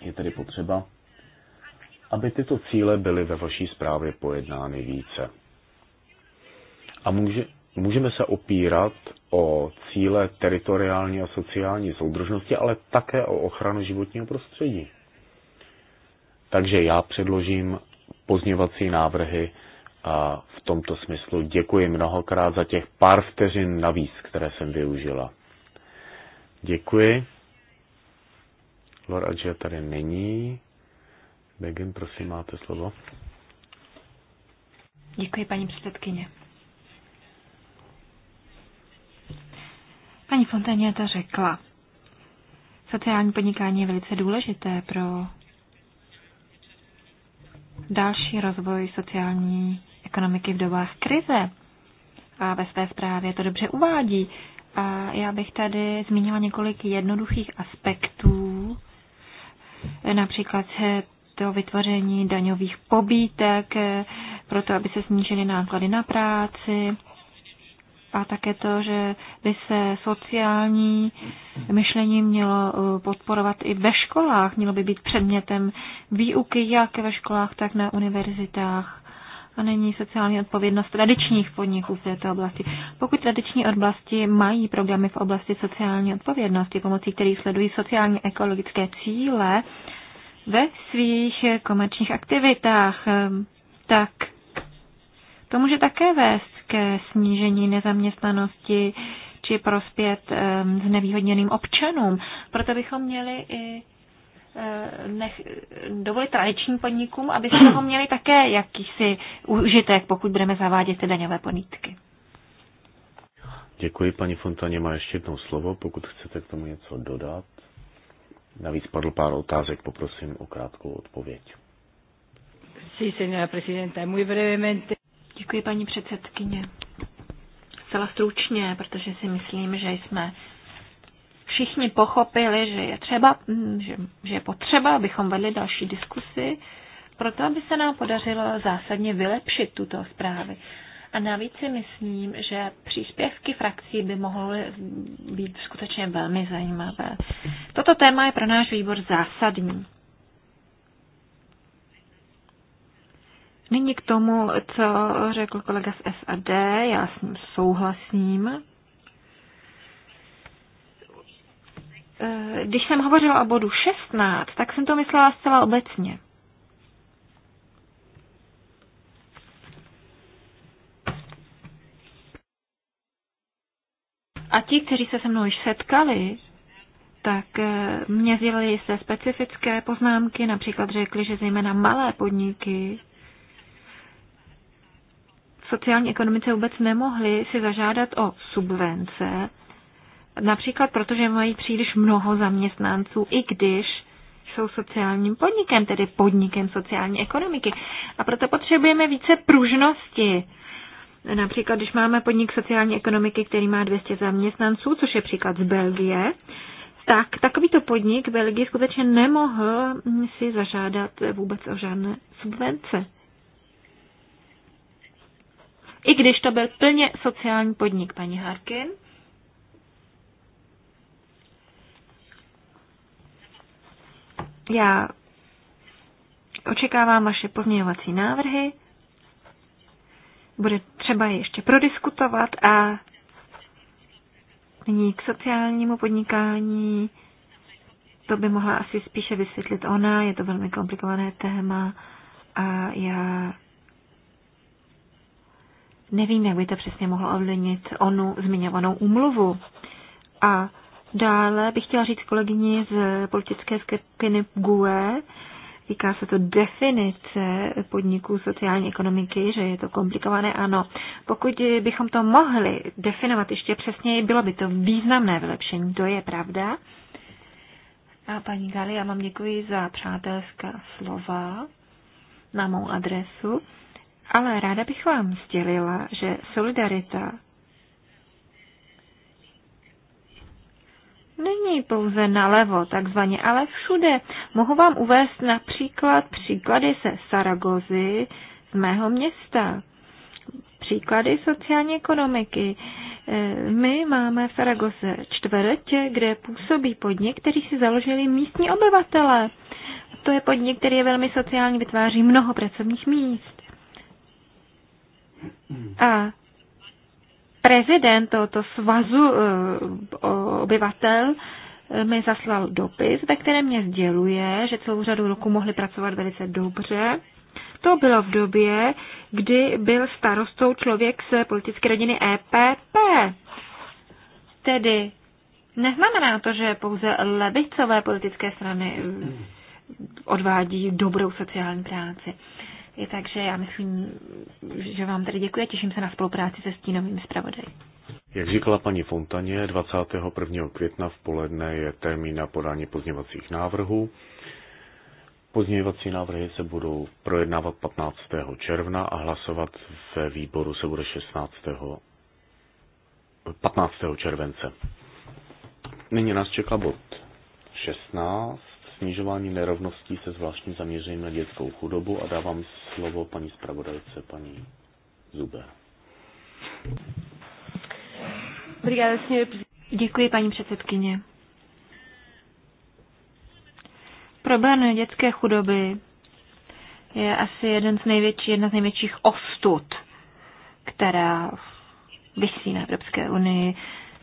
Je tedy potřeba, aby tyto cíle byly ve vaší zprávě pojednány více. A může, můžeme se opírat o cíle teritoriální a sociální soudržnosti, ale také o ochranu životního prostředí. Takže já předložím pozněvací návrhy a v tomto smyslu děkuji mnohokrát za těch pár vteřin navíc, které jsem využila. Děkuji. Lord Adžia tady není. Begin, prosím, máte slovo. Děkuji, paní předsedkyně. Paní Fontaně to řekla. Sociální podnikání je velice důležité pro další rozvoj sociální ekonomiky v dobách krize. A ve své zprávě to dobře uvádí. A já bych tady zmínila několik jednoduchých aspektů, například to vytvoření daňových pobítek, eh, proto aby se snížily náklady na práci, a také to, že by se sociální myšlení mělo eh, podporovat i ve školách, mělo by být předmětem výuky jak ve školách, tak na univerzitách. A není sociální odpovědnost tradičních podniků v této oblasti. Pokud tradiční oblasti mají programy v oblasti sociální odpovědnosti, pomocí kterých sledují sociálně ekologické cíle ve svých komerčních aktivitách, eh, tak to může také vést ke snížení nezaměstnanosti či prospět znevýhodněným občanům. Proto bychom měli i eh, nech, dovolit tradičním podnikům, aby z toho měli také jakýsi užitek, pokud budeme zavádět ty daňové ponítky. Děkuji, paní Fontaně má ještě jednou slovo, pokud chcete k tomu něco dodat. Navíc padl pár otázek, poprosím o krátkou odpověď. Sí, señora presidenta, muy brevemente. Děkuji, paní předsedkyně. Zcela stručně, protože si myslím, že jsme všichni pochopili, že je třeba, mm, že, že je potřeba, abychom vedli další diskusy, proto aby se nám podařilo zásadně vylepšit tuto zprávy. A navíc si myslím, že příspěvky frakcí by mohly být skutečně velmi zajímavé. Toto téma je pro náš výbor zásadní. Nyní k tomu, co řekl kolega z SAD, já s ním souhlasím. Eh, když jsem hovořila o bodu 16, tak jsem to myslela zcela obecně. A ti, kteří se se mnou již setkali, tak eh, mě sdělili se specifické poznámky, například řekli, že zejména malé podniky sociální ekonomice vůbec nemohli si zažádat o subvence, například protože mají příliš mnoho zaměstnanců, i když jsou sociálním podnikem, tedy podnikem sociální ekonomiky. A proto potřebujeme více pružnosti. Například, když máme podnik sociální ekonomiky, který má 200 zaměstnanců, což je příklad z Belgie, tak takovýto podnik Belgie skutečně nemohl si zažádat vůbec o žádné subvence i když to byl plně sociální podnik, paní Harkin. Já očekávám vaše pozměňovací návrhy. Bude třeba je ještě prodiskutovat a nyní k sociálnímu podnikání. To by mohla asi spíše vysvětlit ona, je to velmi komplikované téma a já Nevím, jak by to přesně mohlo ovlivnit onu zmiňovanou úmluvu. A dále bych chtěla říct kolegyni z politické skupiny GUE, Týká se to definice podniků sociální ekonomiky, že je to komplikované, ano. Pokud bychom to mohli definovat ještě přesněji, bylo by to významné vylepšení, to je pravda. A paní Gali, já vám děkuji za přátelská slova na mou adresu. Ale ráda bych vám sdělila, že solidarita není pouze nalevo, takzvaně, ale všude. Mohu vám uvést například příklady se Saragozy z mého města. Příklady sociální ekonomiky. Eh, my máme v Saragoze čtvrtě, kde působí podnik, který si založili místní obyvatele. To je podnik, který je velmi sociální, vytváří mnoho pracovních míst. A prezident tohoto svazu eh, obyvatel eh, mi zaslal dopis, ve kterém mě sděluje, že celou řadu roku mohli pracovat velice dobře. To bylo v době, kdy byl starostou člověk z politické rodiny EPP. Tedy neznamená to, že pouze levicové politické strany eh, odvádí dobrou sociální práci. I takže já myslím, že vám tady děkuji a těším se na spolupráci se stínovým zpravodaji. Jak říkala paní Fontaně, 21. května v poledne je termín na podání pozněvacích návrhů. Pozměňovací návrhy se budou projednávat 15. června a hlasovat ve výboru se bude 16. 15. července. Nyní nás čeká bod 16 snižování nerovností se zvláštní zaměřením na dětskou chudobu a dávám slovo paní zpravodajce, paní Zube. Děkuji, paní předsedkyně. Problém dětské chudoby je asi jeden z největší, jedna z největších ostud, která vysí na Evropské unii.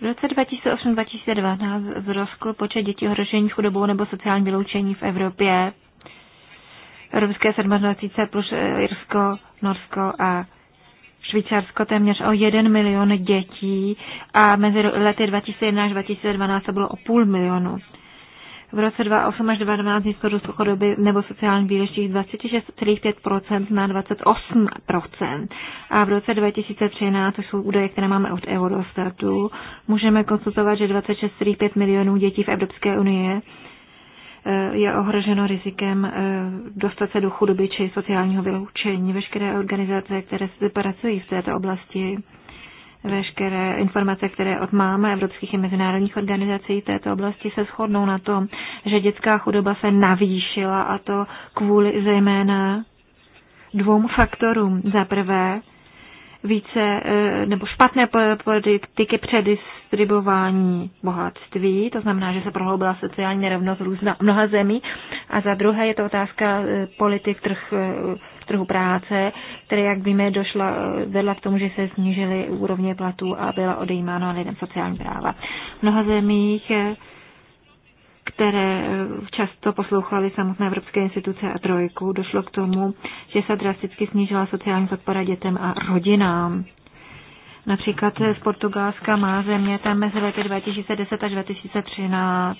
V roce 2008-2012 vzrostl počet dětí ohrožení chudobou nebo sociálním vyloučení v Evropě. Evropské 27 plus eh, Irsko, Norsko a Švýcarsko téměř o 1 milion dětí a mezi lety 2011 až 2012 to bylo o půl milionu v roce 2008 až 2012 nízko rostl chudoby nebo sociální výležitých 26,5% na 28%. A v roce 2013, což jsou údaje, které máme od Eurostatu, můžeme konstatovat, že 26,5 milionů dětí v Evropské unii eh, je ohroženo rizikem eh, dostat se do chudoby či sociálního vyloučení. Veškeré organizace, které se pracují v této oblasti, Veškeré informace, které odmáme evropských i mezinárodních organizací této oblasti, se shodnou na tom, že dětská chudoba se navýšila a to kvůli zejména dvou faktorům. Za prvé, více eh, nebo špatné politiky předistribování bohatství, to znamená, že se prohloubila sociální nerovnost v mnoha zemí. A za druhé je to otázka eh, politik trh eh, trhu práce, které, jak víme, došla, vedla k tomu, že se snížily úrovně platů a byla odejmána lidem sociální práva. V mnoha zemích které často poslouchaly samotné evropské instituce a trojku, došlo k tomu, že se drasticky snížila sociální podpora dětem a rodinám. Například z Portugalska má země tam mezi lety 2010 až 2013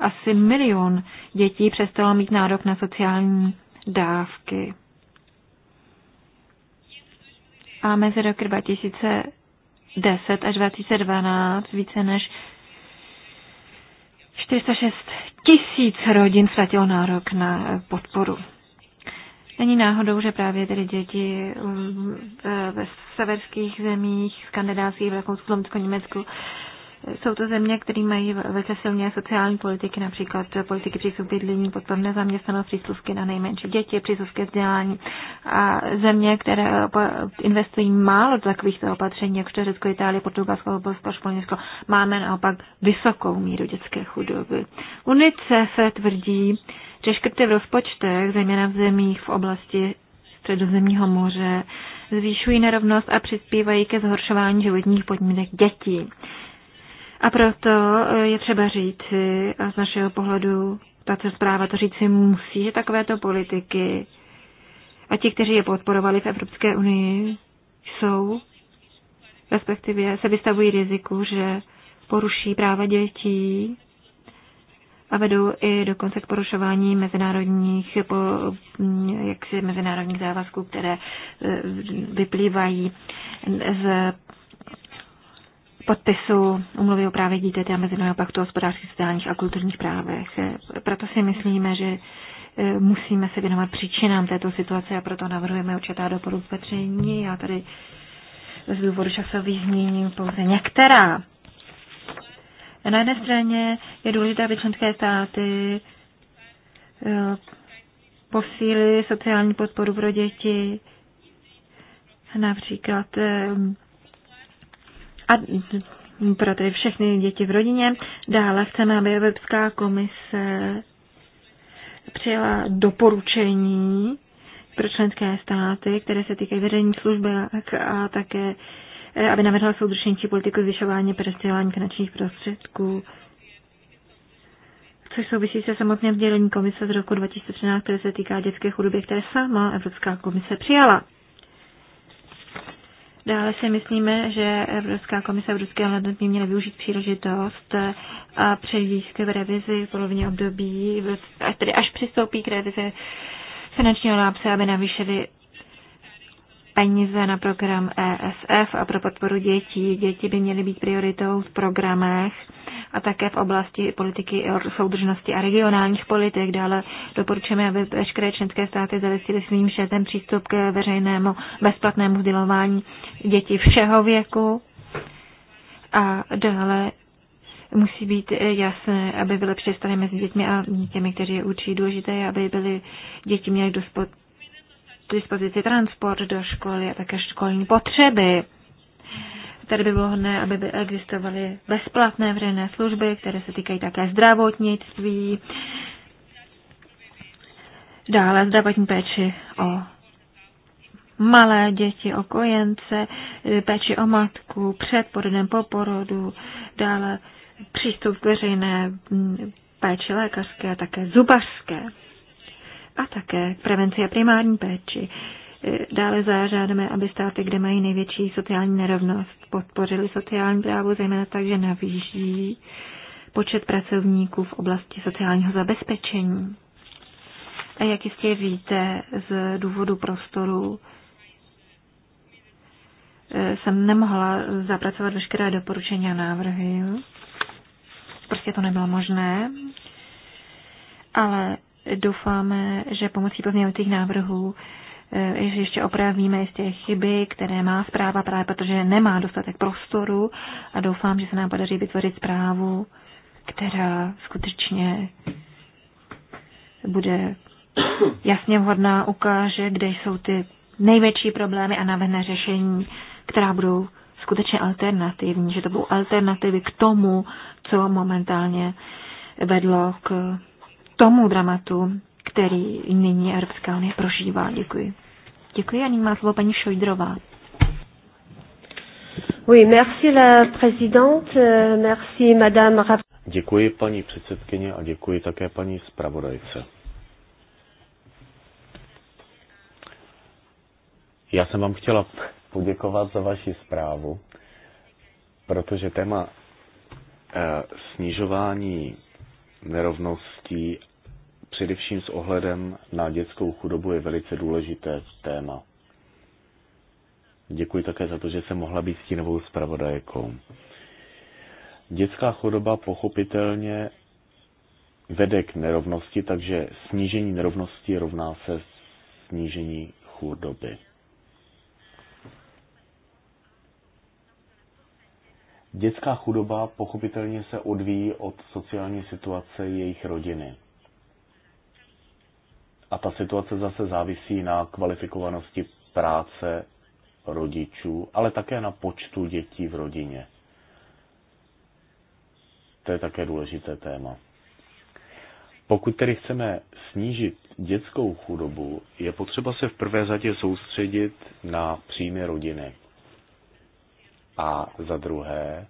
asi milion dětí přestalo mít nárok na sociální dávky a mezi roky 2010 až 2012 více než 406 tisíc rodin ztratilo nárok na eh, podporu. Není náhodou, že právě tedy děti mm, ve severských zemích, skandinávských, v Rakousku, Lomsku, Německu jsou to země, které mají velice silné sociální politiky, například politiky přístup bydlení, podpor nezaměstnanost, příslušky na nejmenší děti, příslušky vzdělání a země, které investují málo do takovýchto opatření, jako Řecko, Itálie, Portugalsko, Polsko, Španělsko, máme naopak vysokou míru dětské chudoby. UNICEF tvrdí, že škrty v rozpočtech, zejména v zemích v oblasti Středozemního moře, zvýšují nerovnost a přispívají ke zhoršování životních podmínek dětí. A proto eh, je třeba říci, a z našeho pohledu tato zpráva to říci musí, že takovéto politiky a ti, kteří je podporovali v Evropské unii, jsou, respektive se vystavují riziku, že poruší práva dětí a vedou i dokonce k porušování mezinárodních, po, mm, jaksi mezinárodních závazků, které eh, vyplývají z podpisu umluvy o právě dítěte a Mezinárodního paktu o hospodářských, sociálních a kulturních právech. Proto si myslíme, že e, musíme se věnovat příčinám této situace a proto navrhujeme určitá doporučení. Já tady z důvodu časových zmíním pouze některá. Na jedné straně je důležité, aby členské státy e, posílily sociální podporu pro děti, například e, a pro ty všechny děti v rodině. Dále chceme, aby Evropská komise přijela doporučení pro členské státy, které se týkají veřejní služby a také, eh, aby navrhla soudržnější politiku zvyšování přestěhování finančních prostředků což souvisí se samotným sdělení komise z roku 2013, které se týká dětské chudoby, které sama Evropská komise přijala. Dále si myslíme, že Evropská komise a Evropské hledat by měly využít příležitost a přejít k revizi v polovině období, tedy až přistoupí k revizi finančního lápce, aby navýšili peníze na program ESF a pro podporu dětí. Děti by měly být prioritou v programech a také v oblasti politiky soudržnosti a regionálních politik. Dále doporučujeme, aby veškeré členské státy zavěstily svým šetem přístup k veřejnému bezplatnému vzdělování dětí všeho věku. A dále musí být jasné, aby byly přestany mezi dětmi a dětmi, kteří je učí. Důležité je, aby byly děti měly dost dispozici transport do školy a také školní potřeby. Tady by bylo hodné, aby by existovaly bezplatné veřejné služby, které se týkají také zdravotnictví, dále zdravotní péči o malé děti, o kojence, péči o matku, před porodem, po porodu, dále přístup k veřejné mm, péči lékařské a také zubařské a také prevenci a primární péči. Dále zažádáme, aby státy, kde mají největší sociální nerovnost, podpořili sociální právo zejména tak, že navýší počet pracovníků v oblasti sociálního zabezpečení. A jak jistě víte, z důvodu prostoru eh, jsem nemohla zapracovat veškeré doporučení a návrhy. Prostě to nebylo možné. Ale Doufáme, že pomocí pozměňovacích návrhů eh, že ještě opravíme jistě chyby, které má zpráva právě protože nemá dostatek prostoru a doufám, že se nám podaří vytvořit zprávu, která skutečně bude jasně vhodná, ukáže, kde jsou ty největší problémy a navrhne řešení, která budou skutečně alternativní, že to budou alternativy k tomu, co momentálně vedlo k tomu dramatu, který nyní Evropská unie prožívá. Děkuji. Děkuji a nyní má slovo paní Šojdrová. Oui, merci la présidente, merci madame Děkuji paní předsedkyně a děkuji také paní zpravodajce. Já jsem vám chtěla poděkovat za vaši zprávu, protože téma eh, snižování nerovností především s ohledem na dětskou chudobu je velice důležité téma. Děkuji také za to, že jsem mohla být stínovou zpravodajkou. Dětská chudoba pochopitelně vede k nerovnosti, takže snížení nerovnosti rovná se snížení chudoby. Dětská chudoba pochopitelně se odvíjí od sociální situace jejich rodiny. A ta situace zase závisí na kvalifikovanosti práce rodičů, ale také na počtu dětí v rodině. To je také důležité téma. Pokud tedy chceme snížit dětskou chudobu, je potřeba se v prvé řadě soustředit na příjmy rodinek a za druhé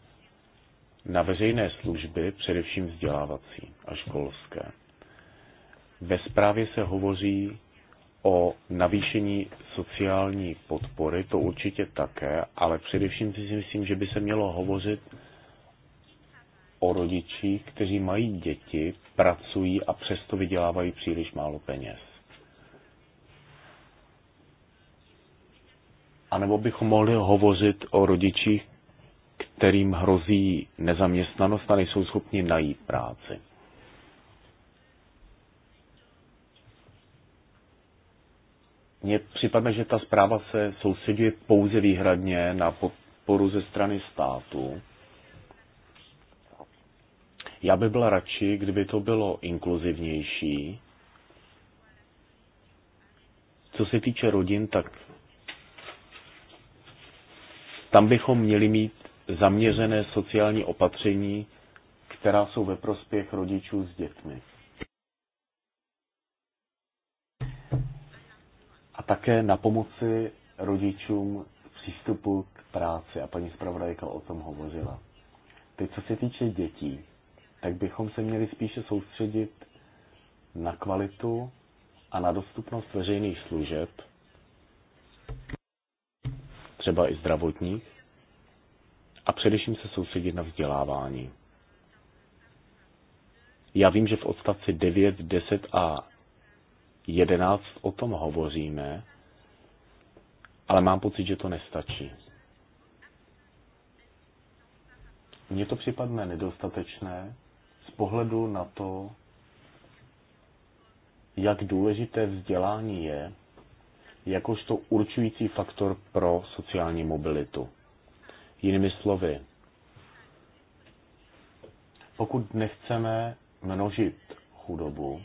na veřejné služby, především vzdělávací a školské. Ve zprávě se hovoří o navýšení sociální podpory, to určitě také, ale především si myslím, že by se mělo hovořit o rodičích, kteří mají děti, pracují a přesto vydělávají příliš málo peněz. anebo bychom mohli hovořit o rodičích, kterým hrozí nezaměstnanost a nejsou schopni najít práci. Mně připadne, že ta zpráva se soustředuje pouze výhradně na podporu ze strany státu. Já bych byla radši, kdyby to bylo inkluzivnější. Co se týče rodin, tak tam bychom měli mít zaměřené sociální opatření, která jsou ve prospěch rodičů s dětmi. A také na pomoci rodičům přístupu k práci. A paní zpravodajka o tom hovořila. Teď, co se týče dětí, tak bychom se měli spíše soustředit na kvalitu a na dostupnost veřejných služeb, třeba i zdravotních, a především se soustředit na vzdělávání. Já vím, že v odstavci 9, 10 a 11 o tom hovoříme, ale mám pocit, že to nestačí. Mně to připadne nedostatečné z pohledu na to, jak důležité vzdělání je jakožto určující faktor pro sociální mobilitu. Jinými slovy, pokud nechceme množit chudobu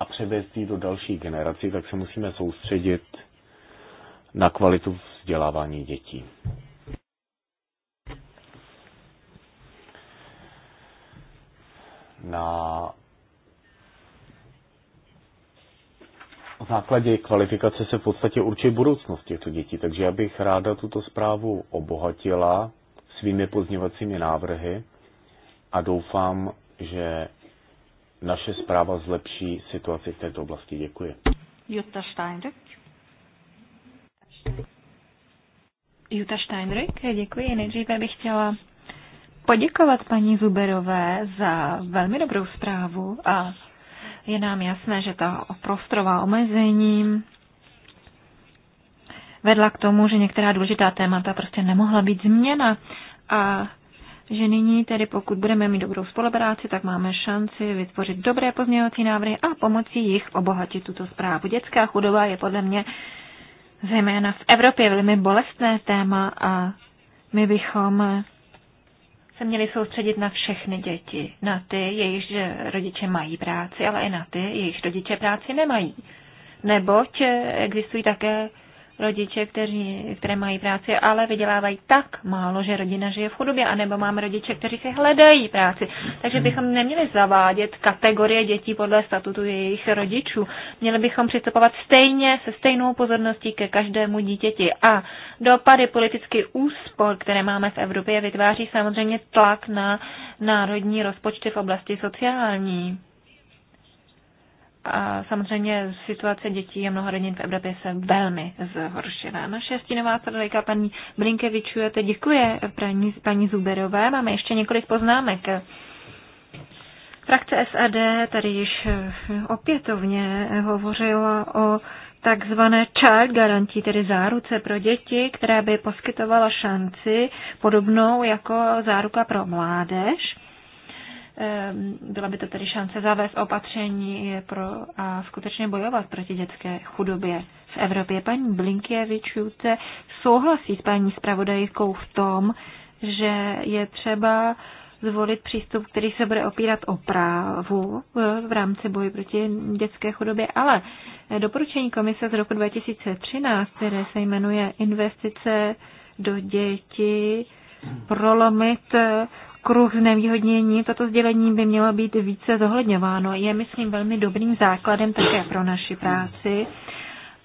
a převést ji do další generací, tak se musíme soustředit na kvalitu vzdělávání dětí. Na základě kvalifikace se v podstatě určuje budoucnost těchto dětí, takže já bych ráda tuto zprávu obohatila svými pozněvacími návrhy a doufám, že naše zpráva zlepší situaci v této oblasti. Děkuji. Jutta Steinrich. Jutta Steinrich, děkuji. Nejdříve bych chtěla poděkovat paní Zuberové za velmi dobrou zprávu a je nám jasné, že ta prostorová omezení vedla k tomu, že některá důležitá témata prostě nemohla být změna a že nyní tedy pokud budeme mít dobrou spolupráci, tak máme šanci vytvořit dobré pozměňovací návrhy a pomocí jich obohatit tuto zprávu. Dětská chudoba je podle mě zejména v Evropě velmi bolestné téma a my bychom se měli soustředit na všechny děti, na ty, jejichž rodiče mají práci, ale i na ty, jejichž rodiče práci nemají. Neboť existují také rodiče, kteří, které mají práci, ale vydělávají tak málo, že rodina žije v chudobě, anebo máme rodiče, kteří si hledají práci. Takže bychom neměli zavádět kategorie dětí podle statutu jejich rodičů. Měli bychom přistupovat stejně, se stejnou pozorností ke každému dítěti. A dopady politický úspor, které máme v Evropě, vytváří samozřejmě tlak na národní rozpočty v oblasti sociální. A samozřejmě situace dětí a mnoho rodin v Evropě se velmi zhoršila. Naše stínová zpravodajka paní to děkuje paní, paní Zuberové. Máme ještě několik poznámek. Frakce SAD tady již opětovně hovořila o takzvané child garantí, tedy záruce pro děti, která by poskytovala šanci podobnou jako záruka pro mládež Ehm, byla by to tedy šance zavést opatření pro a skutečně bojovat proti dětské chudobě v Evropě. Paní Blinkěvičůce souhlasí s paní zpravodajkou v tom, že je třeba zvolit přístup, který se bude opírat o právu e, v rámci boje proti dětské chudobě, ale doporučení komise z roku 2013, které se jmenuje Investice do dětí, prolomit kruh znevýhodnění, toto sdělení by mělo být více zohledňováno. Je, myslím, velmi dobrým základem také pro naši práci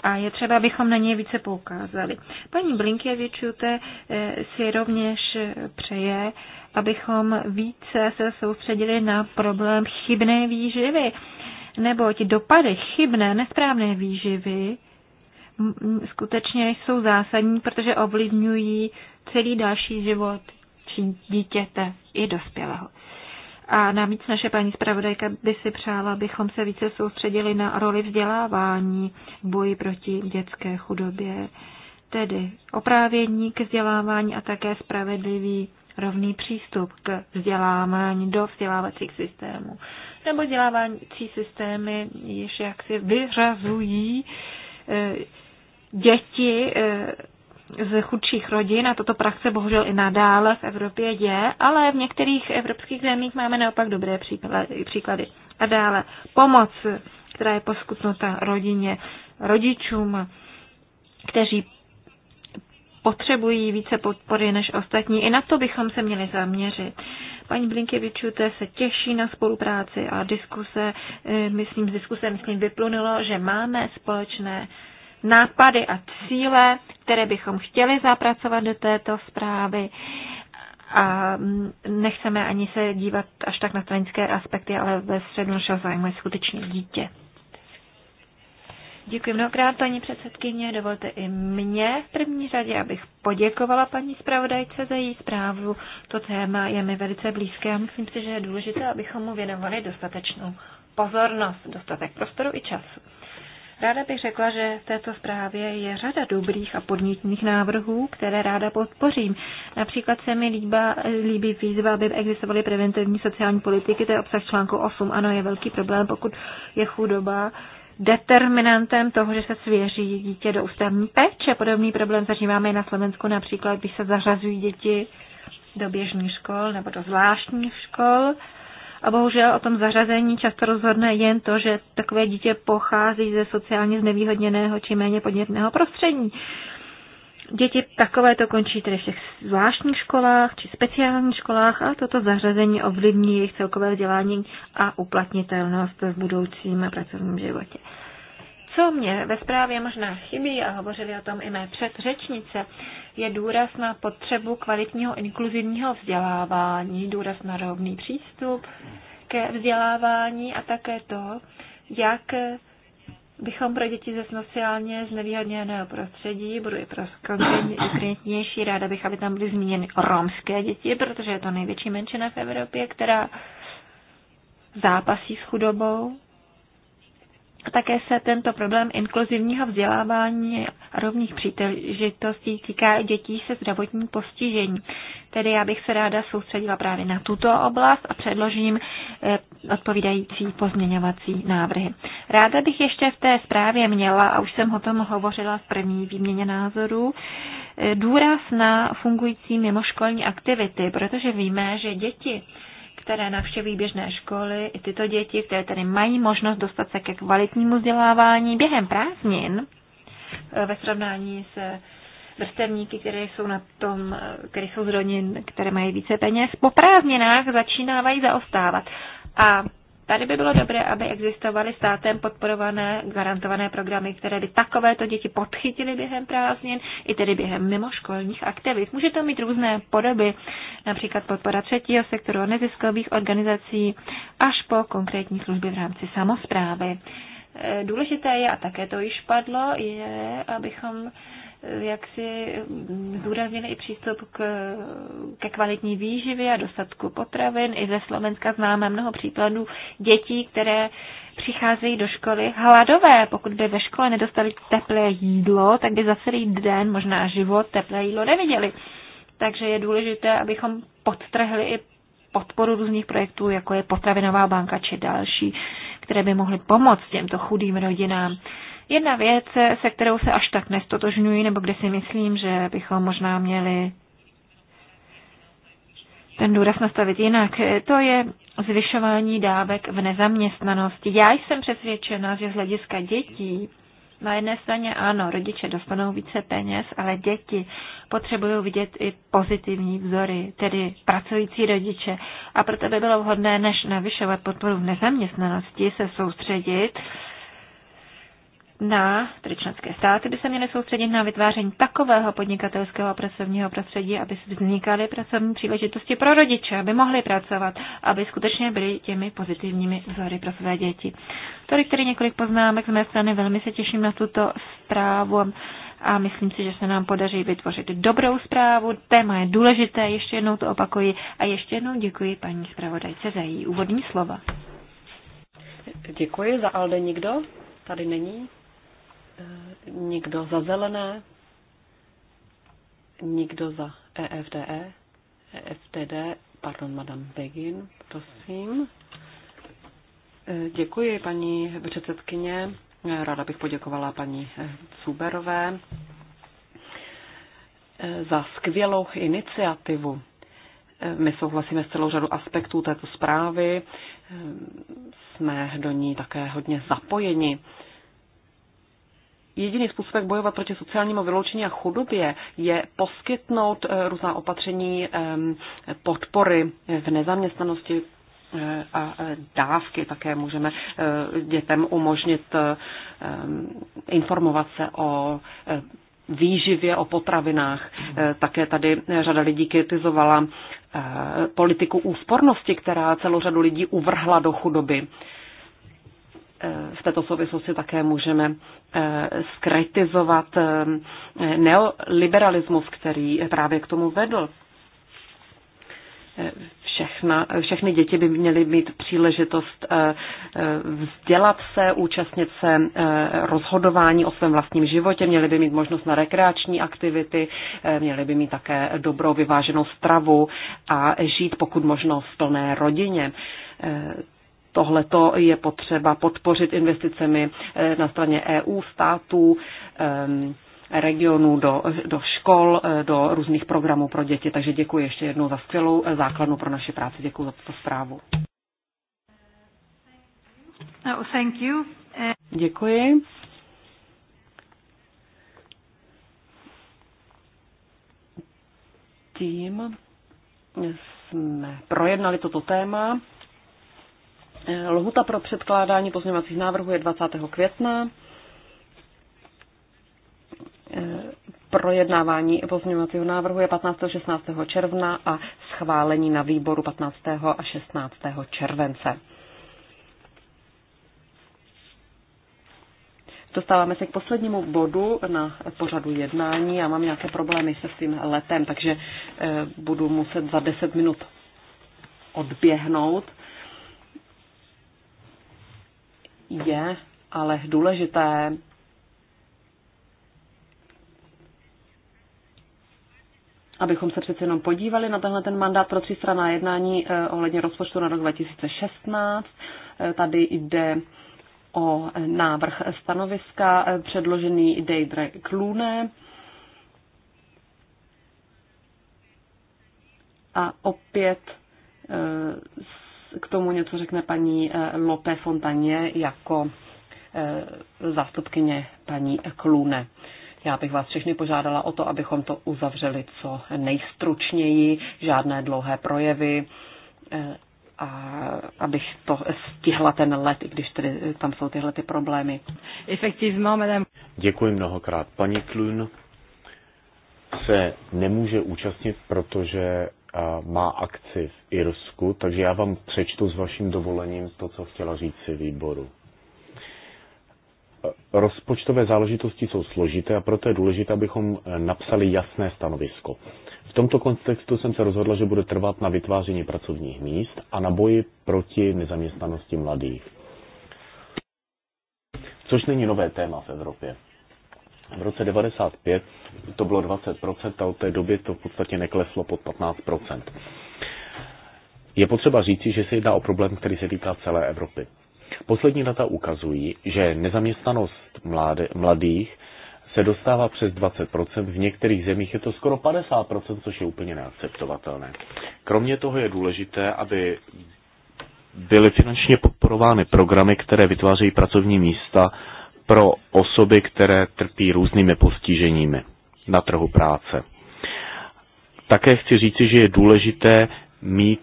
a je třeba, abychom na něj více poukázali. Paní Blinkěvičute eh, si rovněž přeje, abychom více se soustředili na problém chybné výživy, neboť dopady chybné, nesprávné výživy skutečně jsou zásadní, protože ovlivňují celý další život bezpečí dítěte i dospělého. A navíc naše paní zpravodajka by si přála, abychom se více soustředili na roli vzdělávání v boji proti dětské chudobě, tedy oprávění k vzdělávání a také spravedlivý rovný přístup k vzdělávání do vzdělávacích systémů. Nebo vzdělávací systémy již jaksi vyřazují eh, děti eh, z chudších rodin a toto praxe bohužel i nadále v Evropě je, ale v některých evropských zemích máme naopak dobré příklady. A dále pomoc, která je poskutnuta rodině, rodičům, kteří potřebují více podpory než ostatní. I na to bychom se měli zaměřit. Paní Blinkevičute se těší na spolupráci a diskuse, eh, myslím, z diskuse myslím vyplunulo, že máme společné nápady a cíle, které bychom chtěli zapracovat do této zprávy a mm, nechceme ani se dívat až tak na stranické aspekty, ale ve středu našeho zájmu je skutečně dítě. Děkuji mnohokrát, paní předsedkyně. Dovolte i mě v první řadě, abych poděkovala paní zpravodajce za její zprávu. To téma je mi velice blízké a myslím si, že je důležité, abychom mu věnovali dostatečnou pozornost, dostatek prostoru i času. Ráda bych řekla, že v této zprávě je řada dobrých a podnětných návrhů, které ráda podpořím. Například se mi líba, líbí výzva, aby existovaly preventivní sociální politiky, to je obsah článku 8. Ano, je velký problém, pokud je chudoba determinantem toho, že se svěří dítě do ústavní péče. Podobný problém zažíváme i na Slovensku například, když se zařazují děti do běžných škol nebo do zvláštních škol a bohužel o tom zařazení často rozhodne jen to, že takové dítě pochází ze sociálně znevýhodněného či méně podnětného prostředí. Děti to končí tedy v těch zvláštních školách či speciálních školách a toto zařazení ovlivní jejich celkové vzdělání a uplatnitelnost v budoucím pracovním životě. Co mě ve zprávě možná chybí, a hovořili o tom i mé předřečnice, je důraz na potřebu kvalitního inkluzivního vzdělávání, důraz na rovný přístup ke vzdělávání a také to, jak bychom pro děti ze sociálně znevýhodněného prostředí, budu i pro konkrétnější, ráda bych, aby tam byly zmíněny romské děti, protože je to největší menšina v Evropě, která zápasí s chudobou také se tento problém inkluzivního vzdělávání a rovných příležitostí týká dětí se zdravotním postižením. Tedy já bych se ráda soustředila právě na tuto oblast a předložím eh, odpovídající pozměňovací návrhy. Ráda bych ještě v té zprávě měla, a už jsem o tom hovořila v první výměně názorů, eh, důraz na fungující mimoškolní aktivity, protože víme, že děti které navštěví běžné školy, i tyto děti, které tady mají možnost dostat se ke kvalitnímu vzdělávání během prázdnin e, ve srovnání s vrstevníky, které jsou na tom, e, které jsou z rodin, které mají více peněz, po prázdninách začínávají zaostávat. A Tady by bylo dobré, aby existovaly státem podporované garantované programy, které by takovéto děti podchytily během prázdnin, i tedy během mimoškolních aktivit. Může to mít různé podoby, například podpora třetího sektoru neziskových organizací až po konkrétní služby v rámci samozprávy. E, důležité je, a také to již padlo, je, abychom jak si zdůraznili i přístup k, ke kvalitní výživě a dostatku potravin. I ze Slovenska známe mnoho příkladů dětí, které přicházejí do školy hladové. Pokud by ve škole nedostali teplé jídlo, tak by za celý den, možná život, teplé jídlo neviděli. Takže je důležité, abychom podtrhli i podporu různých projektů, jako je potravinová banka či další, které by mohly pomoct těmto chudým rodinám. Jedna věc, se kterou se až tak nestotožňuji, nebo kde si myslím, že bychom možná měli ten důraz nastavit jinak, to je zvyšování dávek v nezaměstnanosti. Já jsem přesvědčena, že z hlediska dětí na jedné straně ano, rodiče dostanou více peněz, ale děti potřebují vidět i pozitivní vzory, tedy pracující rodiče. A proto by bylo vhodné, než navyšovat podporu v nezaměstnanosti, se soustředit na, tedy členské státy by se měly soustředit na vytváření takového podnikatelského a pracovního prostředí, aby vznikaly pracovní příležitosti pro rodiče, aby mohli pracovat, aby skutečně byly těmi pozitivními vzory pro své děti. Tolik tedy několik poznámek z mé strany, velmi se těším na tuto zprávu a myslím si, že se nám podaří vytvořit dobrou zprávu. Téma je důležité, ještě jednou to opakuji a ještě jednou děkuji paní zpravodajce za její úvodní slova. Děkuji za Alde nikdo. Tady není. Eh, nikdo za zelené, nikdo za EFDE, EFTD, pardon, madam Begin, prosím. Eh, děkuji, paní předsedkyně. Eh, ráda bych poděkovala paní Cuberové za skvělou iniciativu. My souhlasíme s celou řadu aspektů této zprávy, jsme do ní také hodně zapojeni jediný způsob, jak bojovat proti sociálnímu vyloučení a chudobě, je poskytnout eh, různá opatření ehm, podpory v nezaměstnanosti eh, a eh, dávky. Také můžeme dětem umožnit ehm, informovat se o výživě, o potravinách. Také tady řada lidí kritizovala politiku úspornosti, která celou řadu lidí uvrhla do chudoby v této souvislosti také můžeme eh, skritizovat eh, neoliberalismus, který právě k tomu vedl. Eh, všechna, všechny děti by měly mít příležitost vzdělat se, účastnit se rozhodování o svém vlastním životě, měly by mít možnost na rekreační aktivity, měly by mít také dobrou vyváženou stravu a žít pokud možno v plné rodině Tohleto je potřeba podpořit investicemi eh, na straně EU, států, regionů, do, do škol, eh, do různých programů pro děti. Takže děkuji ještě jednou za skvělou eh, základnu pro naši práci. Děkuji za tuto zprávu. Oh, thank you. Děkuji. Tím jsme projednali toto téma. Lhuta pro předkládání pozměňovacích návrhů je 20. května. E, projednávání pozměňovacího návrhu je 15. a 16. června a schválení na výboru 15. a 16. července. Dostáváme se k poslednímu bodu na pořadu jednání. Já mám nějaké problémy se svým letem, takže e, budu muset za 10 minut odběhnout. Je ale důležité abychom se přece jenom podívali na tenhle ten mandát pro třístranná jednání eh, ohledně rozpočtu na rok 2016. Eh, tady jde o návrh stanoviska eh, předložený Deidre Klune. A opět k tomu něco řekne paní eh, Lope Fontaně jako eh, zástupkyně paní Klune. Já bych vás všechny požádala o to, abychom to uzavřeli co nejstručněji, žádné dlouhé projevy eh, a abych to stihla ten let, i když tedy tam jsou tyhle ty problémy. Efektivně, Děkuji mnohokrát. Paní Klun se nemůže účastnit, protože má akci v Irsku, takže já vám přečtu s vaším dovolením to, co chtěla říct si výboru. Rozpočtové záležitosti jsou složité a proto je důležité, abychom napsali jasné stanovisko. V tomto kontextu jsem se rozhodla, že bude trvat na vytváření pracovních míst a na boji proti nezaměstnanosti mladých. Což není nové téma v Evropě. V roce 95 to bylo 20% a od té doby to v podstatě nekleslo pod 15%. Je potřeba říci, že se jedná o problém, který se týká celé Evropy. Poslední data ukazují, že nezaměstnanost mladých se dostává přes 20%, v některých zemích je to skoro 50%, což je úplně neakceptovatelné. Kromě toho je důležité, aby byly finančně podporovány programy, které vytvářejí pracovní místa pro osoby, které trpí různými postiženími na trhu práce. Také chci říci, že je důležité mít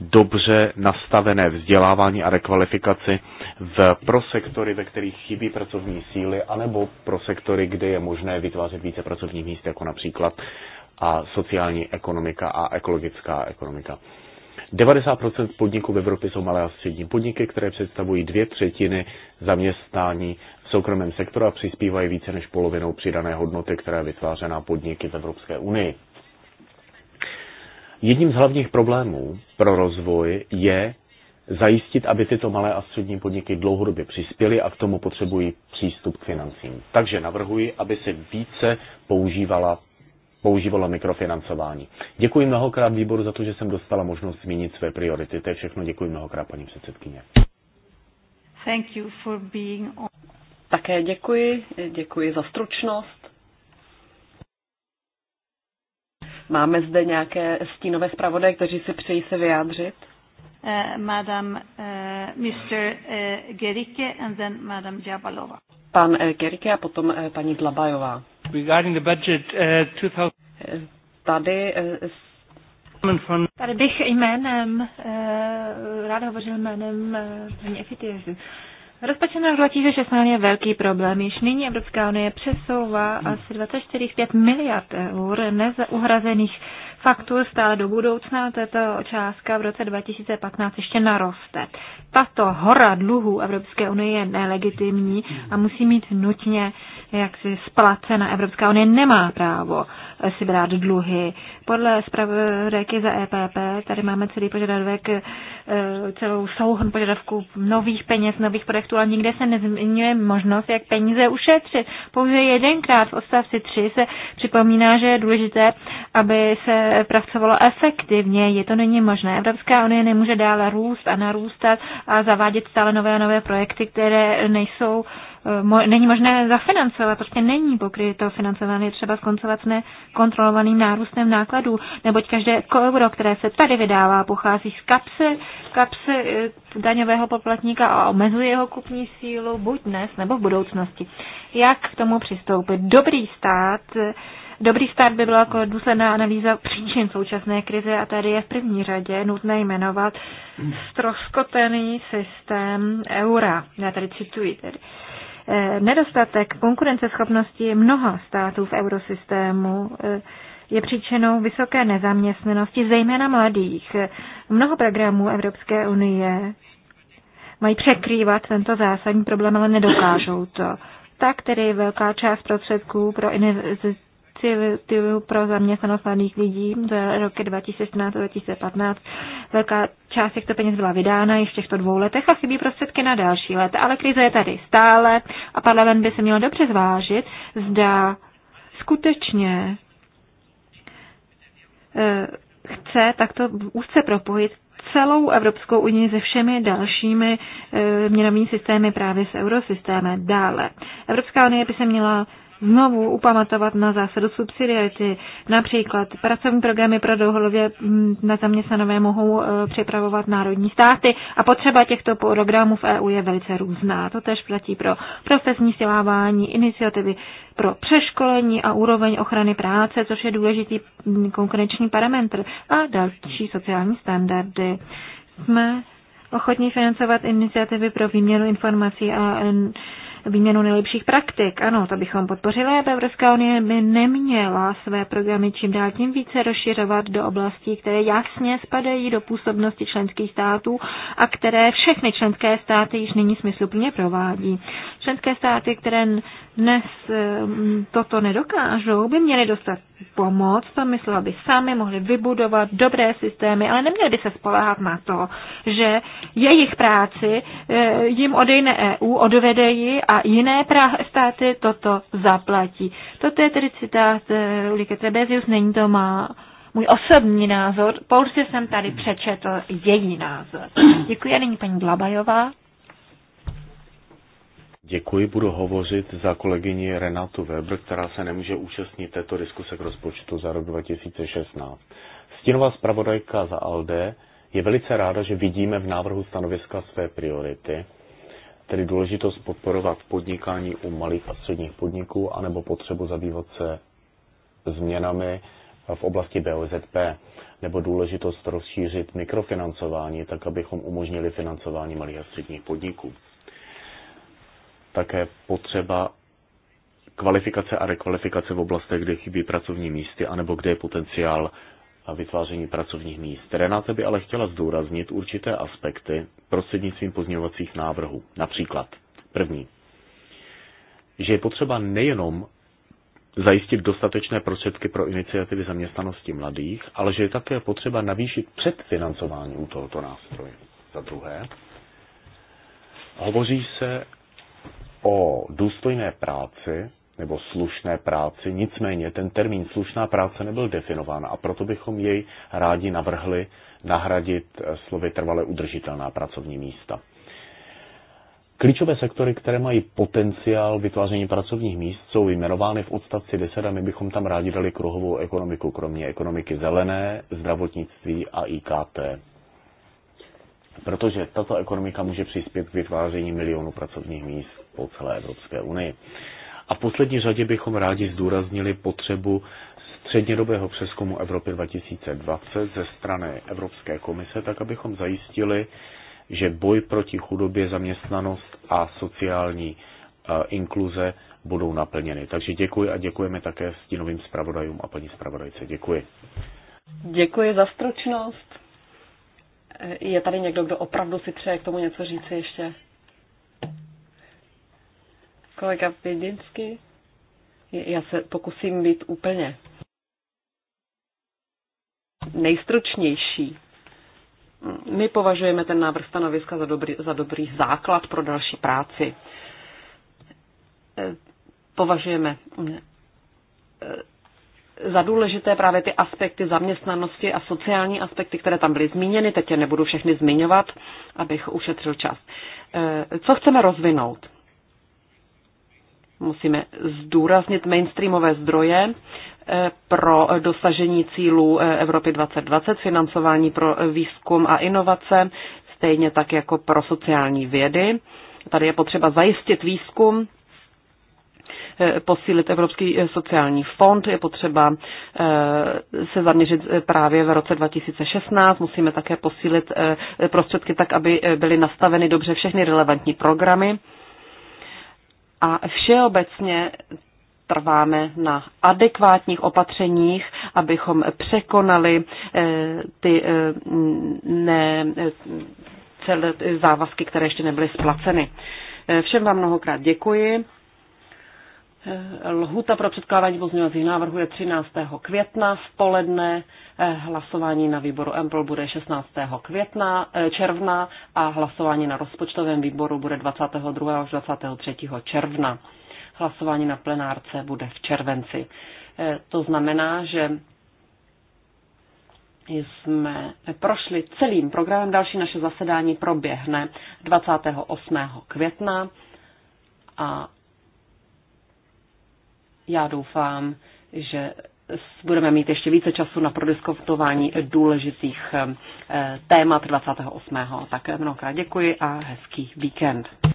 dobře nastavené vzdělávání a rekvalifikaci v, pro sektory, ve kterých chybí pracovní síly, anebo pro sektory, kde je možné vytvářet více pracovních míst, jako například a sociální ekonomika a ekologická ekonomika. 90% podniků v Evropě jsou malé a střední podniky, které představují dvě třetiny zaměstnání v soukromém sektoru a přispívají více než polovinou přidané hodnoty, která je vytvářená podniky v Evropské unii. Jedním z hlavních problémů pro rozvoj je zajistit, aby tyto malé a střední podniky dlouhodobě přispěly a k tomu potřebují přístup k financím. Takže navrhuji, aby se více používala používalo mikrofinancování. Děkuji mnohokrát výboru za to, že jsem dostala možnost zmínit své priority. To je všechno. Děkuji mnohokrát, paní předsedkyně. Thank you for being on. Také děkuji. Děkuji za stručnost. Máme zde nějaké stínové zpravodaje, kteří si přejí se vyjádřit? Uh, madam, uh, eh, Mr. Uh, eh, Gerike and then Madam Jabalova. Pan uh, Gerike a potom uh, paní Dlabajová. Regarding the budget, uh, 2000... Tady eh, Tady bych jménem, uh, ráda hovořil jménem uh, paní Efitiezy. Rozpočet na 2016 je velký problém. Již nyní Evropská unie přesouvá asi 24,5 miliard eur nezauhrazených faktur stále do budoucna, tato částka v roce 2015 ještě naroste. Tato hora dluhů Evropské unie je nelegitimní a musí mít nutně jaksi splacena. Evropská unie nemá právo si brát dluhy. Podle zpravodajky za EPP tady máme celý požadavek, e, celou souhrn požadavku nových peněz, nových projektů, ale nikde se nezmiňuje možnost, jak peníze ušetřit. Pouze jedenkrát v odstavci 3 se připomíná, že je důležité, aby se pracovalo efektivně. Je to není možné. Evropská unie nemůže dále růst a narůstat a zavádět stále nové a nové projekty, které nejsou uh, mo- není možné zafinancovat, prostě není pokryto financování třeba skoncovat s nekontrolovaným nárůstem nákladů, neboť každé euro, které se tady vydává, pochází z kapsy, kapsy eh, daňového poplatníka a omezuje jeho kupní sílu buď dnes nebo v budoucnosti. Jak k tomu přistoupit? Dobrý stát Dobrý stát by byla jako důsledná analýza příčin současné krize a tady je v první řadě nutné jmenovat stroskotený systém eura. Já tady cituji tedy. Eh, nedostatek konkurenceschopnosti mnoha států v eurosystému eh, je příčinou vysoké nezaměstnanosti, zejména mladých. Mnoho programů Evropské unie mají překrývat tento zásadní problém, ale nedokážou to. Tak tedy velká část prostředků pro iniciativu pro zaměstnanost mladých lidí za roky 2016 a 2015. Velká část těchto peněz byla vydána i v těchto dvou letech a chybí prostředky na další let. Ale krize je tady stále a parlament by se měl dobře zvážit, zda skutečně eh, chce takto úzce propojit celou Evropskou unii se všemi dalšími eh, měnovými systémy právě s eurosystémem dále. Evropská unie by se měla znovu upamatovat na zásadu subsidiarity. Například pracovní programy pro dlouhodobě mm, nezaměstnané mohou e, připravovat národní státy a potřeba těchto programů v EU je velice různá. To tež platí pro profesní vzdělávání, iniciativy pro přeškolení a úroveň ochrany práce, což je důležitý mm, konkurenční parametr a další sociální standardy. Jsme ochotní financovat iniciativy pro výměnu informací a výměnu nejlepších praktik. Ano, to bychom podpořili, aby Evropská unie by neměla své programy čím dál tím více rozšiřovat do oblastí, které jasně spadají do působnosti členských států a které všechny členské státy již nyní smysluplně provádí. Členské státy, které dnes eh, toto nedokážou, by měly dostat pomoc, to myslel by sami, mohli vybudovat dobré systémy, ale neměli by se spolehat na to, že jejich práci eh, jim odejne EU, odvede ji a jiné státy toto zaplatí. Toto je tedy citát eh, Ulrike Trebezius, není to má můj osobní názor, pouze jsem tady přečetl její názor. Děkuji a nyní paní Glabajová. Děkuji, budu hovořit za kolegyni Renatu Weber, která se nemůže účastnit této diskuse k rozpočtu za rok 2016. Stínová zpravodajka za ALDE je velice ráda, že vidíme v návrhu stanoviska své priority, tedy důležitost podporovat podnikání u malých a středních podniků, anebo potřebu zabývat se změnami v oblasti BOZP, nebo důležitost rozšířit mikrofinancování, tak abychom umožnili financování malých a středních podniků také potřeba kvalifikace a rekvalifikace v oblastech, kde chybí pracovní místy, anebo kde je potenciál a vytváření pracovních míst. Renáta by ale chtěla zdůraznit určité aspekty prostřednictvím pozměňovacích návrhů. Například první, že je potřeba nejenom zajistit dostatečné prostředky pro iniciativy zaměstnanosti mladých, ale že je také potřeba navýšit předfinancování u tohoto nástroje. Za druhé, hovoří se o důstojné práci nebo slušné práci, nicméně ten termín slušná práce nebyl definován a proto bychom jej rádi navrhli nahradit slovy trvale udržitelná pracovní místa. Klíčové sektory, které mají potenciál vytváření pracovních míst, jsou jmenovány v odstavci 10 a my bychom tam rádi dali kruhovou ekonomiku, kromě ekonomiky zelené, zdravotnictví a IKT. Protože tato ekonomika může přispět k vytváření milionů pracovních míst po celé Evropské unii. A v poslední řadě bychom rádi zdůraznili potřebu střednědobého přeskumu Evropy 2020 ze strany Evropské komise, tak abychom zajistili, že boj proti chudobě, zaměstnanost a sociální eh, inkluze budou naplněny. Takže děkuji a děkujeme také stínovým zpravodajům a paní zpravodajce. Děkuji. Děkuji za stručnost. Eh, je tady někdo, kdo opravdu si přeje k tomu něco říci ještě? Kolega Pědinsky, já se pokusím být úplně nejstručnější. My považujeme ten návrh stanoviska za dobrý, za dobrý základ pro další práci. Považujeme eh, za důležité právě ty aspekty zaměstnanosti a sociální aspekty, které tam byly zmíněny. Teď je nebudu všechny zmiňovat, abych ušetřil čas. Eh, co chceme rozvinout? Musíme zdůraznit mainstreamové zdroje eh, pro dosažení cílů eh, Evropy 2020, financování pro výzkum a inovace, stejně tak jako pro sociální vědy. Tady je potřeba zajistit výzkum, eh, posílit Evropský sociální fond, je potřeba se zaměřit právě v roce 2016, musíme také posílit prostředky tak, aby byly nastaveny dobře všechny relevantní programy a všeobecně trváme na adekvátních opatřeních, abychom překonali eh, ty eh, ne, eh, celé závazky, které ještě nebyly splaceny. Všem vám mnohokrát děkuji. Eh, lhuta pro předkládání pozměňovacích návrhů je 13. května v poledne, eh, hlasování na výboru EMPL bude 16. května, eh, června a hlasování na rozpočtovém výboru bude 22. až 23. června. Hlasování na plenárce bude v červenci. To znamená, že jsme prošli celým programem. Další naše zasedání proběhne 28. května a já doufám, že budeme mít ještě více času na prodiskutování důležitých eh, témat 28. Tak mnohokrát děkuji a hezký víkend.